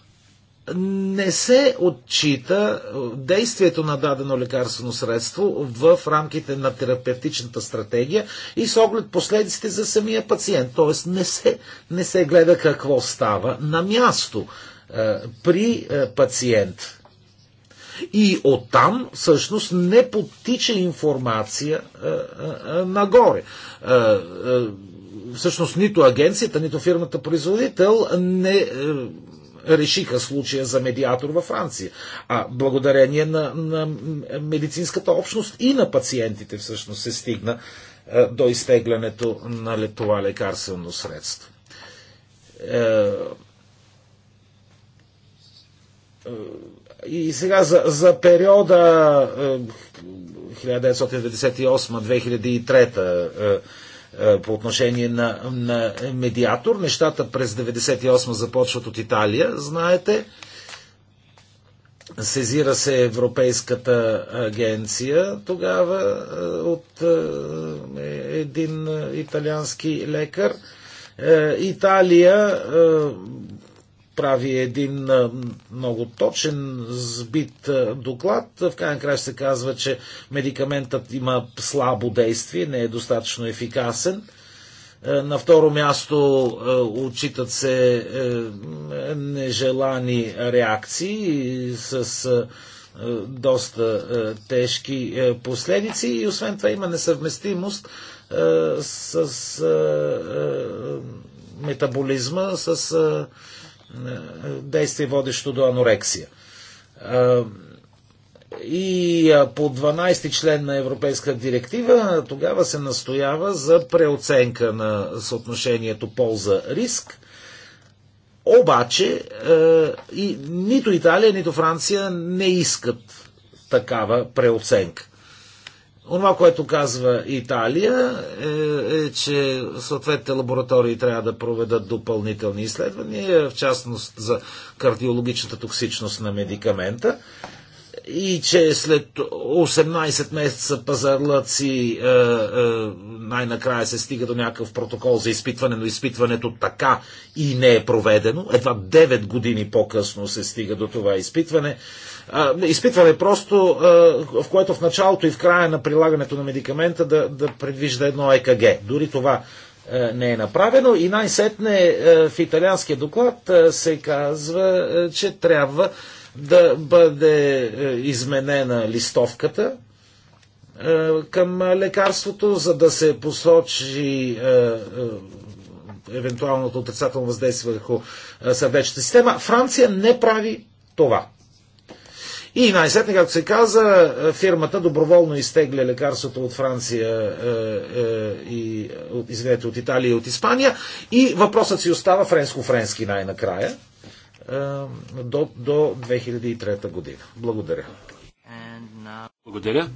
[SPEAKER 4] не се отчита е, действието на дадено лекарствено средство в рамките на терапевтичната стратегия и с оглед последиците за самия пациент. Тоест не се, не се гледа какво става на място е, при е, пациент. И оттам всъщност не потича информация е, е, е нагоре. Е, е, всъщност нито агенцията, нито фирмата производител не е, решиха случая за медиатор във Франция. А благодарение на, на медицинската общност и на пациентите всъщност се стигна е, до изтеглянето на това лекарствено средство. Е, е, и сега за, за периода 1998-2003 е, по отношение на, на медиатор. Нещата през 98 започват от Италия, знаете. Сезира се Европейската агенция тогава е, от е, един италиански лекар. Италия прави един много точен сбит доклад. В крайна край се казва, че медикаментът има слабо действие, не е достатъчно ефикасен. На второ място отчитат се нежелани реакции с доста тежки последици и освен това има несъвместимост с метаболизма, с действие, водещо до анорексия. И по 12 член на Европейска директива тогава се настоява за преоценка на съотношението полза-риск. Обаче и нито Италия, нито Франция не искат такава преоценка. Онова, което казва Италия е, е, че съответните лаборатории трябва да проведат допълнителни изследвания, в частност за кардиологичната токсичност на медикамента и че след 18 месеца пазарлъци е, е, най-накрая се стига до някакъв протокол за изпитване, но изпитването така и не е проведено. Едва 9 години по-късно се стига до това изпитване изпитване просто, в което в началото и в края на прилагането на медикамента да, да предвижда едно ЕКГ. Дори това е, не е направено. И най-сетне е, в италианския доклад е, се казва, че трябва да бъде изменена листовката към лекарството, за да се посочи евентуалното отрицателно въздействие върху сърдечната система. Франция не прави това. И най-сетне, както се каза, фирмата доброволно изтегля лекарството от Франция е, е, и, извинете, от Италия и от Испания. И въпросът си остава френско-френски най-накрая е, до, до 2003 година. Благодаря.
[SPEAKER 3] Благодаря.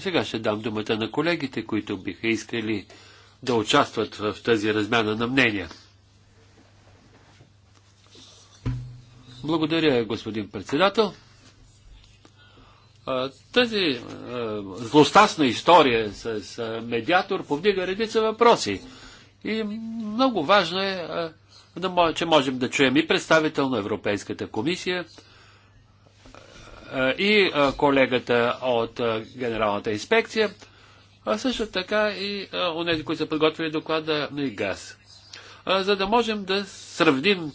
[SPEAKER 3] Сега ще дам думата на колегите, които биха искали да участват в тази размяна на мнения. Благодаря, господин председател. Тази злостасна история с медиатор повдига редица въпроси. И много важно е, че можем да чуем и представител на Европейската комисия, и колегата от Генералната инспекция, а също така и онези, които са подготвили доклада на ИГАС. За да можем да сравним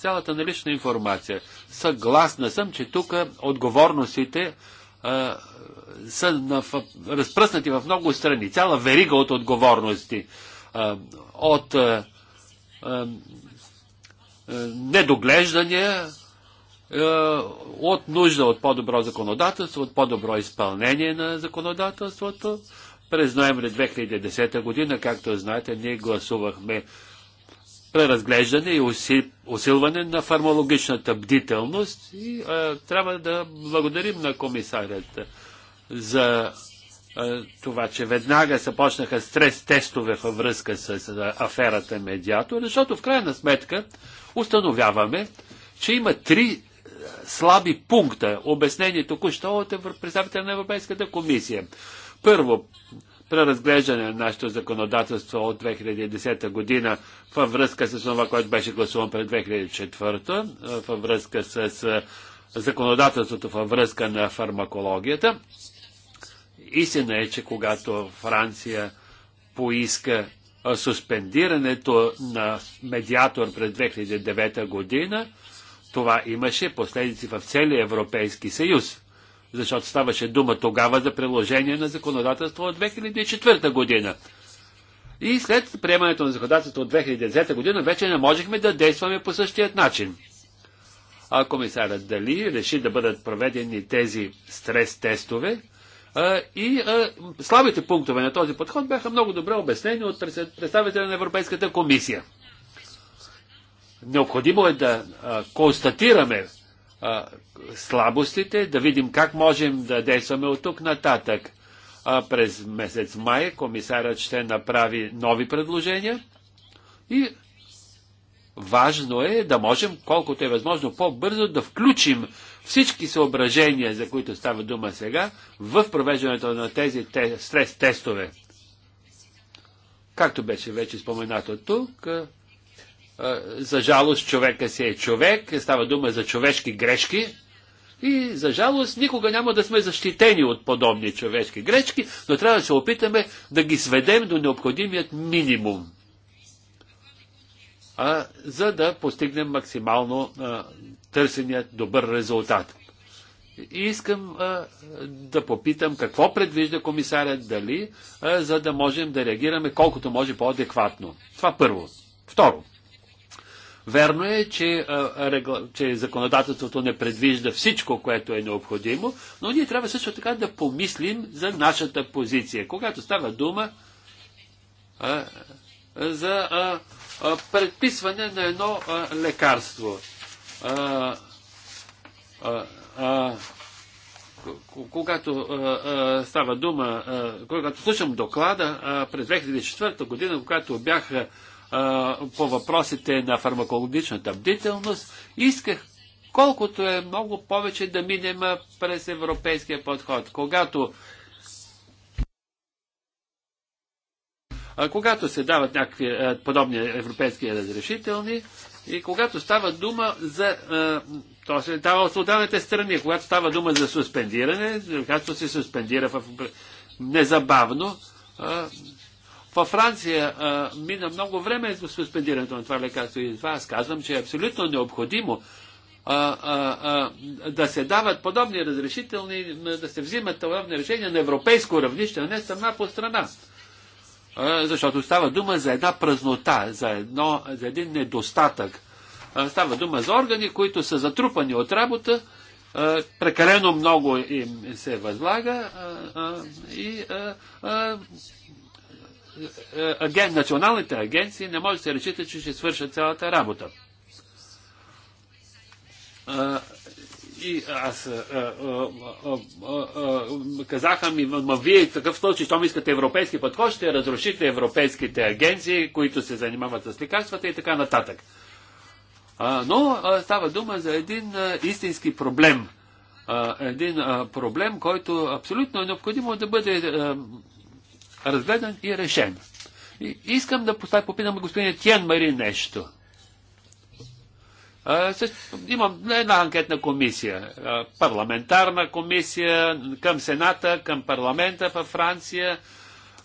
[SPEAKER 3] цялата налична информация. Съгласна съм, че тук отговорностите а, са на, в, разпръснати в много страни. Цяла верига от отговорности. А, от а, а, недоглеждания, от нужда от по-добро законодателство, от по-добро изпълнение на законодателството. През ноември 2010 година, както знаете, ние гласувахме преразглеждане и усилване на фармологичната бдителност и а, трябва да благодарим на комисарят за а, това, че веднага се почнаха стрес тестове във връзка с а, аферата медиатор, защото в крайна сметка установяваме, че има три слаби пункта, обяснени току-що от представителя на Европейската комисия. Първо, преразглеждане на нашето законодателство от 2010 година във връзка с това, което беше гласувано през 2004, във връзка с законодателството във връзка на фармакологията. Истина е, че когато Франция поиска суспендирането на медиатор през 2009 година, това имаше последици в целия Европейски съюз защото ставаше дума тогава за приложение на законодателство от 2004 година. И след приемането на законодателство от 2010 година вече не можехме да действаме по същия начин. А комисарът Дали реши да бъдат проведени тези стрес-тестове и а, слабите пунктове на този подход бяха много добре обяснени от представителя на Европейската комисия. Необходимо е да а, констатираме слабостите, да видим как можем да действаме от тук нататък. А през месец май комисарът ще направи нови предложения и важно е да можем, колкото е възможно по-бързо, да включим всички съображения, за които става дума сега, в провеждането на тези те, стрес тестове. Както беше вече споменато тук, за жалост човека си е човек, става дума за човешки грешки и за жалост никога няма да сме защитени от подобни човешки гречки, но трябва да се опитаме да ги сведем до необходимият минимум, а, за да постигнем максимално а, търсеният добър резултат. И искам а, да попитам какво предвижда комисарят, дали, а, за да можем да реагираме колкото може по-адекватно. Това първо. Второ. Верно е, че, регла... че законодателството не предвижда всичко, което е необходимо, но ние трябва също така да помислим за нашата позиция. Когато става дума а, за а, а, предписване на едно а, лекарство, а, а, а, когато а, а, става дума, а, когато слушам доклада а, през 2004 година, когато бяха по въпросите на фармакологичната бдителност, исках колкото е много повече да минем през европейския подход. Когато когато се дават някакви подобни европейски разрешителни и когато става дума за то се дава от отделните страни, когато става дума за суспендиране, когато се суспендира в, незабавно, във Франция а, мина много време за суспендирането на това лекарство и това аз казвам, че е абсолютно необходимо а, а, а, да се дават подобни разрешителни, да се взимат подобни решения на европейско равнище, а не страна по страна. А, защото става дума за една празнота, за, едно, за един недостатък. А, става дума за органи, които са затрупани от работа, а, прекалено много им се възлага а, а, и а, а, е, аген, националните агенции не може да се речите, че ще свършат цялата работа. Е, и аз е, казаха ми, ма вие в такъв случай, щом искате европейски подход, ще разрушите европейските агенции, които се занимават с лекарствата и така нататък. но става дума за един истински проблем. един проблем, който абсолютно е необходимо да бъде разгледан и решен. И искам да поставя, попитам господин Тиен Мари нещо. А, също, имам една анкетна комисия, а, парламентарна комисия към Сената, към парламента във Франция.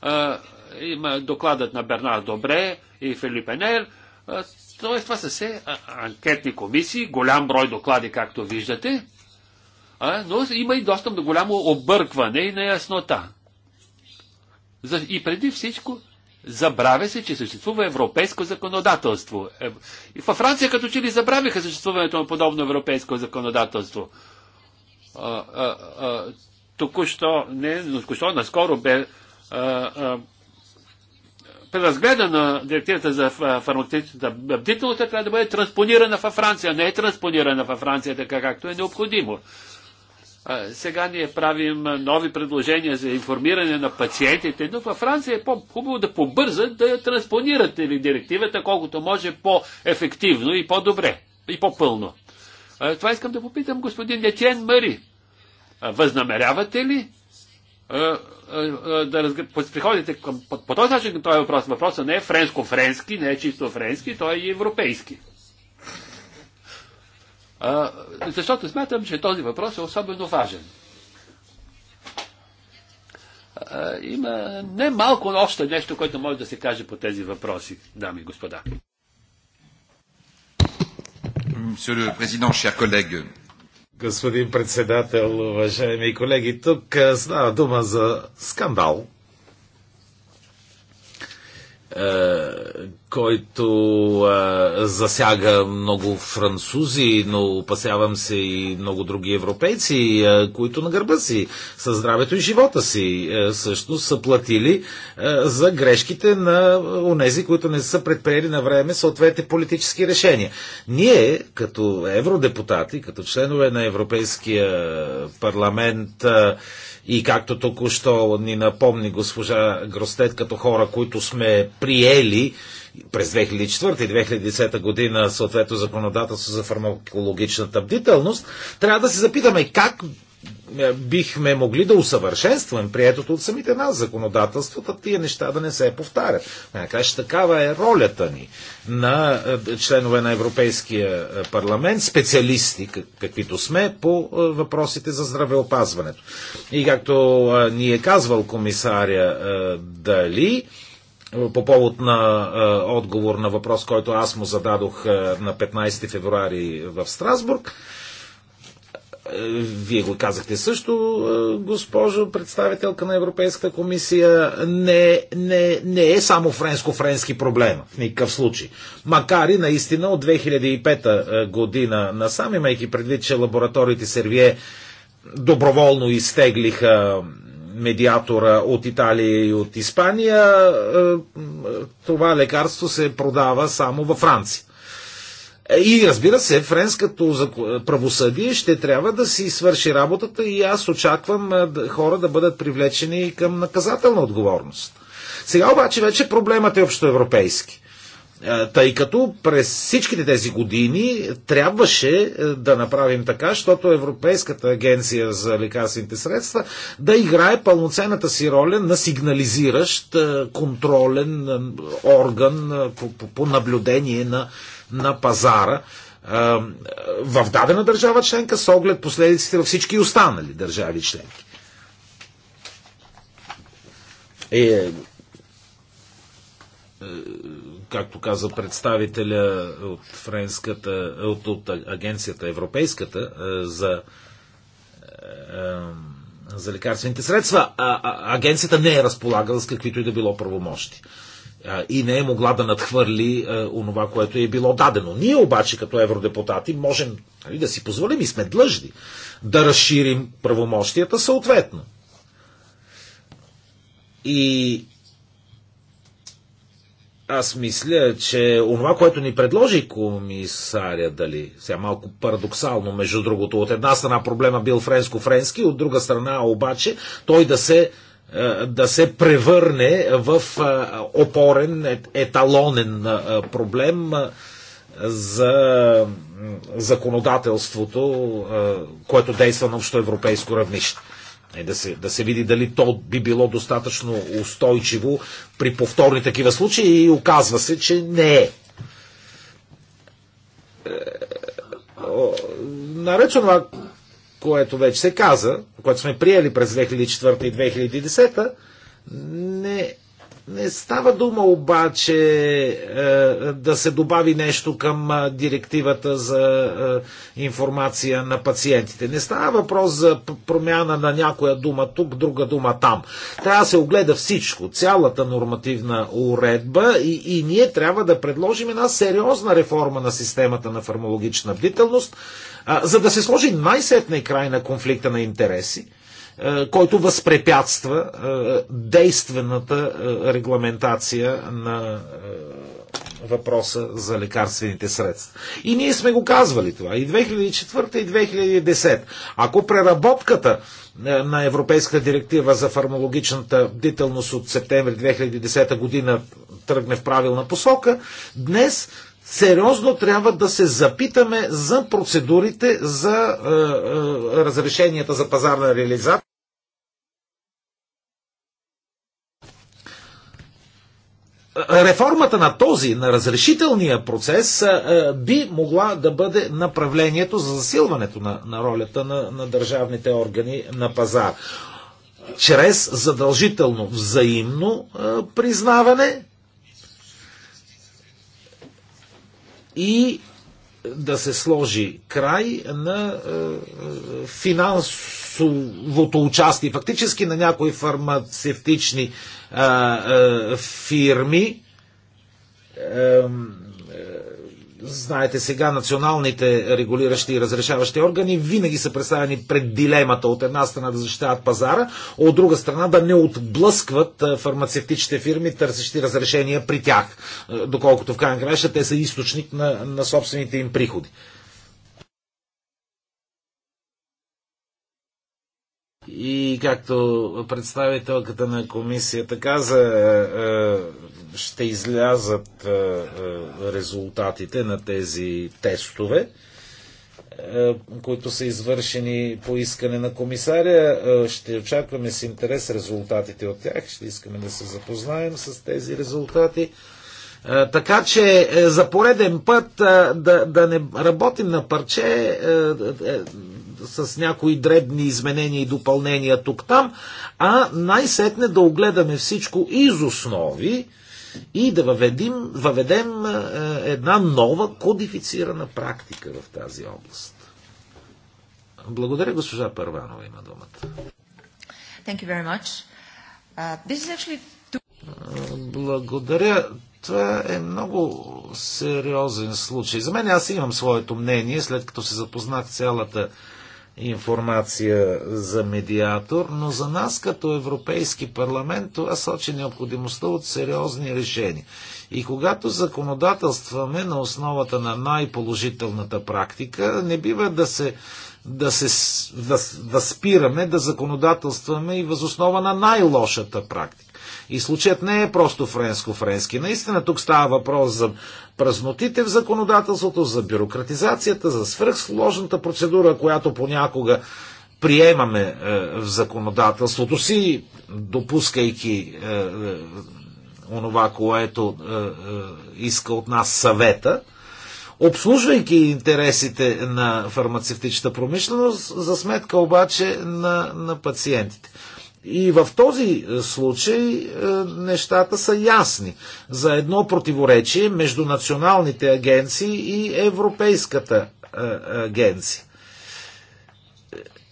[SPEAKER 3] А, има докладът на Бернар Добре и Енер. Тоест, това са все анкетни комисии, голям брой доклади, както виждате, а, но има и доста голямо объркване и неяснота. И преди всичко, забравя се, че съществува европейско законодателство. Е, и във Франция като че ли забравиха съществуването на подобно европейско законодателство. Току-що, не, но току-що наскоро бе а, а, преразгледана директивата за фармацевтичната бдителност, трябва да бъде транспонирана във Франция. Не е транспонирана във Франция така, както е необходимо. Сега ние правим нови предложения за информиране на пациентите, но във Франция е по-хубаво да побързат да я транспонират директивата колкото може по-ефективно и по-добре и по-пълно. Това искам да попитам господин Детен Мари. Възнамерявате ли да разг... приходите към... По, по този начин към този е въпрос. Въпросът не е френско-френски, не е чисто френски, той е европейски. А, защото смятам, че този въпрос е особено важен. А, има не малко още нещо, което може да се каже по тези въпроси, дами и господа.
[SPEAKER 4] Господин председател, уважаеми колеги, тук става дума за скандал, е, който е, засяга много французи, но опасявам се и много други европейци, е, които на гърба си, със здравето и живота си, е, също са платили е, за грешките на онези, които не са предприели на време съответните политически решения. Ние, като евродепутати, като членове на Европейския парламент, е, и както току-що ни напомни госпожа Гростет, като хора, които сме приели през 2004 и 2010 година съответно законодателство за фармакологичната бдителност, трябва да се запитаме как е, бихме могли да усъвършенстваме приетото от самите нас законодателствата, тия неща да не се повтарят. Накрая такава е ролята ни на е, членове на Европейския е, парламент, специалисти, каквито сме, по въпросите за здравеопазването. И както ни е казвал комисаря Дали, по повод на е, отговор на въпрос, който аз му зададох е, на 15 февруари в Страсбург. Е, вие го казахте също, е, госпожо представителка на Европейската комисия, не, не, не е само френско-френски проблем в никакъв случай. Макар и наистина от 2005 е, година насам, имайки предвид, че лабораториите Сервие доброволно изтеглиха медиатора от Италия и от Испания, това лекарство се продава само във Франция. И разбира се, френското правосъдие ще трябва да си свърши работата и аз очаквам хора да бъдат привлечени към наказателна отговорност. Сега обаче вече проблемът е общоевропейски. Тъй като през всичките тези години трябваше да направим така, защото Европейската агенция за лекарствените средства да играе пълноценната си роля на сигнализиращ контролен орган по наблюдение на на пазара в дадена държава членка с оглед последиците във всички останали държави членки. Е, е както каза представителя от френската, от, от агенцията европейската е, за, е, за лекарствените средства, а, а, агенцията не е разполагала с каквито и да било правомощи и не е могла да надхвърли онова, което е било дадено. Ние обаче като евродепутати можем нали, да си позволим и сме длъжни да разширим правомощията съответно. И аз мисля, че онова, което ни предложи комисаря, дали, сега малко парадоксално, между другото, от една страна проблема бил френско-френски, от друга страна обаче той да се е, да се превърне в е, опорен, е, еталонен проблем за законодателството, което действа на общоевропейско равнище. да, се, да се види дали то би било достатъчно устойчиво при повторни такива случаи и оказва се, че не е. Наречено, това, което вече се каза, което сме приели през 2004 и 2010, не не става дума обаче е, да се добави нещо към е, директивата за е, информация на пациентите. Не става въпрос за промяна на някоя дума тук, друга дума там. Трябва да се огледа всичко, цялата нормативна уредба и, и ние трябва да предложим една сериозна реформа на системата на фармологична бдителност, за да се сложи най-сетна и край на конфликта на интереси е, който възпрепятства е, действената е, регламентация на въпроса за лекарствените средства. И ние сме го казвали това и 2004 и 2010. Ако преработката на Европейска директива за фармологичната бдителност от септември 2010 година тръгне в правилна посока, днес сериозно трябва да се запитаме за процедурите за е, е, разрешенията за пазарна реализация реформата на този, на разрешителния процес, би могла да бъде направлението за засилването на, на ролята на, на държавните органи на пазар. Чрез задължително взаимно признаване и да се сложи край на е, е, финансовото участие, фактически на някои фармацевтични е, фирми, Знаете сега, националните регулиращи и разрешаващи органи винаги са представени пред дилемата от една страна да защитават пазара, от друга страна да не отблъскват фармацевтичните фирми, търсещи разрешения при тях, доколкото в крайна краща те са източник на, на собствените им приходи. И както представителката на комисията каза, ще излязат е, е, резултатите на тези тестове, е, които са извършени по искане на комисаря. Ще очакваме с интерес резултатите от тях. Ще искаме да се запознаем с тези резултати. Така че за пореден път да, да не работим на парче с някои дребни изменения и допълнения тук-там, а най-сетне да огледаме всичко из основи, и да въведим, въведем е, една нова кодифицирана практика в тази област. Благодаря, госпожа Първанова има думата.
[SPEAKER 2] Thank you very much. Uh, this is actually...
[SPEAKER 4] Благодаря. Това е много сериозен случай. За мен аз имам своето мнение, след като се запознах цялата информация за медиатор, но за нас като Европейски парламент това сочи необходимостта от сериозни решения. И когато законодателстваме на основата на най-положителната практика, не бива да се, да се да, да спираме да законодателстваме и възоснова на най-лошата практика. И случаят не е просто френско-френски. Наистина тук става въпрос за празнотите в законодателството, за бюрократизацията, за свръхсложната процедура, която понякога приемаме е, в законодателството си, допускайки е, е, онова, което иска от нас съвета, обслужвайки интересите на фармацевтичната промишленост, за сметка обаче на, на пациентите. И в този е, случай е, нещата са ясни за едно противоречие между националните агенции и Европейската е, агенция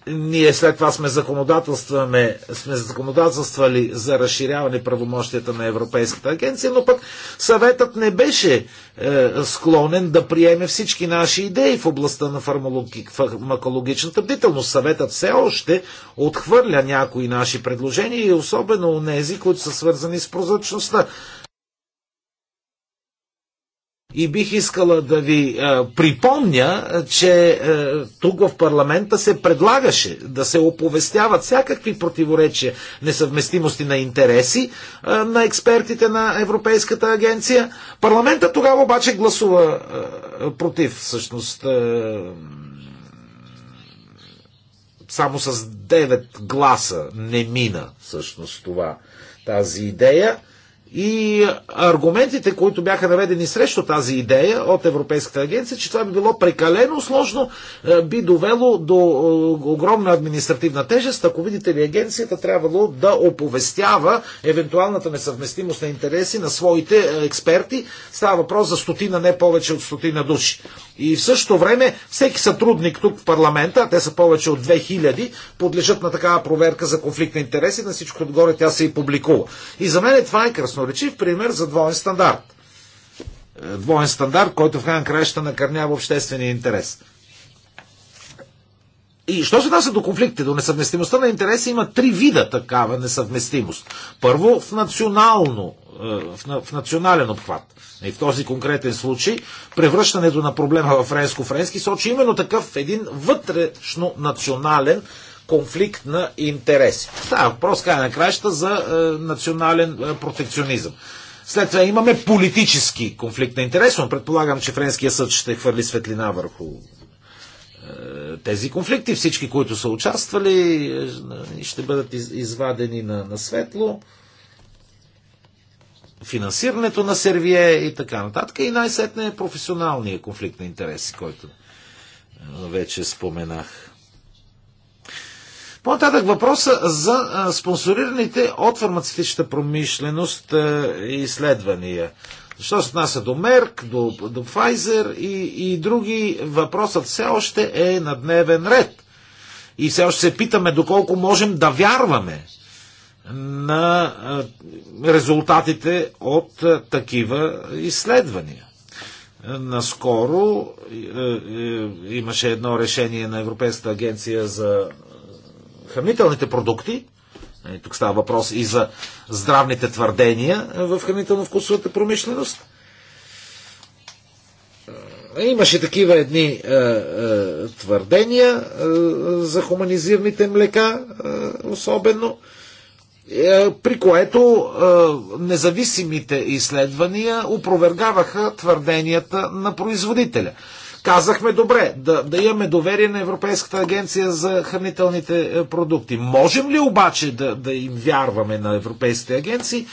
[SPEAKER 4] ние след това сме, законодателстваме, сме законодателствали за разширяване правомощията на Европейската агенция, но пък съветът не беше е, склонен да приеме всички наши идеи в областта на фармакологичната бдителност. Съветът все още отхвърля някои наши предложения и особено у нези, които са свързани с прозрачността. И бих искала да ви е, припомня, е, че е, тук в парламента се предлагаше да се оповестяват всякакви противоречия, несъвместимости на интереси е, на експертите на Европейската агенция. Парламента тогава обаче гласува е, против, всъщност. Е, само с 9 гласа не мина всъщност това, тази идея. И аргументите, които бяха наведени срещу тази идея от Европейската агенция, че това би било прекалено сложно, е, би довело до е, огромна административна тежест, ако видите ли агенцията трябвало да оповестява евентуалната несъвместимост на интереси на своите е, експерти. Става въпрос за стотина, не повече от стотина души. И в същото време всеки сътрудник тук в парламента, те са повече от 2000, подлежат на такава проверка за конфликт на интереси, на всичко отгоре тя се и публикува. И за мен е това е красноречив пример за двоен стандарт. Е, двоен стандарт, който в крайна края ще накърнява обществения интерес. И що се отнася до конфликтите, до несъвместимостта на интереси, има три вида такава несъвместимост. Първо, в, национално, е, в национален обхват. И в този конкретен случай, превръщането на проблема в френско-френски сочи именно такъв един вътрешно национален конфликт на интереси. Става въпрос, край на краища, за е, национален е, протекционизъм. След това имаме политически конфликт на интереси. но предполагам, че Френския съд ще хвърли светлина върху тези конфликти. Всички, които са участвали, е, ще бъдат извадени на, на светло. Финансирането на Сервие и така нататък. И най-сетне е професионалния конфликт на интереси, който е, вече споменах. По-нататък въпроса за е, спонсорираните от фармацевтичната промишленост изследвания. Що се отнася до Мерк, до, до Файзер и, и други, въпросът все още е на дневен ред. И все още се питаме доколко можем да вярваме на резултатите от такива изследвания. Наскоро имаше едно решение на Европейската агенция за хранителните продукти, е, тук става въпрос и за здравните твърдения е, в хранително-вкусовата промишленост. Е, имаше такива едни е, е, твърдения е, за хуманизираните млека, е, особено, е, при което е, независимите изследвания опровергаваха твърденията на производителя. Е, Казахме добре, да, да имаме доверие на Европейската агенция за хранителните е, продукти. Можем ли обаче да, да им вярваме на европейските агенции е,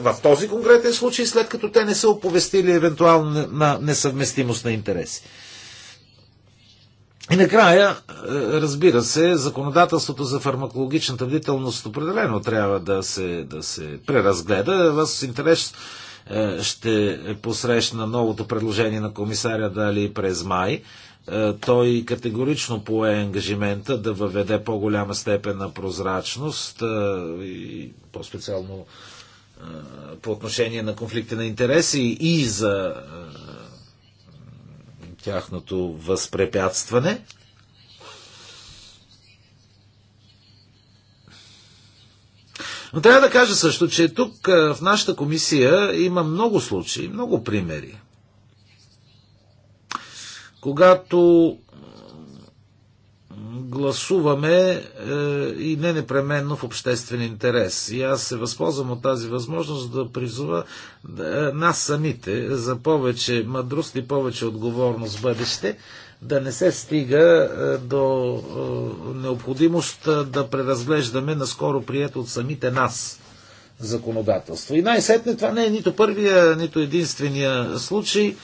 [SPEAKER 4] в този конкретен случай, след като те не са оповестили евентуално на несъвместимост на интереси? И накрая, е, разбира се, законодателството за фармакологичната бдителност определено трябва да се, да се преразгледа. В интерес е, ще посрещна новото предложение на комисаря Дали през май. Е, той категорично пое ангажимента да въведе по-голяма степен на прозрачност е, и по-специално по отношение на конфликта на интереси и за тяхното възпрепятстване. Но трябва да кажа също, че тук в нашата комисия има много случаи, много примери. Когато гласуваме е, и не непременно в обществен интерес. И аз се възползвам от тази възможност да призова е, нас самите за повече мъдрост и повече отговорност в бъдеще, да не се стига е, до е, необходимост е, да преразглеждаме наскоро прието от самите нас законодателство. И най-сетне това не е нито първия, нито единствения случай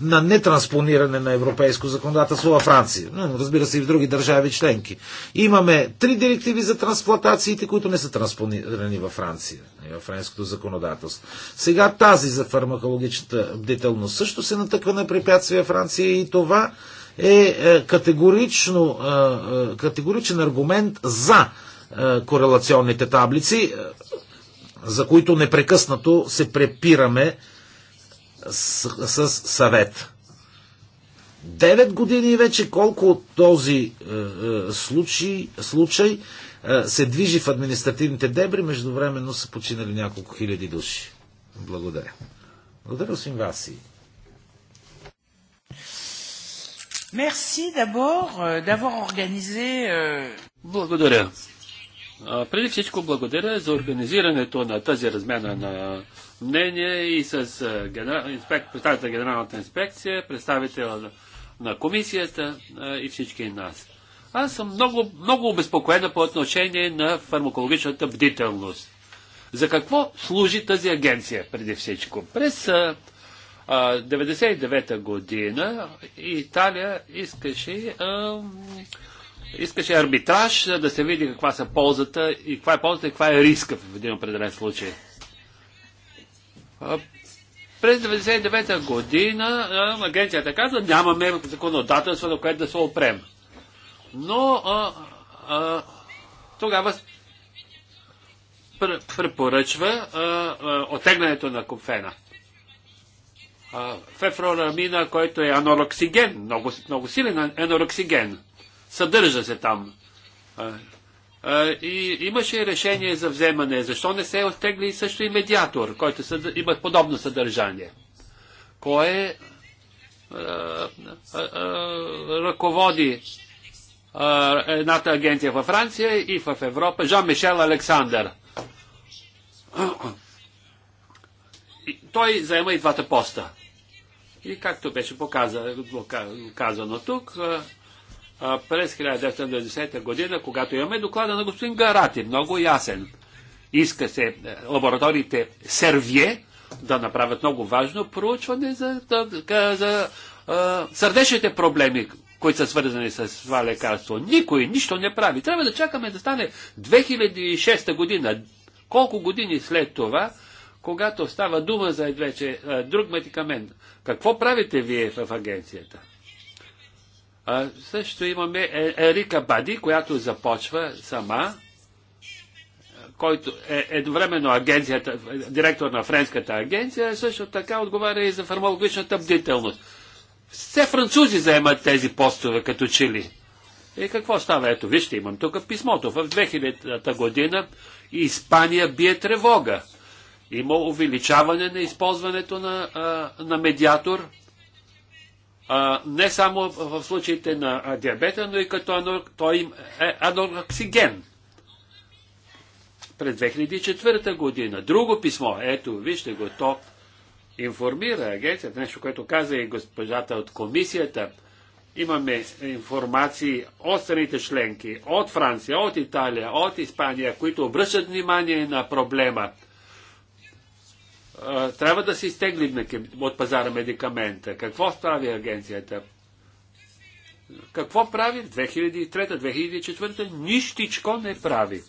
[SPEAKER 4] на нетранспониране на европейско законодателство във Франция. Но, разбира се и в други държави членки. Имаме три директиви за трансплантациите, които не са транспонирани във Франция и във френското законодателство. Сега тази за фармакологичната бдителност също се натъква на препятствия Франция и това е, е категорично, е, е, категоричен аргумент за корелационните таблици, за които непрекъснато се препираме с, с съвет. Девет години вече колко от този е, случай, случай е, се движи в административните дебри, междувременно са починали няколко хиляди души. Благодаря. Благодаря, освен вас
[SPEAKER 2] Merci d'abord euh, d'avoir
[SPEAKER 3] organisé... Euh, благодаря. Преди всичко благодаря за организирането на тази размяна на мнение и с генерал, представител на Генералната инспекция, представител на, на комисията и всички нас. Аз съм много, много обезпокоена по отношение на фармакологичната бдителност. За какво служи тази агенция преди всичко? През 99-та година Италия искаше, а, искаше арбитраж да се види каква са ползата и каква е ползата и каква е риска в един определен случай. през 99-та година а, агенцията каза, нямаме законодателство, на което да се опрем. Но а, а, тогава препоръчва а, а, отегнането на кофена фефрорамина, който е анороксиген, много, много силен анороксиген. Съдържа се там. А, а, и имаше решение за вземане. Защо не се е оттегли също и медиатор, който съд... има подобно съдържание? Кое а, ръководи едната агенция във Франция и в Европа, Жан-Мишел Александър. Той заема и двата поста. И както беше показано тук, през 1990 година, когато имаме доклада на господин Гарати, много ясен, иска се е, лабораториите Сервие да направят много важно проучване за, за, за за сърдечните проблеми, които са свързани с това лекарство. Никой нищо не прави. Трябва да чакаме да стане 2006 година. Колко години след това когато става дума за вече е, друг медикамент, какво правите вие в агенцията? А, също имаме е, Ерика Бади, която започва сама, е, който е едновременно агенцията, директор на френската агенция, също така отговаря и за фармологичната бдителност. Все французи заемат тези постове като чили. И какво става? Ето, вижте, имам тук писмото. В 2000-та година Испания бие тревога. Има увеличаване на използването на, на медиатор, не само в случаите на диабета, но и като той е анорексиген. През 2004 година. Друго писмо, ето, вижте го, то информира агенцията, нещо, което каза и госпожата от комисията. Имаме информации от страните членки, от Франция, от Италия, от Испания, които обръщат внимание на проблема – трябва да се изтеглим от пазара медикамента. Какво прави агенцията? Какво прави 2003-2004? Нищичко не прави.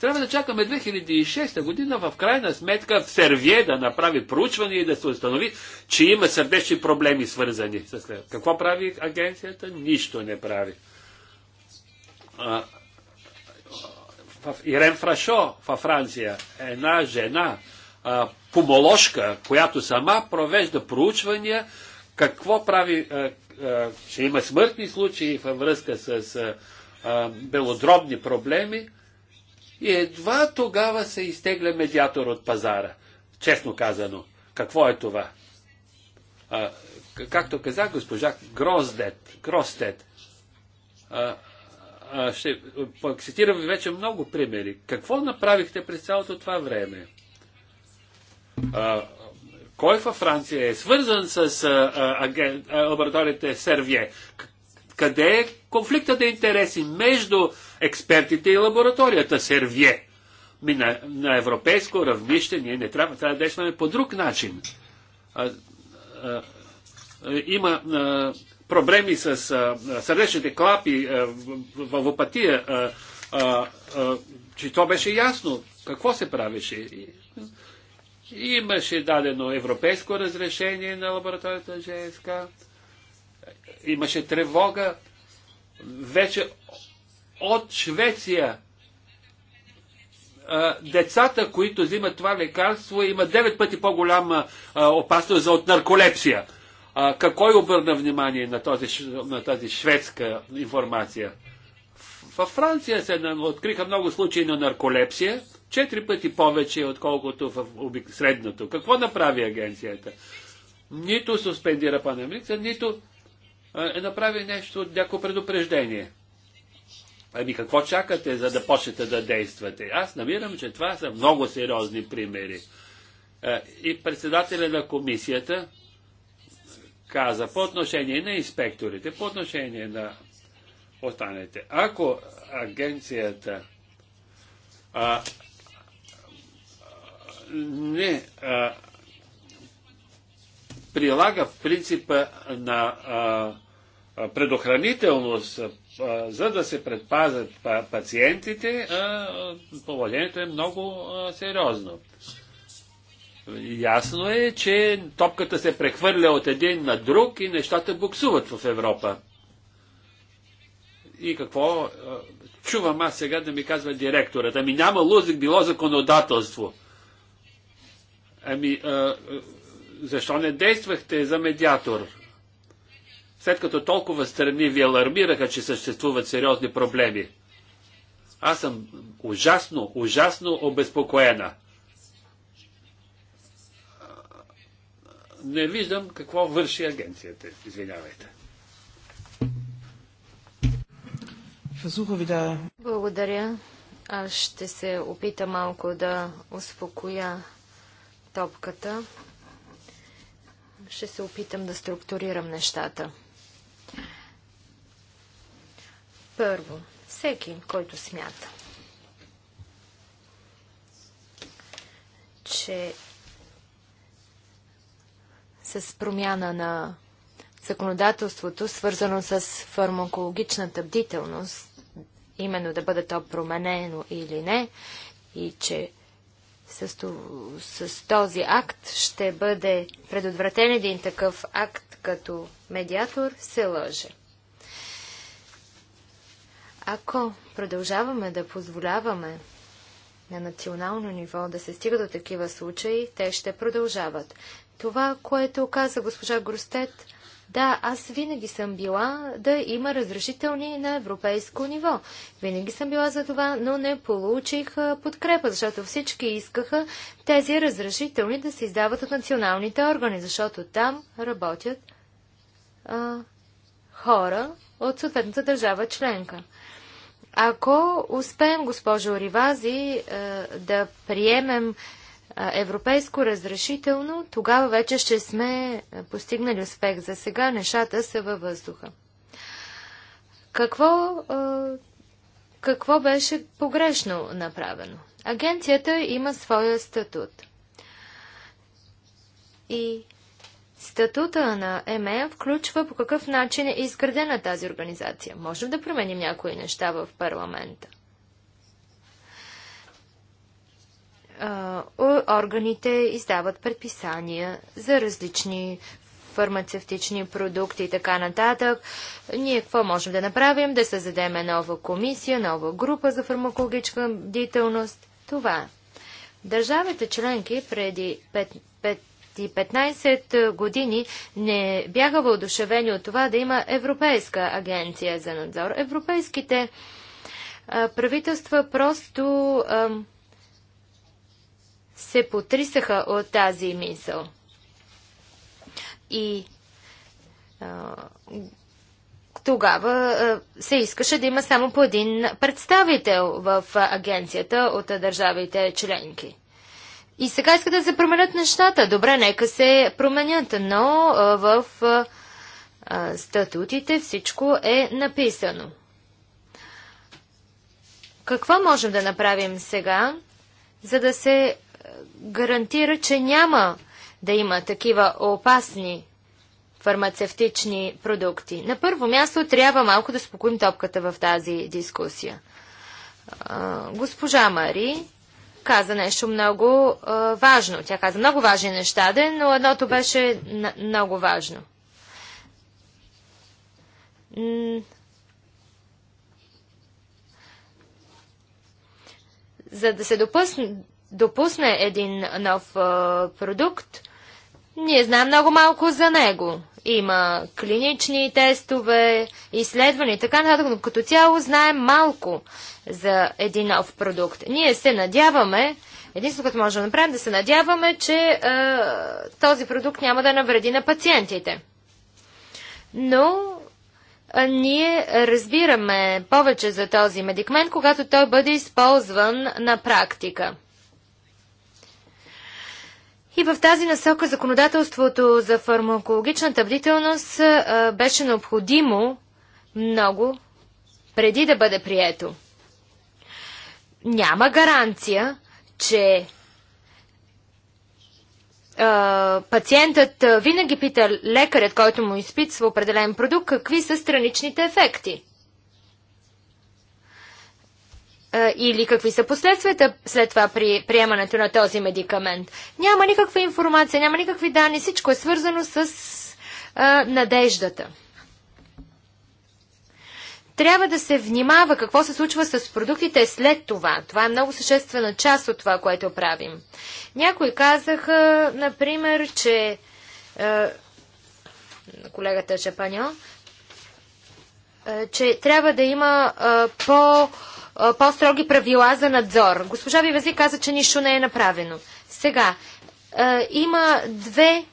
[SPEAKER 3] Трябва да чакаме 2006 година, в крайна сметка, в Сервие да направи проучване и да се установи, че има сърдечни проблеми свързани с това. Какво прави агенцията? Нищо не прави. А, в Ирен Фрашо във Франция, една жена, помоложка, която сама провежда проучвания какво прави, ще е, има смъртни случаи във връзка с е, е, белодробни проблеми и едва тогава се изтегля медиатор от пазара. Честно казано, какво е това? както каза госпожа Гроздет, Гроздет, ще, цитирам вече много примери. Какво направихте през цялото това време? кой във Франция е свързан с лабораторията Сервие? Къде е конфликтът на интереси между експертите и лабораторията Сервие? Ми на, на европейско равнище ние не трябва, трябва да действаме по друг начин. А, а, има а, проблеми с а, сърдечните клапи, а, че то беше ясно какво се правеше. Имаше дадено европейско разрешение на лабораторията ЖСК. Имаше тревога вече от Швеция. Децата, които взимат това лекарство, има 9 пъти по-голяма опасност от нарколепсия. Какво е обърна внимание на, този, на тази шведска информация? Във Франция се откриха много случаи на нарколепсия четири пъти повече, отколкото в средното. Какво направи агенцията? Нито суспендира панамрикса, нито е направи нещо, някакво предупреждение. Ами какво чакате, за да почнете да действате? Аз намирам, че това са много сериозни примери. И председателя на комисията каза по отношение на инспекторите, по отношение на останете. Ако агенцията а, не а, прилага принципа на а, предохранителност, а, за да се предпазят па, пациентите, а, положението е много а, сериозно. Ясно е, че топката се прехвърля от един на друг и нещата буксуват в Европа. И какво чувам аз сега да ми казва директорът? Ами няма лузик, било законодателство. Ами, а, защо не действахте за медиатор? След като толкова страни ви алармираха, че съществуват сериозни проблеми. Аз съм ужасно, ужасно обезпокоена. Не виждам какво върши агенцията. Извинявайте.
[SPEAKER 2] Благодаря. Аз ще се опита малко да успокоя топката. Ще се опитам да структурирам нещата. Първо, всеки, който смята, че с промяна на законодателството, свързано с фармакологичната бдителност, именно да бъде то променено или не, и че с, с този акт ще бъде предотвратен един такъв акт като медиатор, се лъже. Ако продължаваме да позволяваме на национално ниво да се стига до такива случаи, те ще продължават. Това, което каза госпожа Грустет, да, аз винаги съм била да има разрешителни на европейско ниво. Винаги съм била за това, но не получих подкрепа, защото всички искаха тези разрешителни да се издават от националните органи, защото там работят а, хора от съответната държава членка. Ако успеем, госпожо Ривази, да приемем европейско разрешително, тогава вече ще сме постигнали успех. За сега нещата са във въздуха. Какво, какво беше погрешно направено? Агенцията има своя статут. И статута на ЕМЕА включва по какъв начин е изградена тази организация. Можем да променим някои неща в парламента. органите издават предписания за различни фармацевтични продукти и така нататък. Ние какво можем да направим? Да създадем нова комисия, нова група за фармакологична бдителност. Това Държавите членки преди 15 години не бяха въодушевени от това да има Европейска агенция за надзор. Европейските правителства просто а, се потрисаха от тази мисъл. И а, тогава се искаше да има само по един представител в агенцията от държавите членки. И сега искат да се променят нещата. Добре, нека се променят, но в статутите всичко е написано. Какво можем да направим сега, за да се гарантира, че няма да има такива опасни фармацевтични продукти. На първо място трябва малко да спокоим топката в тази дискусия. Госпожа Мари каза нещо много важно. Тя каза много важни неща, но едното беше много важно. За да се допусне, допусне един нов продукт, ние знаем много малко за него. Има клинични тестове, изследвания и така нататък, но като цяло знаем малко за един нов продукт. Ние се надяваме, единственото, което можем да направим, да се надяваме, че е, този продукт няма да навреди на пациентите. Но е, ние разбираме повече за този медикмент, когато той бъде използван на практика. И в тази насока законодателството за фармакологичната бдителност беше необходимо много преди да бъде прието. Няма гаранция, че а, пациентът винаги пита лекарят, който му изпитва определен продукт, какви са страничните ефекти – или какви са последствията след това при приемането на този медикамент. Няма никаква информация, няма никакви данни, всичко е свързано с а, надеждата. Трябва да се внимава какво се случва с продуктите след това. Това е много съществена част от това, което правим. Някои казаха, например, че е, колегата Шапаньо, е, че трябва да има е, по- по-строги правила за надзор. Госпожа Вивази каза, че нищо не е направено. Сега, има две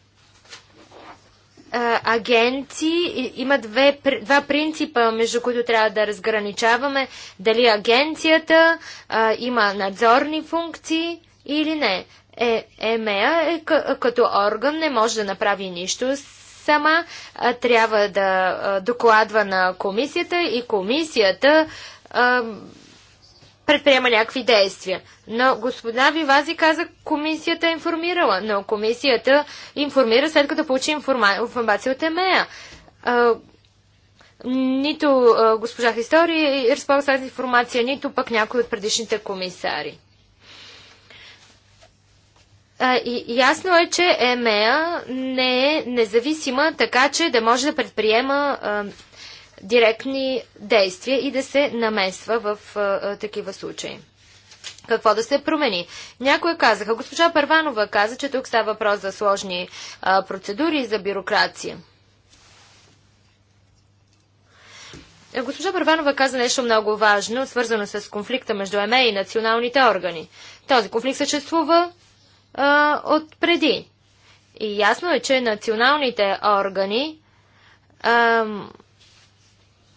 [SPEAKER 2] агенции, има две, два принципа, между които трябва да разграничаваме. Дали агенцията а, има надзорни функции или не. Е, ЕМЕА е, като орган не може да направи нищо сама, а, трябва да докладва на комисията и комисията а, предприема някакви действия. Но господа Вивази каза, комисията е информирала. Но комисията информира след като получи информация от ЕМЕА. нито госпожа Хистори разполага с тази информация, нито пък някой от предишните комисари. А, и, ясно е, че ЕМЕА не е независима, така че да може да предприема а, директни действия и да се намесва в а, такива случаи. Какво да се промени? Някои казаха, госпожа Първанова каза, че тук става въпрос за сложни а, процедури и за бюрокрация. Госпожа Първанова каза нещо много важно, свързано с конфликта между ЕМЕ и националните органи. Този конфликт съществува а, от преди. И ясно е, че националните органи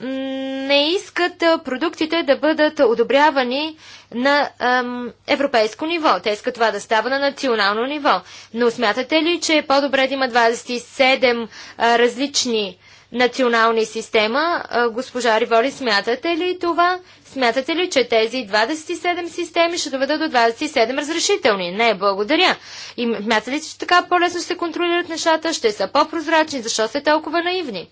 [SPEAKER 2] не искат продуктите да бъдат одобрявани на ем, европейско ниво. Те искат това да става на национално ниво. Но смятате ли, че е по-добре да има 27 различни национални система? госпожа Риволи, смятате ли това? Смятате ли, че тези 27 системи ще доведат до 27 разрешителни? Не, благодаря. И смятате ли, че така по-лесно ще се контролират нещата? Ще са по-прозрачни? Защо сте толкова наивни?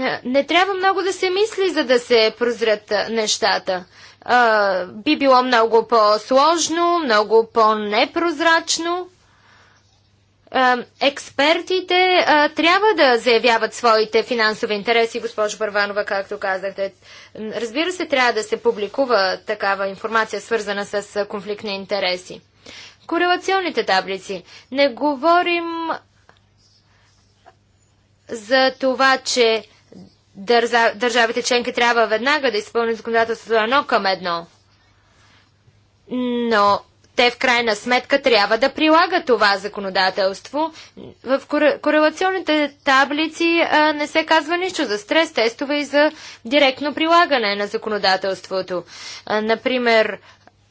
[SPEAKER 2] Е, не трябва много да се мисли, за да се прозрят е, нещата. А, е, би било много по-сложно, много по-непрозрачно. Експертите а, трябва да заявяват своите финансови интереси, госпожо Първанова, както казахте. Разбира се, трябва да се публикува такава информация, свързана с конфликт на интереси. Корелационните таблици. Не говорим за това, че дърза, държавите членки трябва веднага да изпълнят законодателството едно към едно. Но те в крайна сметка трябва да прилагат това законодателство. В корелационните таблици а, не се казва нищо за стрес тестове и за директно прилагане на законодателството. А, например,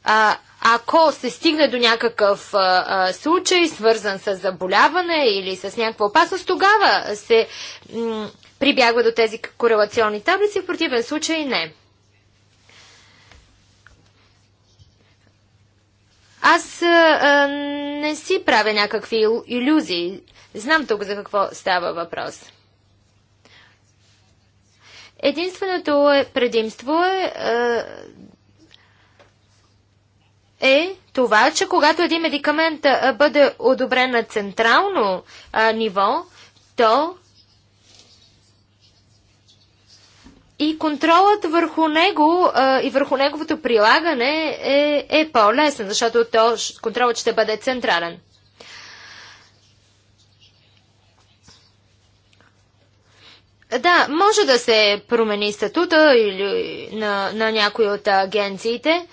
[SPEAKER 2] а, ако се стигне до някакъв а, а, случай, свързан с заболяване или с някаква опасност, тогава се. М- прибягва до тези корелационни таблици, в противен случай не. Аз а, не си правя някакви иллюзии. Знам тук за какво става въпрос. Единственото е предимство е, е, е това, че когато един медикамент бъде одобрен на централно а, ниво, то И контролът върху него а, и върху неговото прилагане е, е по-лесен, защото то, контролът ще бъде централен. Да, може да се промени статута или на, на някои от агенциите,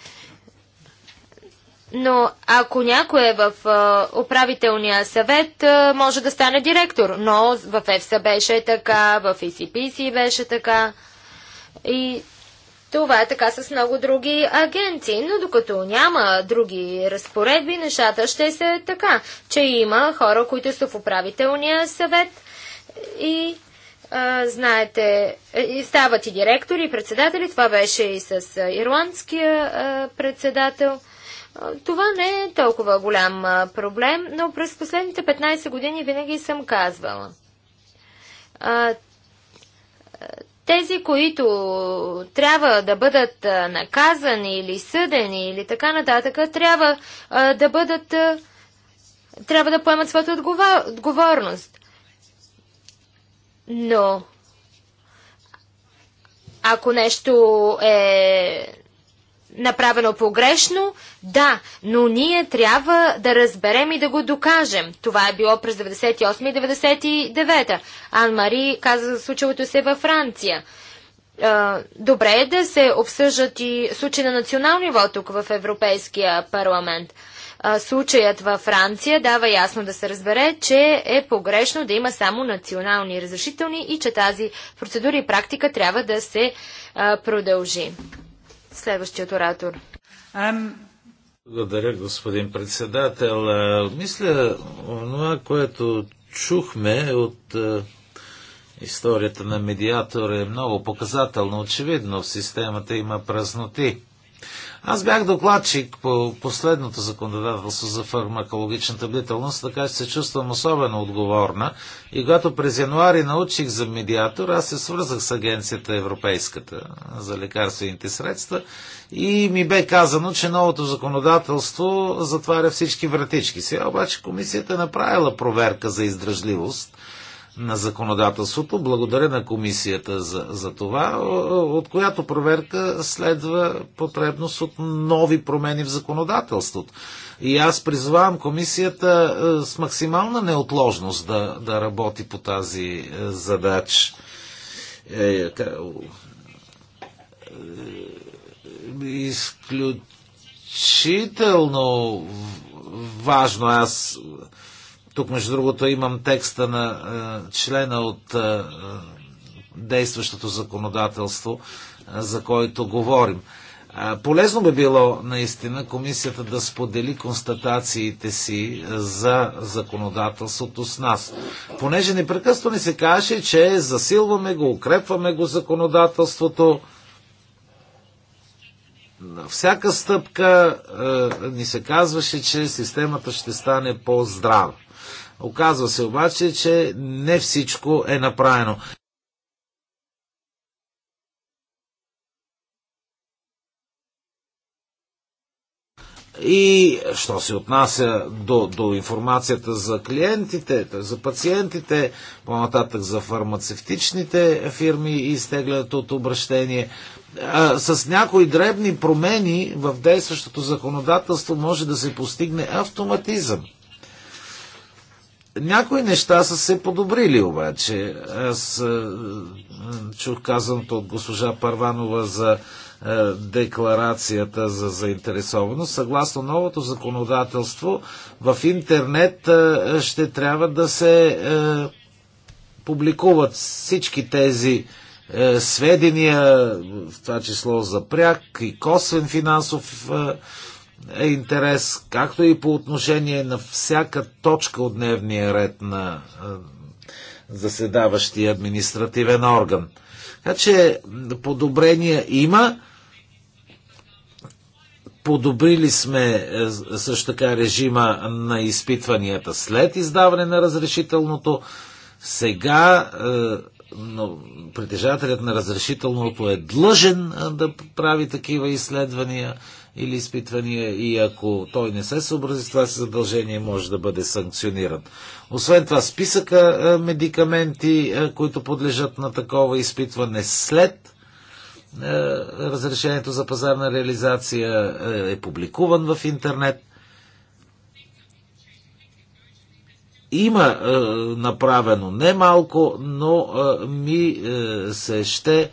[SPEAKER 2] но ако някой е в а, управителния съвет, а, може да стане директор. Но в ФСА беше така, в ECPC беше така. И това е така с много други агенти, но докато няма други разпоредби, нещата ще се е така, че има хора, които са в управителния съвет и а, знаете, е, и стават и директори, и председатели. Това беше и с ирландския а, председател. Това не е толкова голям проблем, но през последните 15 години винаги съм казвала. А, тези, които трябва да бъдат наказани или съдени или така нататък, трябва да бъдат трябва да поемат своята отговорност. Но ако нещо е направено погрешно, да, но ние трябва да разберем и да го докажем. Това е било през 98 и 99. Ан Мари каза за случилото се във Франция. добре е да се обсъждат и случаи на национално ниво тук в Европейския парламент. случаят във Франция дава ясно да се разбере, че е погрешно да има само национални разрешителни и че тази процедура и практика трябва да се продължи. Следващият оратор. Ам...
[SPEAKER 4] Благодаря, господин председател. Мисля, това, което чухме от историята на медиатора е много показателно. Очевидно, в системата има празноти. Аз бях докладчик по последното законодателство за фармакологичната бдителност, така че се чувствам особено отговорна. И когато през януари научих за медиатор, аз се свързах с агенцията Европейската за лекарствените средства и ми бе казано, че новото законодателство затваря всички вратички. Сега обаче комисията е направила проверка за издръжливост – на законодателството. Благодаря на комисията за, за това, от която проверка следва потребност от нови промени в законодателството. И аз призвавам комисията е, с максимална неотложност да, да работи по тази е, задача е, изключително важно. Аз тук, между другото, имам текста на е, члена от е, е действащото законодателство, е, за който говорим. Е, полезно би било наистина комисията да сподели констатациите си е, за законодателството с нас. Понеже непрекъсто ни се каже, че засилваме го, укрепваме го законодателството, на всяка стъпка е, ни се казваше, че системата ще стане по-здрава. Оказва се обаче, че не всичко е направено. И що се отнася до, до информацията за клиентите, за пациентите, по-нататък за фармацевтичните фирми и изтеглят от обращение, а, с някои дребни промени в действащото законодателство може да се постигне автоматизъм. Някои неща са се подобрили обаче. Аз е, чух казаното от госпожа Парванова за е, декларацията за заинтересованост. Съгласно новото законодателство, в интернет е, ще трябва да се публикуват всички тези сведения, в това число за пряк и косвен финансов е интерес, както и по отношение на всяка точка от дневния ред на заседаващия административен орган. Така че подобрения има. Подобрили сме е, също така режима на изпитванията след издаване на разрешителното. Сега е, но притежателят на разрешителното е длъжен е, да прави такива изследвания или изпитвания и ако той не се съобрази с това си задължение, може да бъде санкциониран. Освен това, списъка медикаменти, които подлежат на такова изпитване след разрешението за пазарна реализация е публикуван в интернет. Има е, направено немалко, но е, ми е, се ще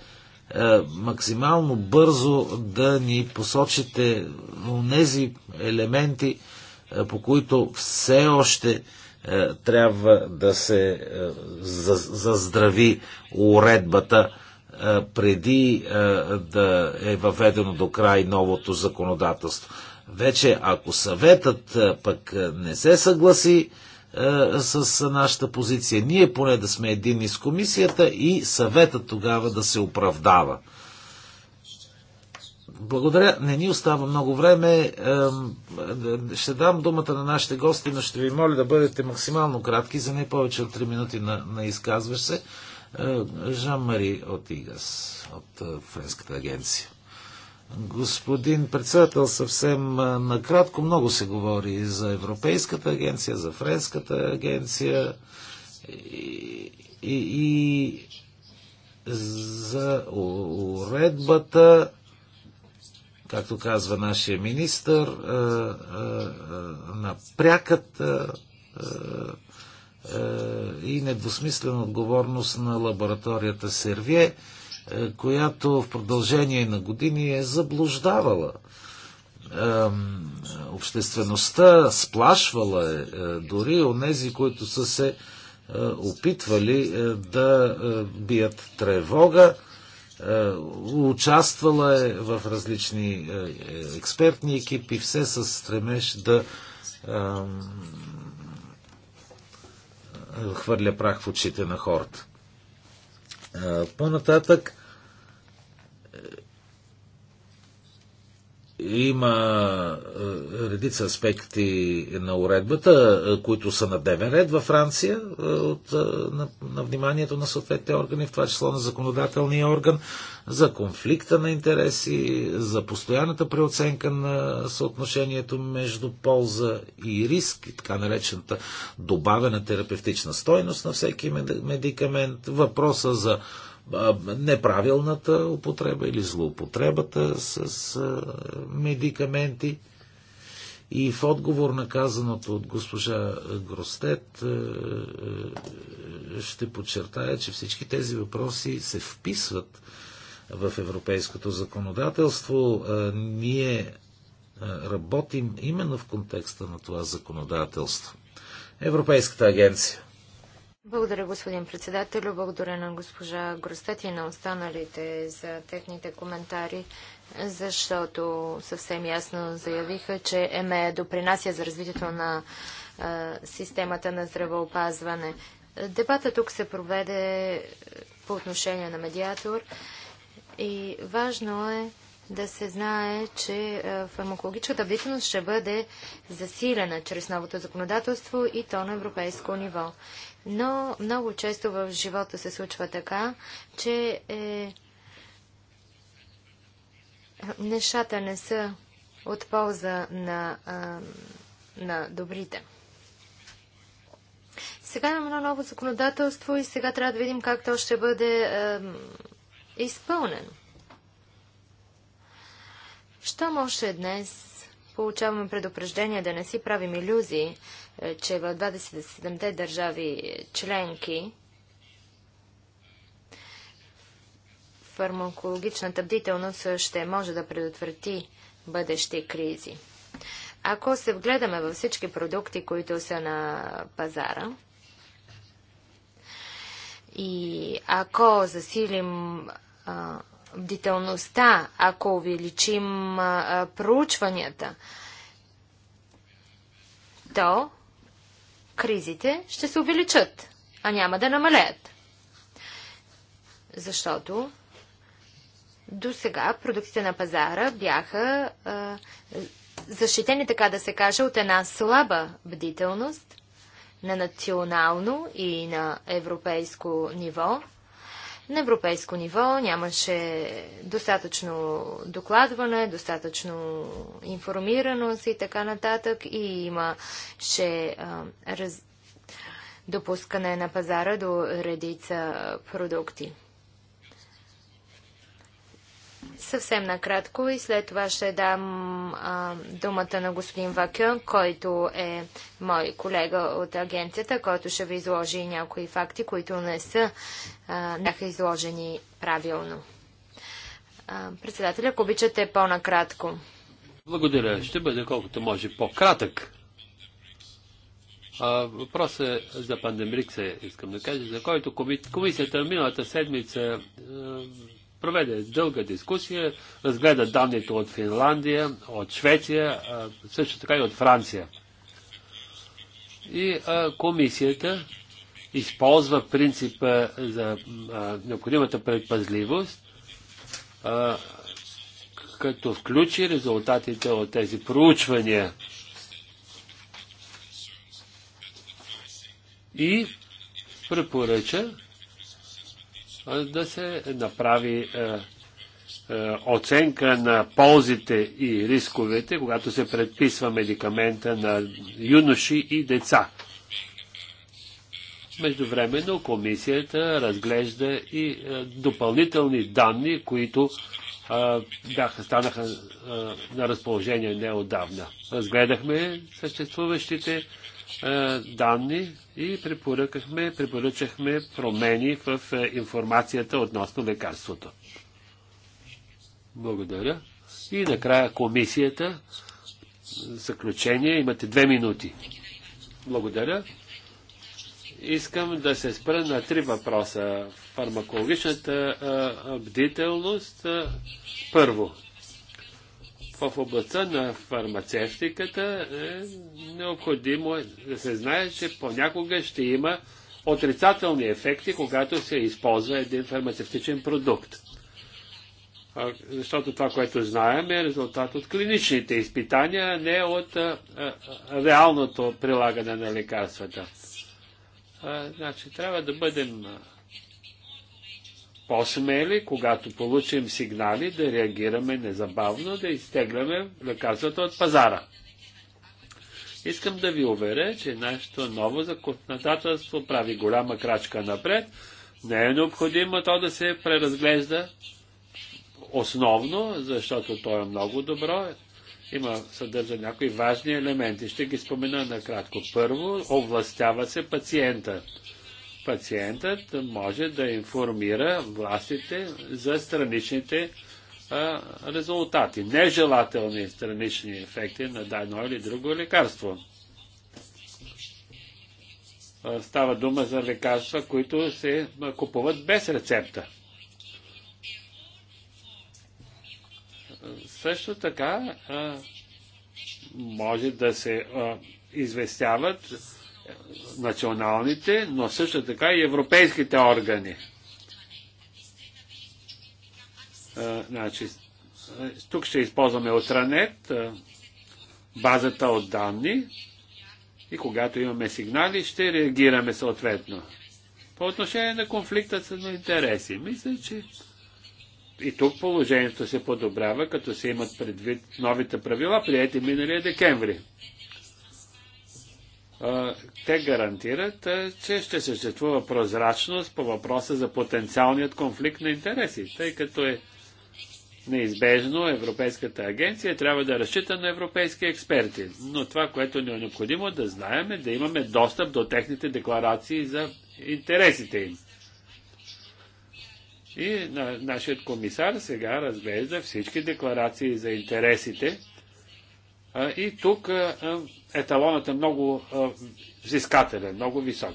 [SPEAKER 4] е, максимално бързо да ни посочите тези елементи, е, по които все още е, трябва да се заздрави уредбата преди да е въведено до край новото законодателство. Вече ако съветът пък не се съгласи, е, с нашата позиция. Ние поне да сме едини с комисията и съвета тогава да се оправдава. Благодаря. Не ни остава много време. Е, ще дам думата на нашите гости, но ще ви моля да бъдете максимално кратки, за не повече от 3 минути на, на изказващ се. Е, Жан-Мари от ИГАС, от Френската агенция. Господин председател, съвсем накратко много се говори за Европейската агенция, за Френската агенция и, и, и за уредбата, както казва нашия министр, на пряката и недвусмислена отговорност на лабораторията Сервие. Е, която в продължение на години е заблуждавала обществеността, сплашвала е, е дори онези, които са се е, опитвали да бият тревога. Участвала е в различни експертни екипи, все с стремеж да хвърля прах в очите на хората. По-нататък Има е, редица аспекти на уредбата, е, които са на дневен ред във Франция, е, от, на, на вниманието на съответните органи, в това число на законодателния орган, за конфликта на интереси, за постоянната преоценка на съотношението между полза и риск, и така наречената добавена терапевтична стойност на всеки медикамент, въпроса за неправилната употреба или злоупотребата с медикаменти. И в отговор на казаното от госпожа Гростет ще подчертая, че всички тези въпроси се вписват в европейското законодателство. Ние работим именно в контекста на това законодателство. Европейската агенция.
[SPEAKER 2] Благодаря, господин председател. Благодаря на госпожа Гростет и на останалите за техните коментари, защото съвсем ясно заявиха, че ЕМЕ допринася за развитието на а, системата на здравеопазване. Дебата тук се проведе по отношение на медиатор и важно е да се знае, че фармакологичната бдителност ще бъде засилена чрез новото законодателство и то на европейско ниво. Но много често в живота се случва така, че е, нещата не са от полза на, а, на добрите. Сега имаме едно ново законодателство и сега трябва да видим как то ще бъде а, изпълнено. Що може днес получаваме предупреждение да не си правим иллюзии, е, че в 27-те държави членки фармакологичната бдителност ще може да предотврати бъдещи кризи. Ако се вгледаме във всички продукти, които са на пазара, и ако засилим а, бдителността, ако увеличим а, проучванията, то кризите ще се увеличат, а няма да намалеят. Защото до сега продуктите на пазара бяха а, защитени, така да се каже, от една слаба бдителност на национално и на европейско ниво – на европейско ниво нямаше достатъчно докладване, достатъчно информираност и така нататък и имаше раз... допускане на пазара до редица продукти. Съвсем накратко и след това ще дам а, думата на господин Вакюн, който е мой колега от агенцията, който ще ви изложи някои факти, които не са а, бяха изложени правилно. А, председателя, ако обичате по-накратко.
[SPEAKER 3] Благодаря. Ще бъде колкото може по-кратък. Въпросът е за пандемрикса, искам да кажа, за който комисията миналата седмица а, проведе дълга дискусия, разгледа данните от Финландия, от Швеция, също така и от Франция. И комисията използва принципа за необходимата предпазливост, като включи резултатите от тези проучвания. И препоръча да се направи е, е, оценка на ползите и рисковете, когато се предписва медикамента на юноши и деца. Междувременно комисията разглежда и е, допълнителни данни, които бяха, станаха на разположение неодавна. Разгледахме съществуващите е, данни и препоръкахме, препоръчахме промени в е, информацията относно лекарството. Благодаря. И накрая комисията. Заключение. Имате две минути. Благодаря. Искам да се спра на три въпроса. Фармакологичната е, бдителност. Първо, в областта на фармацевтиката е необходимо да се знае, че понякога ще има отрицателни ефекти, когато се използва един фармацевтичен продукт. А, защото това, което знаем, е резултат от клиничните изпитания, а не от а, а, реалното прилагане на лекарствата. А, значи, трябва да бъдем по-смели, когато получим сигнали, да реагираме незабавно, да изтегляме лекарствата от пазара. Искам да ви уверя, че нашето ново законодателство прави голяма крачка напред. Не е необходимо то да се преразглежда основно, защото то е много добро. Има, съдържа някои важни елементи. Ще ги спомена накратко. Първо, овластява се пациента пациентът може да информира властите за страничните а, резултати, нежелателни странични ефекти на дадено или друго лекарство. става дума за лекарства, които се купуват без рецепта. Също така може да се известяват националните, но също така и европейските органи. значи, тук ще използваме отранет, базата от данни и когато имаме сигнали, ще реагираме съответно. По отношение на конфликта с интереси, мисля, че и тук положението се подобрява, като се имат предвид новите правила, приятели миналия декември те гарантират, че ще съществува прозрачност по въпроса за потенциалният конфликт на интереси, тъй като е неизбежно Европейската агенция трябва да разчита на европейски експерти. Но това, което ни е необходимо да знаем е да имаме достъп до техните декларации за интересите им. И на, нашият комисар сега разглежда всички декларации за интересите, и тук еталонът е много взискателен, много висок.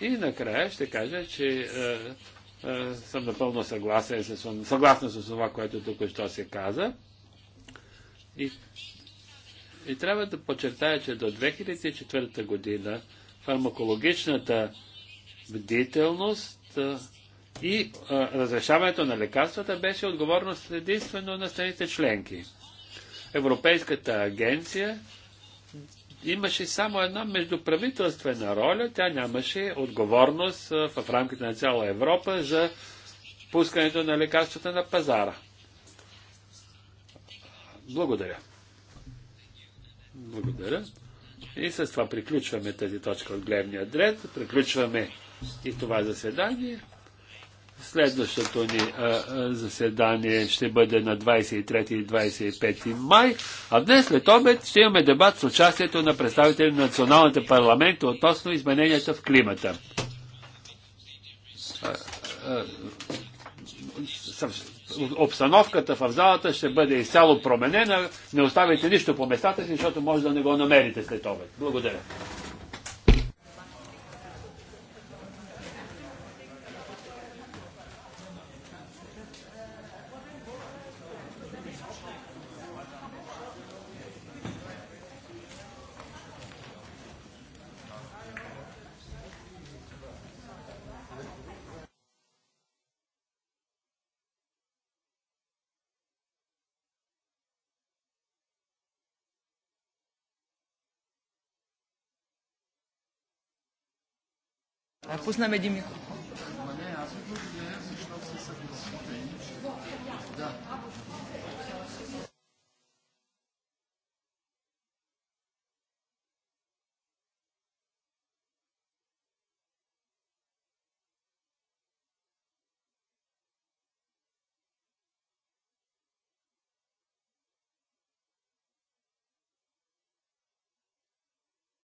[SPEAKER 3] И накрая ще кажа, че съм напълно съгласен с, съгласен с това, което тук що се каза. И, и трябва да подчертая, че до 2004 година фармакологичната бдителност и разрешаването на лекарствата беше отговорност единствено на страните членки. Европейската агенция имаше само една междуправителствена роля, тя нямаше отговорност в рамките на цяла Европа за пускането на лекарствата на пазара. Благодаря. Благодаря. И с това приключваме тази точка от гледния дред. Приключваме и това заседание. Следващото ни а, а, заседание ще бъде на 23 и 25 май, а днес след обед ще имаме дебат с участието на представители на националните парламенти относно измененията в климата. А, а, обстановката в залата ще бъде изцяло променена. Не оставяйте нищо по местата си, защото може да не го намерите след обед. Благодаря.
[SPEAKER 4] Пуснаме Димико.